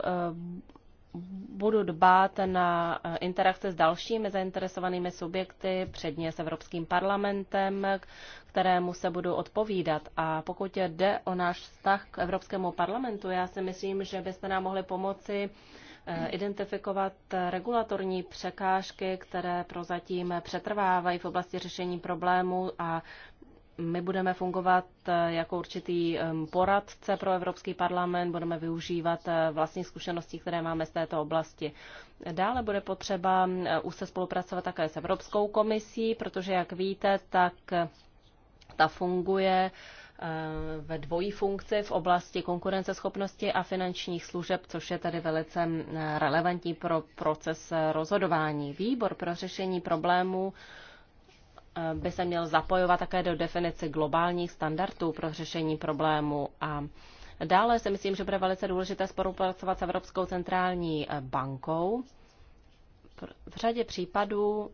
budu dbát na eh, interakce s dalšími zainteresovanými subjekty, předně s Evropským parlamentem, kterému se budu odpovídat. A pokud jde o náš vztah k Evropskému parlamentu, já si myslím, že byste nám mohli pomoci eh, identifikovat regulatorní překážky, které prozatím přetrvávají v oblasti řešení problémů a my budeme fungovat eh, jako určitý poradce pro Evropský parlament, budeme využívat eh, vlastní zkušenosti, které máme z této oblasti. Dále bude potřeba eh, už se spolupracovat také s Evropskou komisí, protože, jak víte, tak ta funguje ve dvojí funkci v oblasti konkurenceschopnosti a finančních služeb, což je tady velice relevantní pro proces rozhodování. Výbor pro řešení problémů Eh, by se měl zapojovat také do definice globálních standardů pro řešení problému a Dále si myslím, že bude velice důležité spolupracovat s Evropskou centrální eh, bankou. V řadě případů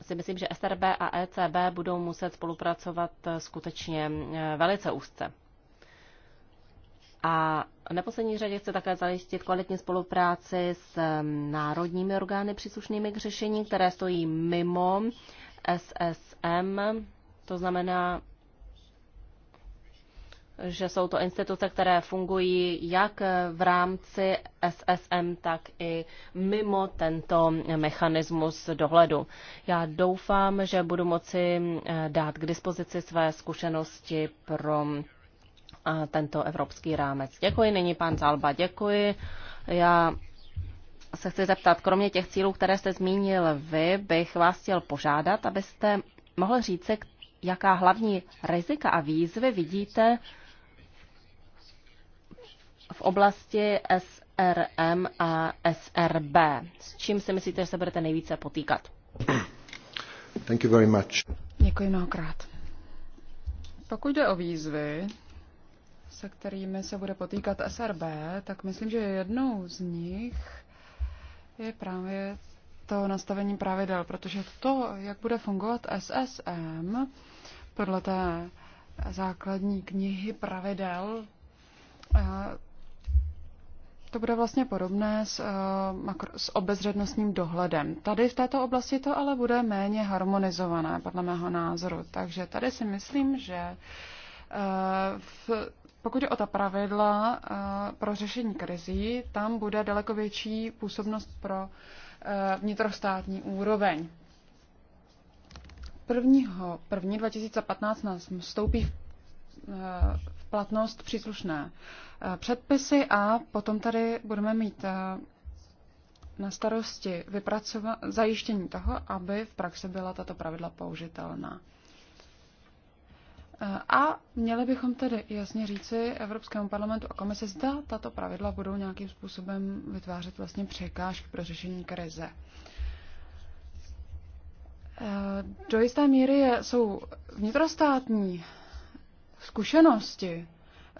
si myslím, že SRB a ECB budou muset spolupracovat eh, skutečně velice úzce. A v neposlední řadě chce také zajistit kvalitní spolupráci s národními orgány příslušnými k řešení, které stojí mimo SSM, to znamená, že jsou to instituce, které fungují jak v rámci SSM, tak i mimo tento mechanismus dohledu. Já doufám, že budu moci eh, dát k dispozici své zkušenosti pro eh, tento evropský rámec. Děkuji, nyní pan Zalba, děkuji. Já se chci zeptat, kromě těch cílů, které jste zmínil vy, bych vás chtěl požádat, abyste mohl říct, jaká hlavní rizika a výzvy vidíte v oblasti SRM a SRB. S čím si myslíte, že se budete nejvíce potýkat? Thank you very much. Děkuji mnohokrát. Pokud jde o výzvy, se kterými se bude potýkat SRB, tak myslím, že jednou z nich je právě to nastavení pravidel, protože to, jak bude fungovat SSM, podle té základní knihy pravidel, eh, to bude vlastně podobné s, eh, s obezřednostním dohledem. Tady v této oblasti to ale bude méně harmonizované, podle mého názoru. Takže tady si myslím, že eh, v pokud je o ta pravidla eh, pro řešení krizí, tam bude daleko větší působnost pro eh, vnitrostátní úroveň. 1. 1. 2015 nás vstoupí v, eh, v platnost příslušné předpisy a potom tady budeme mít na starosti zajištění toho, aby v praxi byla tato pravidla použitelná. A měli bychom tedy jasně říci Evropskému parlamentu a komisi, zda tato pravidla budou nějakým způsobem vytvářet vlastně překážky pro řešení krize. Eh, do jisté míry jsou vnitrostátní zkušenosti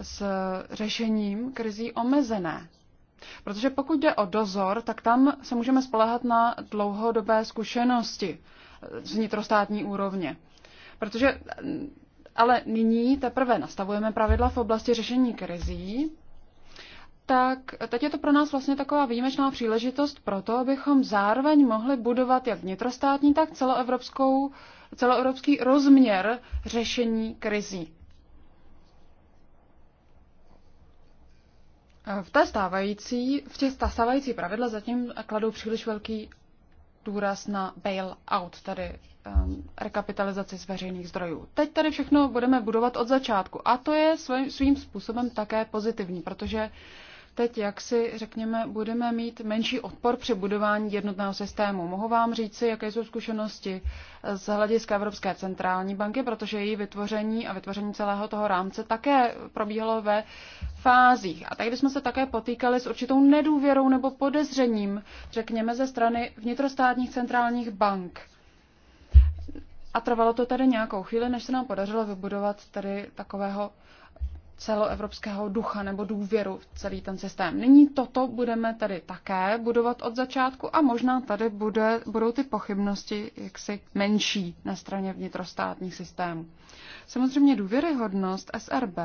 s řešením krizí omezené. Protože pokud jde o dozor, tak tam se můžeme spolehat na dlouhodobé zkušenosti z vnitrostátní úrovně. Protože ale nyní teprve nastavujeme pravidla v oblasti řešení krizí, tak teď je to pro nás vlastně taková výjimečná příležitost pro to, abychom zároveň mohli budovat jak vnitrostátní, tak celoevropskou, celoevropský rozměr řešení krizí. V té stávající, v těch stávající pravidla zatím kladou příliš velký důraz na bail-out, tedy Um, rekapitalizaci z veřejných zdrojů. Teď tady všechno budeme budovat od začátku a to je svým, svým způsobem také pozitivní, protože teď, jak si řekněme, budeme mít menší odpor při budování jednotného systému. Mohu vám říci, jaké jsou zkušenosti z hlediska Evropské centrální banky, protože její vytvoření a vytvoření celého toho rámce také probíhalo ve fázích. A tady jsme se také potýkali s určitou nedůvěrou nebo podezřením, řekněme, ze strany vnitrostátních centrálních bank a trvalo to tedy nějakou chvíli, než se nám podařilo vybudovat tady takového celoevropského ducha nebo důvěru v celý ten systém. Nyní toto budeme tady také budovat od začátku a možná tady bude, budou ty pochybnosti jaksi menší na straně vnitrostátních systémů. Samozřejmě důvěryhodnost SRB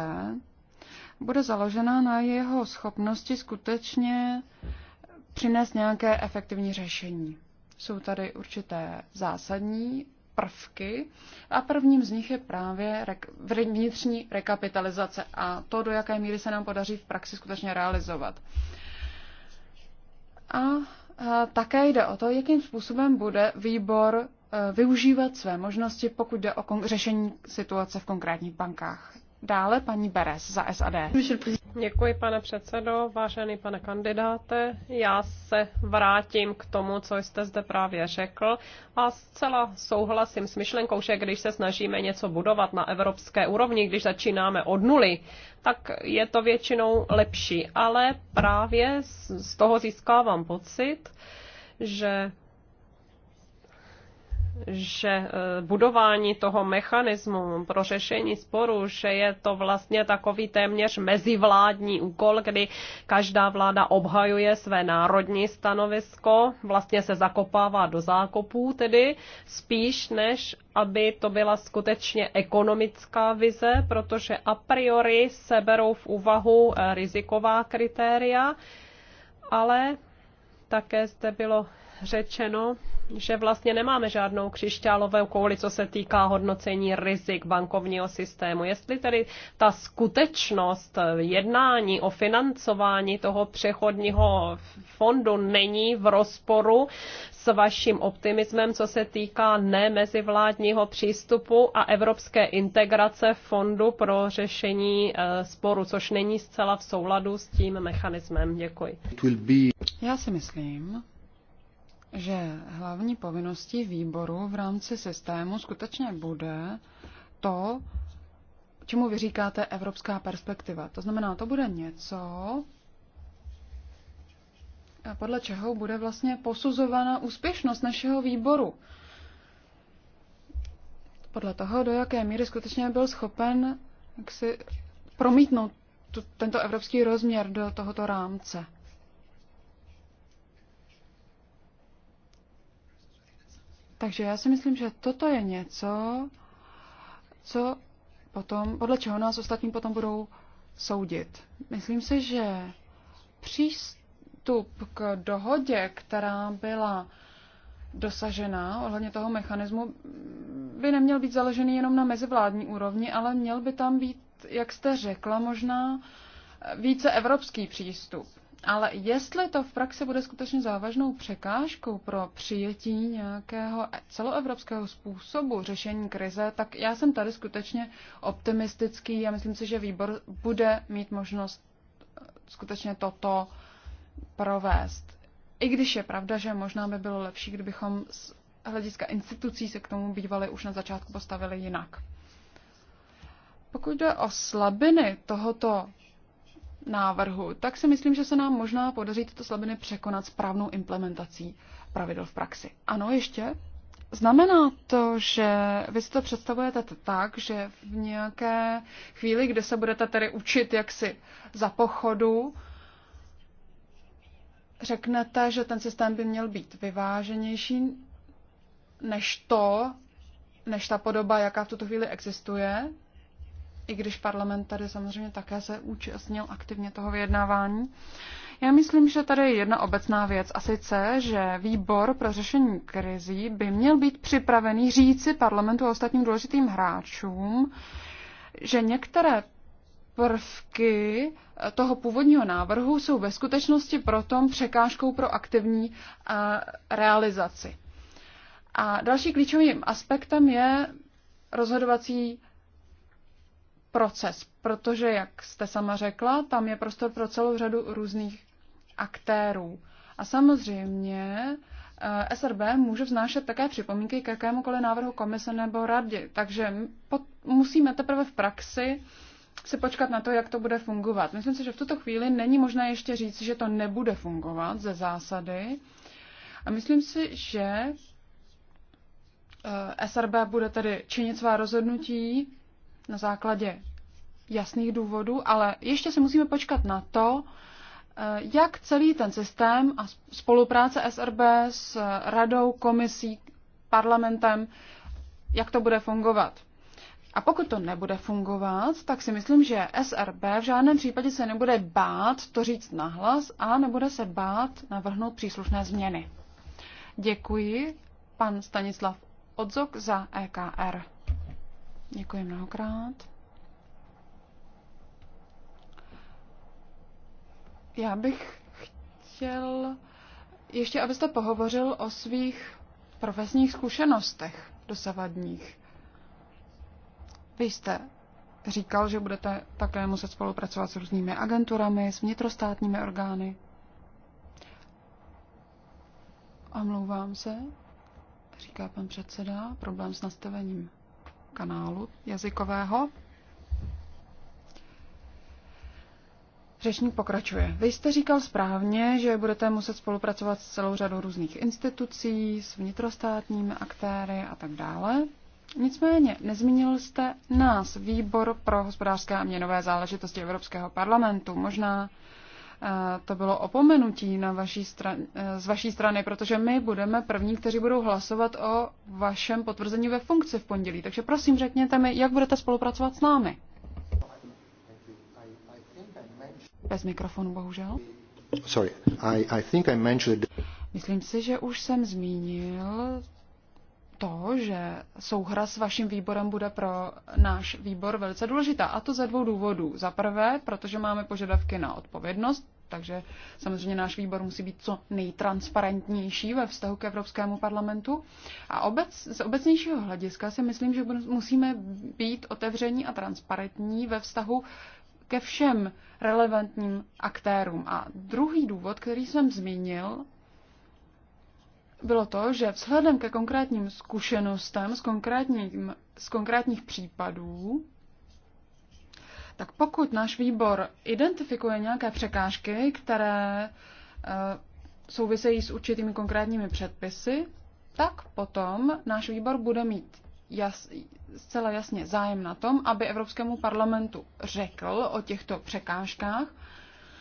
bude založena na jeho schopnosti skutečně přinést nějaké efektivní řešení. Jsou tady určité zásadní prvky a prvním z nich je právě vnitřní rekapitalizace a to, do jaké míry se nám podaří v praxi skutečně realizovat. A také jde o to, jakým způsobem bude výbor e, využívat své možnosti, pokud jde o řešení situace v konkrétních bankách. Dále paní Beres za SAD. Děkuji, pane předsedo, vážený pane kandidáte. Já se vrátím k tomu, co jste zde právě řekl a zcela souhlasím s myšlenkou, že když se snažíme něco budovat na evropské úrovni, když začínáme od nuly, tak je to většinou lepší. Ale právě z toho získávám pocit, že že e, budování toho mechanismu pro řešení sporu, že je to vlastně takový téměř mezivládní úkol, kdy každá vláda obhajuje své národní stanovisko, vlastně se zakopává do zákopů tedy, spíš než aby to byla skutečně ekonomická vize, protože a priori se berou v úvahu e, riziková kritéria, ale také zde bylo řečeno, že vlastně nemáme žádnou křišťálovou kouli, co se týká hodnocení rizik bankovního systému. Jestli tedy ta skutečnost jednání o financování toho přechodního fondu není v rozporu s vaším optimismem, co se týká nemezivládního přístupu a evropské integrace fondu pro řešení eh, sporu, což není zcela v souladu s tím mechanismem. Děkuji. Já si myslím, že hlavní povinností výboru v rámci systému skutečně bude to, čemu vy říkáte evropská perspektiva. To znamená, to bude něco, podle čeho bude vlastně posuzována úspěšnost našeho výboru. Podle toho, do jaké míry skutečně byl schopen jak si promítnout tu, tento evropský rozměr do tohoto rámce. Takže já si myslím, že toto je něco, co potom, podle čeho nás ostatní potom budou soudit. Myslím si, že přístup k dohodě, která byla dosažená ohledně toho mechanismu, by neměl být založený jenom na mezivládní úrovni, ale měl by tam být, jak jste řekla, možná více evropský přístup. Ale jestli to v praxi bude skutečně závažnou překážkou pro přijetí nějakého celoevropského způsobu řešení krize, tak já jsem tady skutečně optimistický a myslím si, že výbor bude mít možnost eh, skutečně toto provést. I když je pravda, že možná by bylo lepší, kdybychom z hlediska institucí se k tomu bývali už na začátku postavili jinak. Pokud jde o slabiny tohoto návrhu, tak si myslím, že se nám možná podaří tyto slabiny překonat správnou implementací pravidel v praxi. Ano, ještě? Znamená to, že vy si to představujete tak, že v nějaké chvíli, kde se budete tedy učit jaksi za pochodu, řeknete, že ten systém by měl být vyváženější než to, než ta podoba, jaká v tuto chvíli existuje, i když parlament tady samozřejmě také se účastnil aktivně toho vyjednávání. Já myslím, že tady je jedna obecná věc a sice, že výbor pro řešení krizí by měl být připravený říci parlamentu a ostatním důležitým hráčům, že některé prvky toho původního návrhu jsou ve skutečnosti proto překážkou pro aktivní eh, realizaci. A další klíčovým aspektem je rozhodovací proces, protože, jak jste sama řekla, tam je prostor pro celou řadu různých aktérů. A samozřejmě eh, SRB může vznášet také připomínky k jakémukoliv návrhu komise nebo radě. Takže musíme teprve v praxi si počkat na to, jak to bude fungovat. Myslím si, že v tuto chvíli není možné ještě říct, že to nebude fungovat ze zásady. A myslím si, že eh, SRB bude tedy činit svá rozhodnutí na základě jasných důvodů, ale ještě si musíme počkat na to, eh, jak celý ten systém a spolupráce SRB s radou, komisí, parlamentem, jak to bude fungovat. A pokud to nebude fungovat, tak si myslím, že SRB v žádném případě se nebude bát to říct nahlas a nebude se bát navrhnout příslušné změny. Děkuji pan Stanislav Odzok za EKR. Děkuji mnohokrát. Já bych chtěl ještě, abyste pohovořil o svých profesních zkušenostech dosavadních. Vy jste říkal, že budete také muset spolupracovat s různými agenturami, s vnitrostátními orgány. Omlouvám se, říká pan předseda, problém s nastavením kanálu jazykového. Řečník pokračuje. Vy jste říkal správně, že budete muset spolupracovat s celou řadou různých institucí, s vnitrostátními aktéry a tak dále. Nicméně nezmínil jste nás, výbor pro hospodářské a měnové záležitosti Evropského parlamentu. Možná to bylo opomenutí na vaší stran, eh, z vaší strany, protože my budeme první, kteří budou hlasovat o vašem potvrzení ve funkci v pondělí. Takže prosím, řekněte mi, jak budete spolupracovat s námi. Bez mikrofonu, bohužel. Sorry, I, I think I mentioned... Myslím si, že už jsem zmínil to, že souhra s vaším výborem bude pro náš výbor velice důležitá. A to ze dvou důvodů. Za prvé, protože máme požadavky na odpovědnost, takže samozřejmě náš výbor musí být co nejtransparentnější ve vztahu k Evropskému parlamentu. A obec, z obecnějšího hlediska si myslím, že musíme být otevření a transparentní ve vztahu ke všem relevantním aktérům. A druhý důvod, který jsem zmínil, bylo to, že vzhledem ke konkrétním zkušenostem z, konkrétním, z konkrétních případů tak pokud náš výbor identifikuje nějaké překážky, které eh, souvisejí s určitými konkrétními předpisy, tak potom náš výbor bude mít jas, zcela jasně zájem na tom, aby Evropskému parlamentu řekl o těchto překážkách,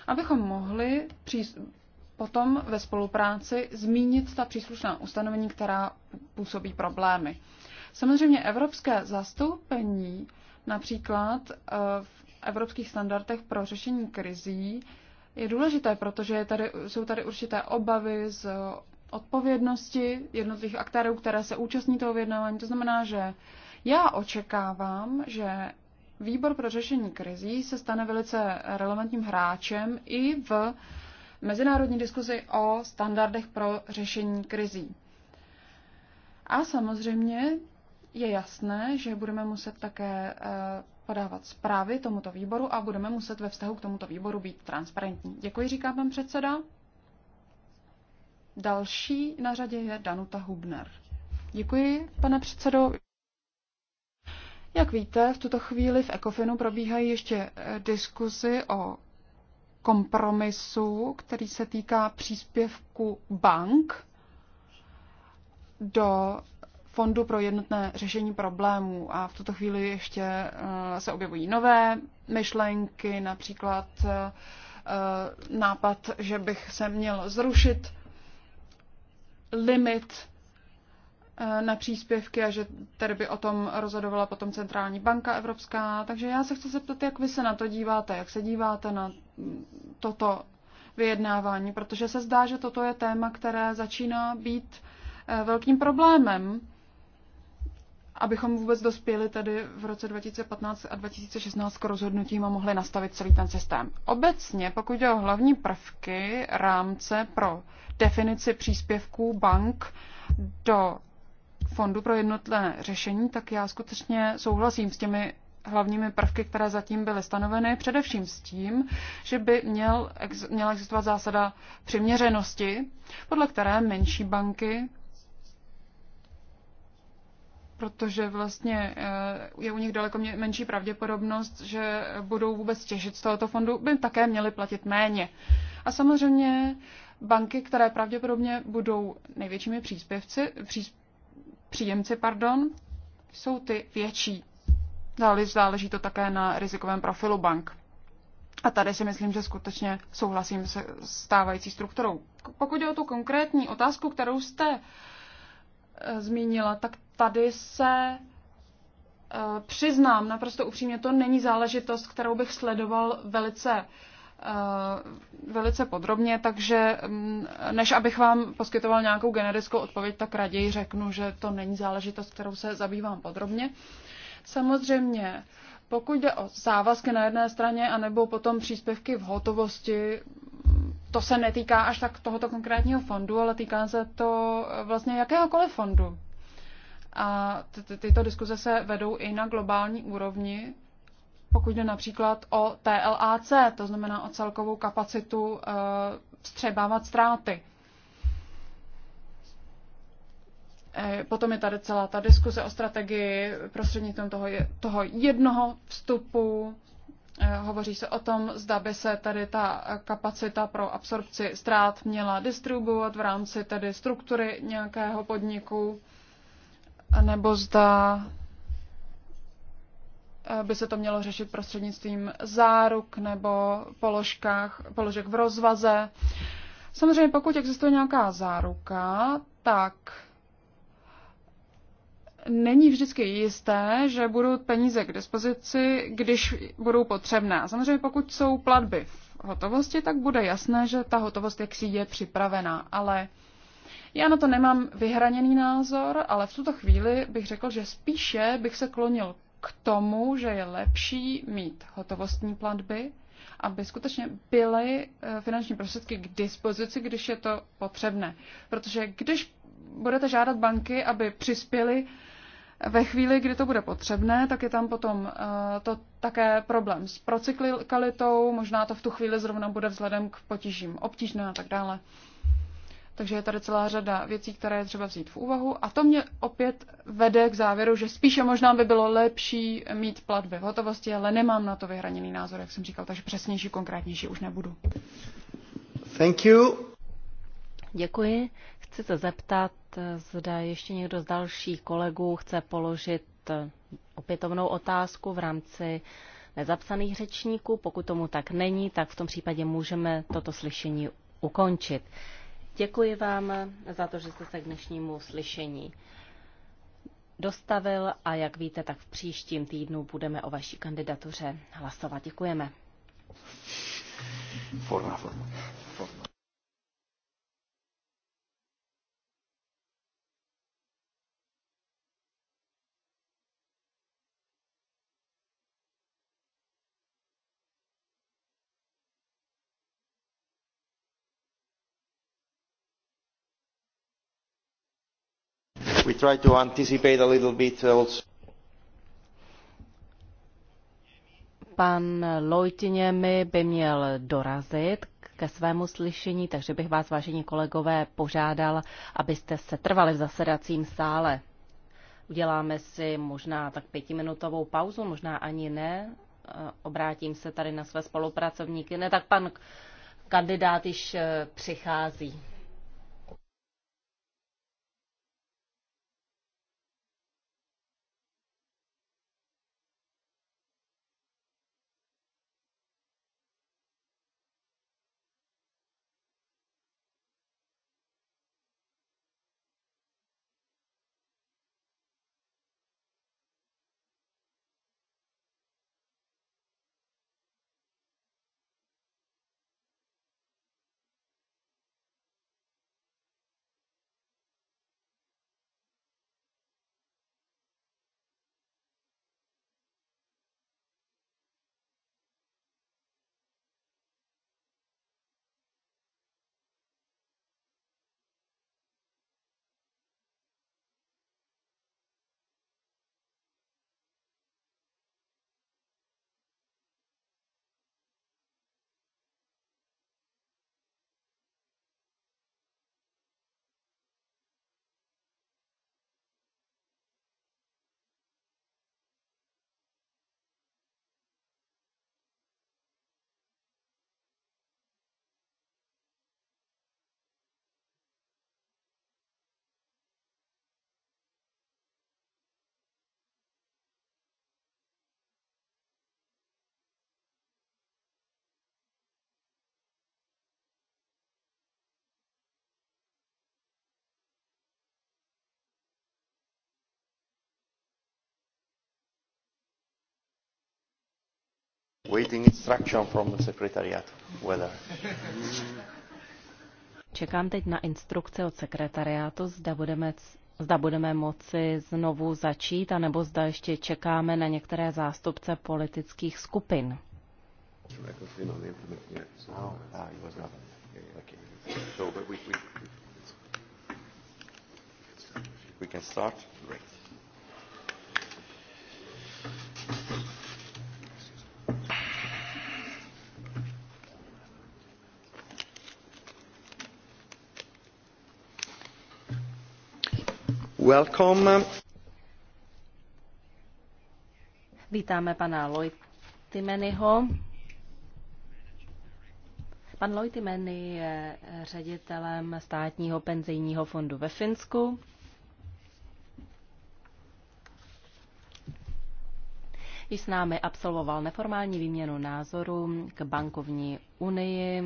abychom mohli přís, potom ve spolupráci zmínit ta příslušná ustanovení, která působí problémy. Samozřejmě evropské zastoupení Například eh, v evropských standardech pro řešení krizí je důležité, protože je tady, jsou tady určité obavy z odpovědnosti jednotlivých aktérů, které se účastní toho vyjednávání. To znamená, že já očekávám, že výbor pro řešení krizí se stane velice relevantním hráčem i v mezinárodní diskuzi o standardech pro řešení krizí. A samozřejmě je jasné, že budeme muset také eh, podávat zprávy tomuto výboru a budeme muset ve vztahu k tomuto výboru být transparentní. Děkuji, říká pan předseda. Další na řadě je Danuta Hubner. Děkuji, pane předsedo. Jak víte, v tuto chvíli v Ekofinu probíhají ještě eh, diskuzi o kompromisu, který se týká příspěvku bank do fondu pro jednotné řešení problémů a v tuto chvíli ještě eh, se objevují nové myšlenky, například eh, nápad, že bych se měl zrušit limit eh, na příspěvky a že tedy by o tom rozhodovala potom Centrální banka Evropská. Takže já se chci zeptat, jak vy se na to díváte, jak se díváte na toto vyjednávání, protože se zdá, že toto je téma, které začíná být velkým problémem abychom vůbec dospěli tady v roce 2015 a 2016 k rozhodnutím a mohli nastavit celý ten systém. Obecně, pokud jde o hlavní prvky rámce pro definici příspěvků bank do Fondu pro jednotné řešení, tak já skutečně souhlasím s těmi hlavními prvky, které zatím byly stanoveny, především s tím, že by měl, měla existovat zásada přiměřenosti, podle které menší banky protože vlastně eh, je u nich daleko menší pravděpodobnost, že budou vůbec těžit z tohoto fondu, by také měly platit méně. A samozřejmě banky, které pravděpodobně budou největšími příspěvci, pří, příjemci, pardon, jsou ty větší. Záleží, záleží to také na rizikovém profilu bank. A tady si myslím, že skutečně souhlasím se stávající strukturou. Pokud je o tu konkrétní otázku, kterou jste eh, zmínila, tak tady se eh, přiznám naprosto upřímně, to není záležitost, kterou bych sledoval velice eh, velice podrobně, takže mm, než abych vám poskytoval nějakou generickou odpověď, tak raději řeknu, že to není záležitost, kterou se zabývám podrobně. Samozřejmě, pokud jde o závazky na jedné straně, anebo potom příspěvky v hotovosti, to se netýká až tak tohoto konkrétního fondu, ale týká se to eh, vlastně jakéhokoliv fondu. A tyto diskuze se vedou i na globální úrovni, pokud jde například o TLAC, to znamená o celkovou kapacitu eh, vstřebávat ztráty. Eh, potom je tady celá ta diskuze o strategii prostřednictvím toho, toho jednoho vstupu. Eh, hovoří se o tom, zda by se tady ta kapacita pro absorpci ztrát měla distribuovat v rámci tedy struktury nějakého podniku nebo zda eh, by se to mělo řešit prostřednictvím záruk nebo položkách, položek v rozvaze. Samozřejmě pokud existuje nějaká záruka, tak není vždycky jisté, že budou peníze k dispozici, když budou potřebné. Samozřejmě pokud jsou platby v hotovosti, tak bude jasné, že ta hotovost jaksi je připravená, ale já na to nemám vyhraněný názor, ale v tuto chvíli bych řekl, že spíše bych se klonil k tomu, že je lepší mít hotovostní platby, aby skutečně byly eh, finanční prostředky k dispozici, když je to potřebné. Protože když budete žádat banky, aby přispěly eh, ve chvíli, kdy to bude potřebné, tak je tam potom eh, to také problém s procyklikalitou, možná to v tu chvíli zrovna bude vzhledem k potížím obtížné a tak dále. Takže je tady celá řada věcí, které je třeba vzít v úvahu. A to mě opět vede k závěru, že spíše možná by bylo lepší mít platby v hotovosti, ale nemám na to vyhraněný názor, jak jsem říkal, takže přesnější, konkrétnější už nebudu. Thank you. Děkuji. Chci se zeptat, zda ještě někdo z dalších kolegů chce položit eh, opětovnou otázku v rámci nezapsaných řečníků. Pokud tomu tak není, tak v tom případě můžeme toto slyšení ukončit. Děkuji vám za to, že jste se k dnešnímu slyšení dostavil a jak víte, tak v příštím týdnu budeme o vaší kandidatuře hlasovat. Děkujeme. Forma, forma, forma. we try to anticipate a little bit uh, also. Pan Lojtině mi by měl dorazit ke svému slyšení, takže bych vás, vážení kolegové, požádal, abyste se trvali v zasedacím sále. Uděláme si možná tak pětiminutovou pauzu, možná ani ne. Eh, obrátím se tady na své spolupracovníky. Ne, tak pan kandidát již eh, přichází. waiting instruction from the secretariat whether. Čekám teď na instrukce od sekretariátu, zda budeme, zda budeme moci znovu začít, anebo zda ještě čekáme na některé zástupce politických skupin. No, ah, we can start. Great. Vítáme pana Lojtimeniho. Pan Lojtimeni je ředitelem státního penzijního fondu ve Finsku. Již s námi absolvoval neformální výměnu názorů k bankovní unii,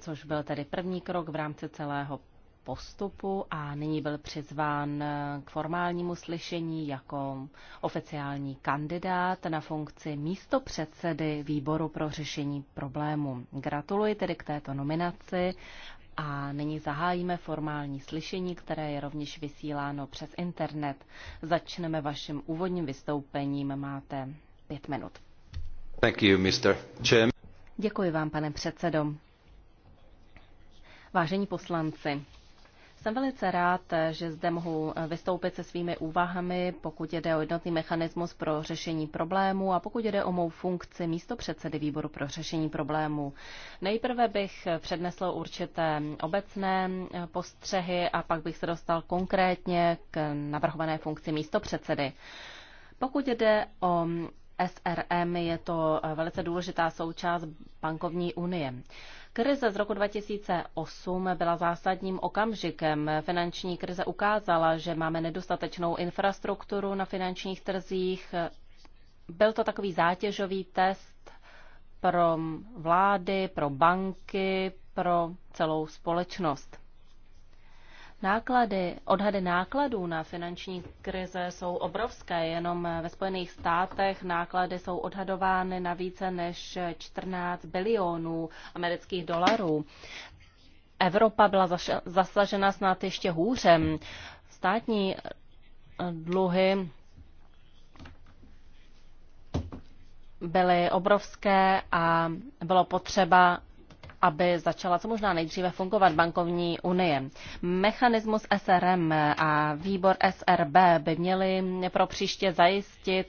což byl tedy první krok v rámci celého postupu a nyní byl přizván k formálnímu slyšení jako oficiální kandidát na funkci místopředsedy výboru pro řešení problému. Gratuluji tedy k této nominaci a nyní zahájíme formální slyšení, které je rovněž vysíláno přes internet. Začneme vaším úvodním vystoupením. Máte pět minut. Thank you, Mr. Děkuji vám, pane předsedo. Vážení poslanci, jsem velice rád, že zde mohu vystoupit se svými úvahami, pokud jde o jednotný mechanismus pro řešení problémů a pokud jde o mou funkci místo předsedy výboru pro řešení problémů. Nejprve bych přednesl určité obecné postřehy a pak bych se dostal konkrétně k navrhované funkci místo předsedy. Pokud jde o SRM, je to velice důležitá součást bankovní unie. Krize z roku 2008 byla zásadním okamžikem. Finanční krize ukázala, že máme nedostatečnou infrastrukturu na finančních trzích. Byl to takový zátěžový test pro vlády, pro banky, pro celou společnost. Náklady, odhady nákladů na finanční krize jsou obrovské. Jenom ve Spojených státech náklady jsou odhadovány na více než 14 bilionů amerických dolarů. Evropa byla zasažena snad ještě hůře. Státní dluhy byly obrovské a bylo potřeba aby začala co možná nejdříve fungovat bankovní unie. Mechanismus SRM a výbor SRB by měli pro příště zajistit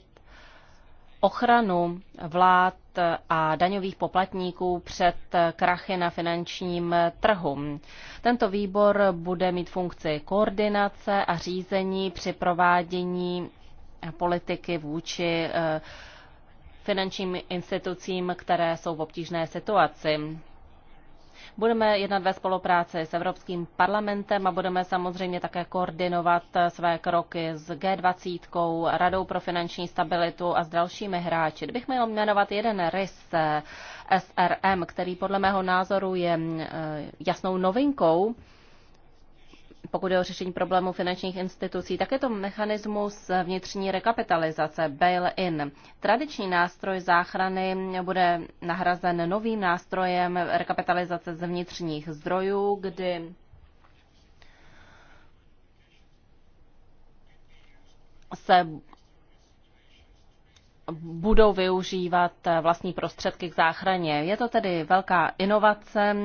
ochranu vlád a daňových poplatníků před krachy na finančním trhu. Tento výbor bude mít funkci koordinace a řízení při provádění politiky vůči eh, finančním institucím, které jsou v obtížné situaci. Budeme jednat ve spolupráci s Evropským parlamentem a budeme samozřejmě také koordinovat své kroky s G20, Radou pro finanční stabilitu a s dalšími hráči. Kdybych měl jmenovat jeden rys eh, SRM, který podle mého názoru je eh, jasnou novinkou, pokud je o řešení problému finančních institucí, tak je to mechanismus vnitřní rekapitalizace, bail-in. Tradiční nástroj záchrany bude nahrazen novým nástrojem rekapitalizace z vnitřních zdrojů, kdy se budou využívat vlastní prostředky k záchraně. Je to tedy velká inovace,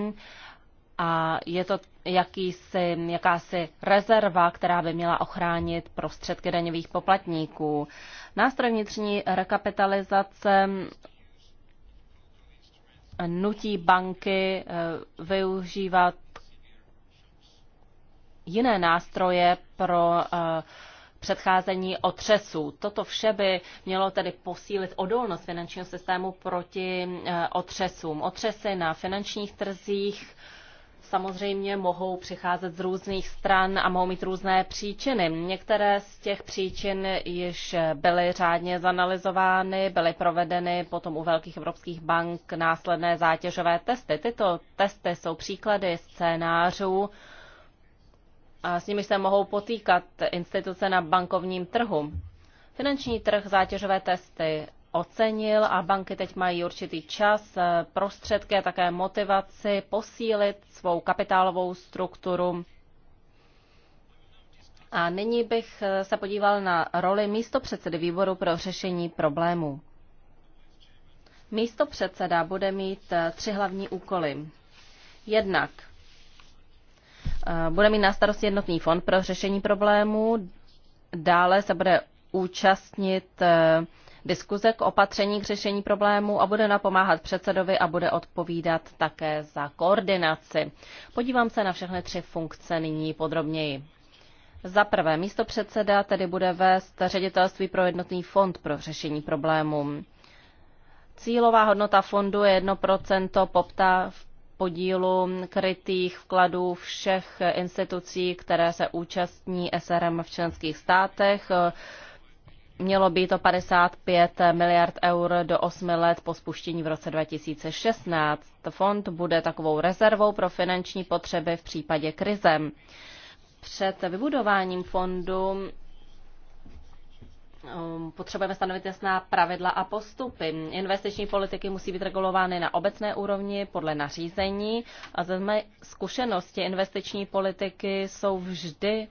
a je to jakýsi, jakási rezerva, která by měla ochránit prostředky daňových poplatníků. Nástroj vnitřní rekapitalizace nutí banky eh, využívat jiné nástroje pro eh, předcházení otřesů. Toto vše by mělo tedy posílit odolnost finančního systému proti eh, otřesům. Otřesy na finančních trzích samozřejmě mohou přicházet z různých stran a mohou mít různé příčiny. Některé z těch příčin již byly řádně zanalizovány, byly provedeny potom u velkých evropských bank následné zátěžové testy. Tyto testy jsou příklady scénářů, a s nimi se mohou potýkat instituce na bankovním trhu. Finanční trh, zátěžové testy, ocenil a banky teď mají určitý čas, eh, prostředky a také motivaci posílit svou kapitálovou strukturu. A nyní bych eh, se podíval na roli místo předsedy výboru pro řešení problémů. Místo předseda bude mít eh, tři hlavní úkoly. Jednak bude mít na starost jednotný fond pro řešení problémů, dále se bude účastnit diskuze k opatření k řešení problémů a bude napomáhat předsedovi a bude odpovídat také za koordinaci. Podívám se na všechny tři funkce nyní podrobněji. Za prvé, místo předseda tedy bude vést ředitelství pro jednotný fond pro řešení problémů. Cílová hodnota fondu je 1% poptá v podílu krytých vkladů všech institucí, které se účastní SRM v členských státech. Mělo by to 55 miliard eur do 8 let po spuštění v roce 2016. Fond bude takovou rezervou pro finanční potřeby v případě krize. Před vybudováním fondu um, potřebujeme stanovit jasná pravidla a postupy. Investiční politiky musí být regulovány na obecné úrovni podle nařízení a ze mé zkušenosti investiční politiky jsou vždy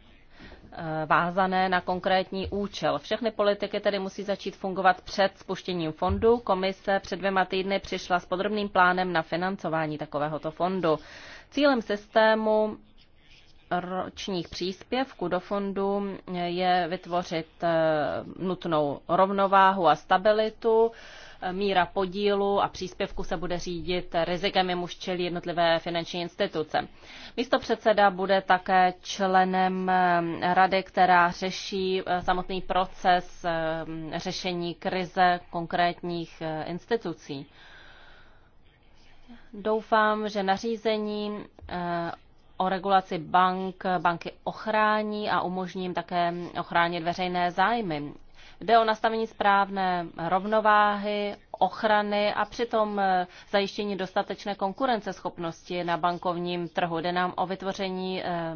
Eh, vázané na konkrétní účel. Všechny politiky tedy musí začít fungovat před spuštěním fondu. Komise před dvěma týdny přišla s podrobným plánem na financování takovéhoto fondu. Cílem systému ročních příspěvků do fondu je vytvořit eh, nutnou rovnováhu a stabilitu. Eh, míra podílu a příspěvku se bude řídit rizikem, jemuž čelí jednotlivé finanční instituce. Místo předseda bude také členem eh, rady, která řeší samotný proces řešení krize konkrétních institucí. Doufám, že nařízení o regulaci bank banky ochrání a umožní jim také ochránit veřejné zájmy. Jde o nastavení správné rovnováhy, ochrany a přitom eh, zajištění dostatečné konkurenceschopnosti na bankovním trhu. Jde nám o vytvoření eh,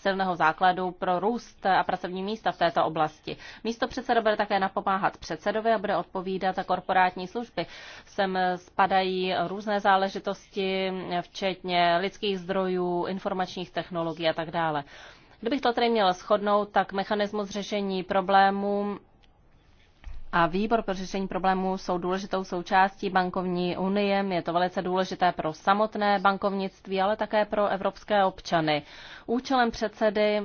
silného základu pro růst a pracovní místa v této oblasti. Místo předseda bude také napomáhat předsedovi a bude odpovídat za korporátní služby. Sem spadají různé záležitosti, včetně lidských zdrojů, informačních technologií a tak dále. Kdybych to tedy měla shodnout, tak mechanismus řešení problémů a výbor pro řešení problémů jsou důležitou součástí bankovní unie. Je to velice důležité pro samotné bankovnictví, ale také pro evropské občany. Účelem předsedy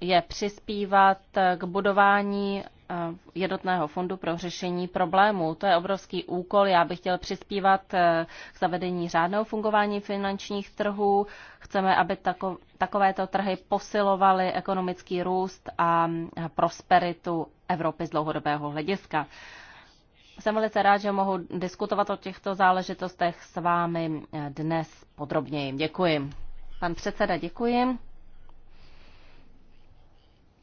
je přispívat k budování Eh, jednotného fondu pro řešení problémů. To je obrovský úkol. Já bych chtěl přispívat eh, k zavedení řádného fungování finančních trhů. Chceme, aby tako, takovéto trhy posilovaly ekonomický růst a prosperitu Evropy z dlouhodobého hlediska. Jsem velice rád, že mohu diskutovat o těchto záležitostech s vámi eh, dnes podrobněji. Děkuji. Pan předseda, děkuji.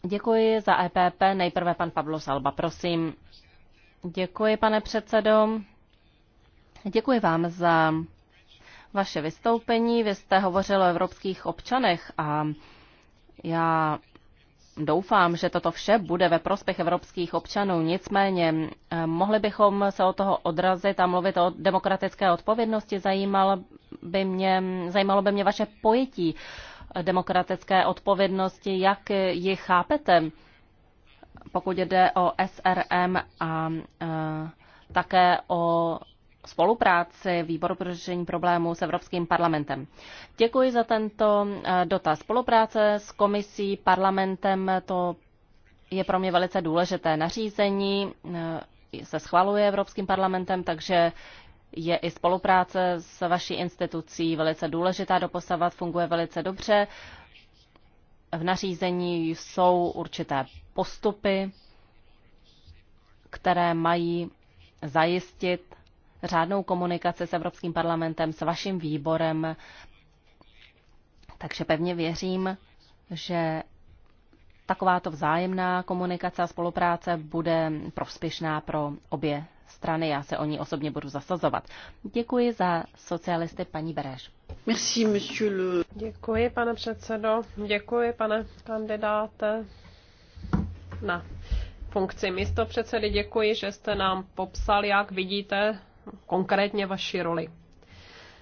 Děkuji za EPP. Nejprve pan Pablo Salba, prosím. Děkuji, pane předsedo. Děkuji vám za vaše vystoupení. Vy jste hovořil o evropských občanech a já doufám, že toto vše bude ve prospěch evropských občanů. Nicméně mohli bychom se o toho odrazit a mluvit o demokratické odpovědnosti. Zajímalo by mě, zajímalo by mě vaše pojetí demokratické odpovědnosti. Jak ji chápete, pokud jde o SRM a e, také o spolupráci Výboru pro řešení problémů s Evropským parlamentem. Děkuji za tento e, dotaz. Spolupráce s komisí, parlamentem, to je pro mě velice důležité nařízení, e, se schvaluje Evropským parlamentem, takže je i spolupráce s vaší institucí velice důležitá, doposavat funguje velice dobře. V nařízení jsou určité postupy, které mají zajistit řádnou komunikaci s Evropským parlamentem, s vaším výborem. Takže pevně věřím, že takováto vzájemná komunikace a spolupráce bude prospěšná pro obě strany. Já se o ní osobně budu zasazovat. Děkuji za socialisty paní Bereš. Merci, monsieur le... Děkuji, pane předsedo. Děkuji, pane kandidáte. Na funkci místo předsedy děkuji, že jste nám popsal, jak vidíte konkrétně vaši roli.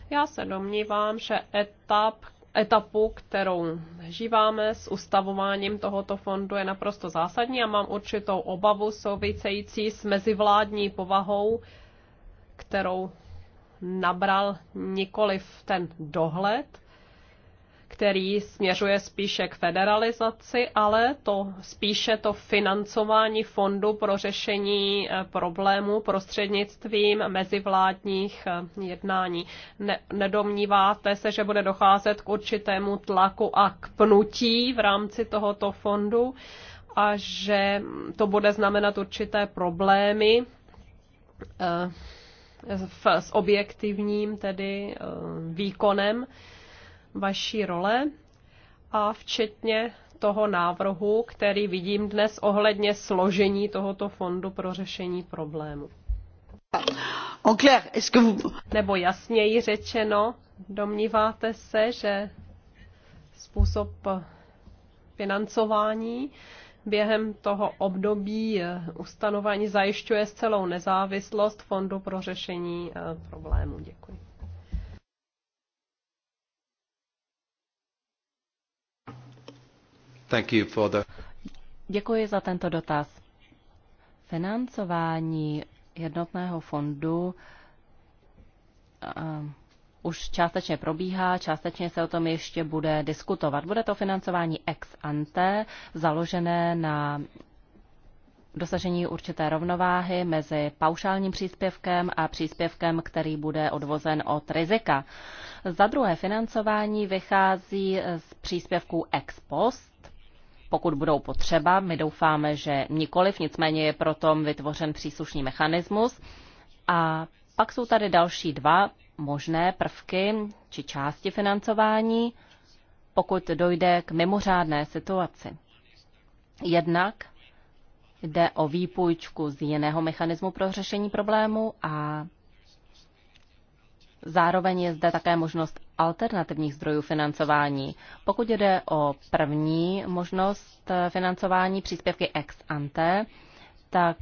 Já se domnívám, že etap, etapu, kterou žíváme s ustavováním tohoto fondu, je naprosto zásadní a mám určitou obavu související s mezivládní povahou, kterou nabral nikoliv ten dohled, který směřuje spíše k federalizaci, ale to spíše to financování fondu pro řešení eh, problémů prostřednictvím mezivládních eh, jednání. Ne, nedomníváte se, že bude docházet k určitému tlaku a k pnutí v rámci tohoto fondu a že to bude znamenat určité problémy eh, s objektivním tedy výkonem vaší role a včetně toho návrhu, který vidím dnes ohledně složení tohoto fondu pro řešení problému. Nebo jasněji řečeno, domníváte se, že způsob financování během toho období eh, ustanovení zajišťuje celou nezávislost Fondu pro řešení eh, problémů. Děkuji. Děkuji za tento dotaz. Financování jednotného fondu eh, už částečně probíhá, částečně se o tom ještě bude diskutovat. Bude to financování ex ante, založené na dosažení určité rovnováhy mezi paušálním příspěvkem a příspěvkem, který bude odvozen od rizika. Za druhé, financování vychází z příspěvků ex post, pokud budou potřeba. My doufáme, že nikoliv, nicméně je proto vytvořen příslušný mechanismus. A pak jsou tady další dva možné prvky či části financování, pokud dojde k mimořádné situaci. Jednak jde o výpůjčku z jiného mechanismu pro řešení problému a zároveň je zde také možnost alternativních zdrojů financování. Pokud jde o první možnost financování příspěvky ex ante, tak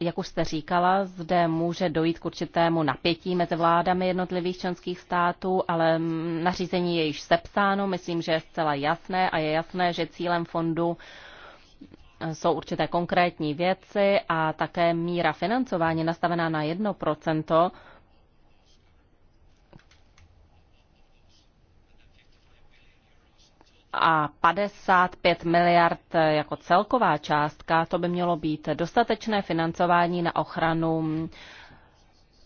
jak už jste říkala, zde může dojít k určitému napětí mezi vládami jednotlivých členských států, ale nařízení je již sepsáno, myslím, že je zcela jasné a je jasné, že cílem fondu jsou určité konkrétní věci a také míra financování nastavená na 1%, a 55 miliard jako celková částka, to by mělo být dostatečné financování na ochranu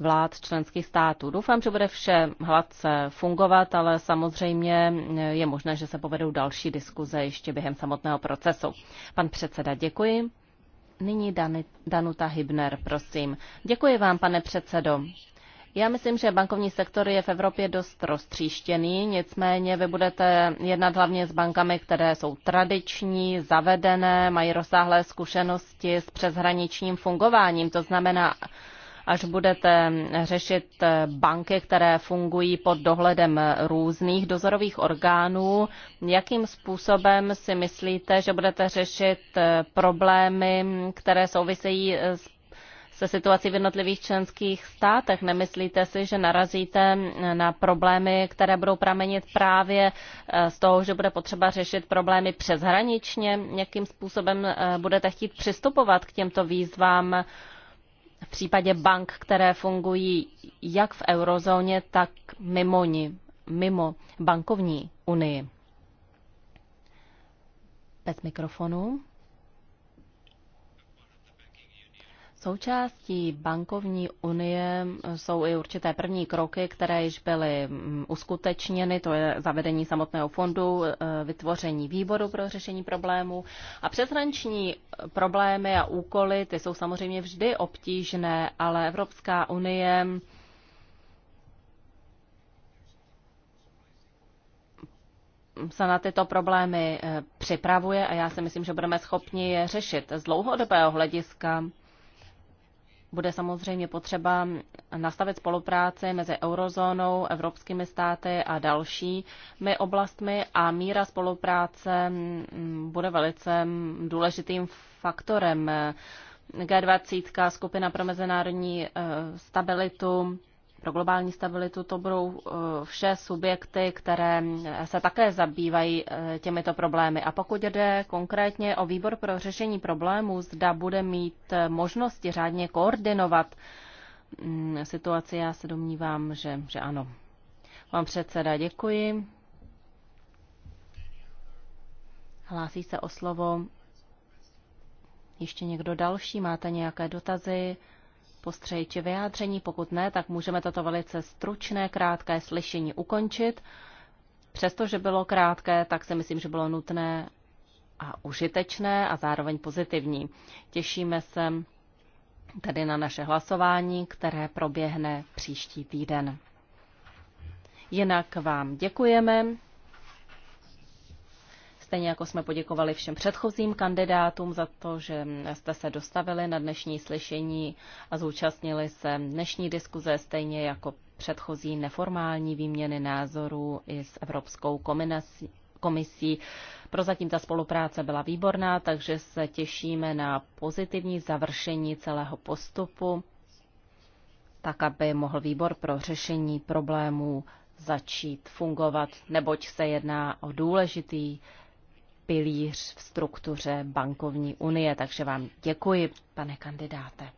vlád členských států. Doufám, že bude vše hladce fungovat, ale samozřejmě je možné, že se povedou další diskuze ještě během samotného procesu. Pan předseda, děkuji. Nyní Danuta Hybner, prosím. Děkuji vám, pane předsedo. Já myslím, že bankovní sektor je v Evropě dost roztříštěný, nicméně vy budete jednat hlavně s bankami, které jsou tradiční, zavedené, mají rozsáhlé zkušenosti s přeshraničním fungováním. To znamená, až budete řešit banky, které fungují pod dohledem různých dozorových orgánů, jakým způsobem si myslíte, že budete řešit problémy, které souvisejí s se situací v jednotlivých členských státech. Nemyslíte si, že narazíte na problémy, které budou pramenit právě eh, z toho, že bude potřeba řešit problémy přeshraničně? Jakým způsobem eh, budete chtít přistupovat k těmto výzvám v případě bank, které fungují jak v eurozóně, tak mimo ní, mimo bankovní unii? Bez mikrofonu. Součástí bankovní unie jsou i určité první kroky, které již byly mm, uskutečněny, to je zavedení samotného fondu, eh, vytvoření výboru pro řešení problémů. A přeshraniční problémy a úkoly, ty jsou samozřejmě vždy obtížné, ale Evropská unie se na tyto problémy eh, připravuje a já si myslím, že budeme schopni je řešit z dlouhodobého hlediska bude samozřejmě potřeba nastavit spolupráci mezi eurozónou, evropskými státy a dalšími oblastmi a míra spolupráce mm, bude velice mm, důležitým faktorem. G20, skupina pro mezinárodní eh, stabilitu, pro globální stabilitu to budou eh, vše subjekty, které eh, se také zabývají eh, těmito problémy. A pokud jde konkrétně o výbor pro řešení problémů, zda bude mít možnosti řádně koordinovat mm, situaci, já se domnívám, že, že ano. Vám předseda, děkuji. Hlásí se o slovo ještě někdo další? Máte nějaké dotazy? postřeji či vyjádření. Pokud ne, tak můžeme toto velice stručné, krátké slyšení ukončit. Přestože bylo krátké, tak si myslím, že bylo nutné a užitečné a zároveň pozitivní. Těšíme se tedy na naše hlasování, které proběhne příští týden. Jinak vám děkujeme stejně jako jsme poděkovali všem předchozím kandidátům za to, že jste se dostavili na dnešní slyšení a zúčastnili se dnešní diskuze, stejně jako předchozí neformální výměny názorů i s Evropskou komisí, komisí. Prozatím ta spolupráce byla výborná, takže se těšíme na pozitivní završení celého postupu, tak aby mohl výbor pro řešení problémů začít fungovat, neboť se jedná o důležitý pilíř v struktuře bankovní unie. Takže vám děkuji, pane kandidáte.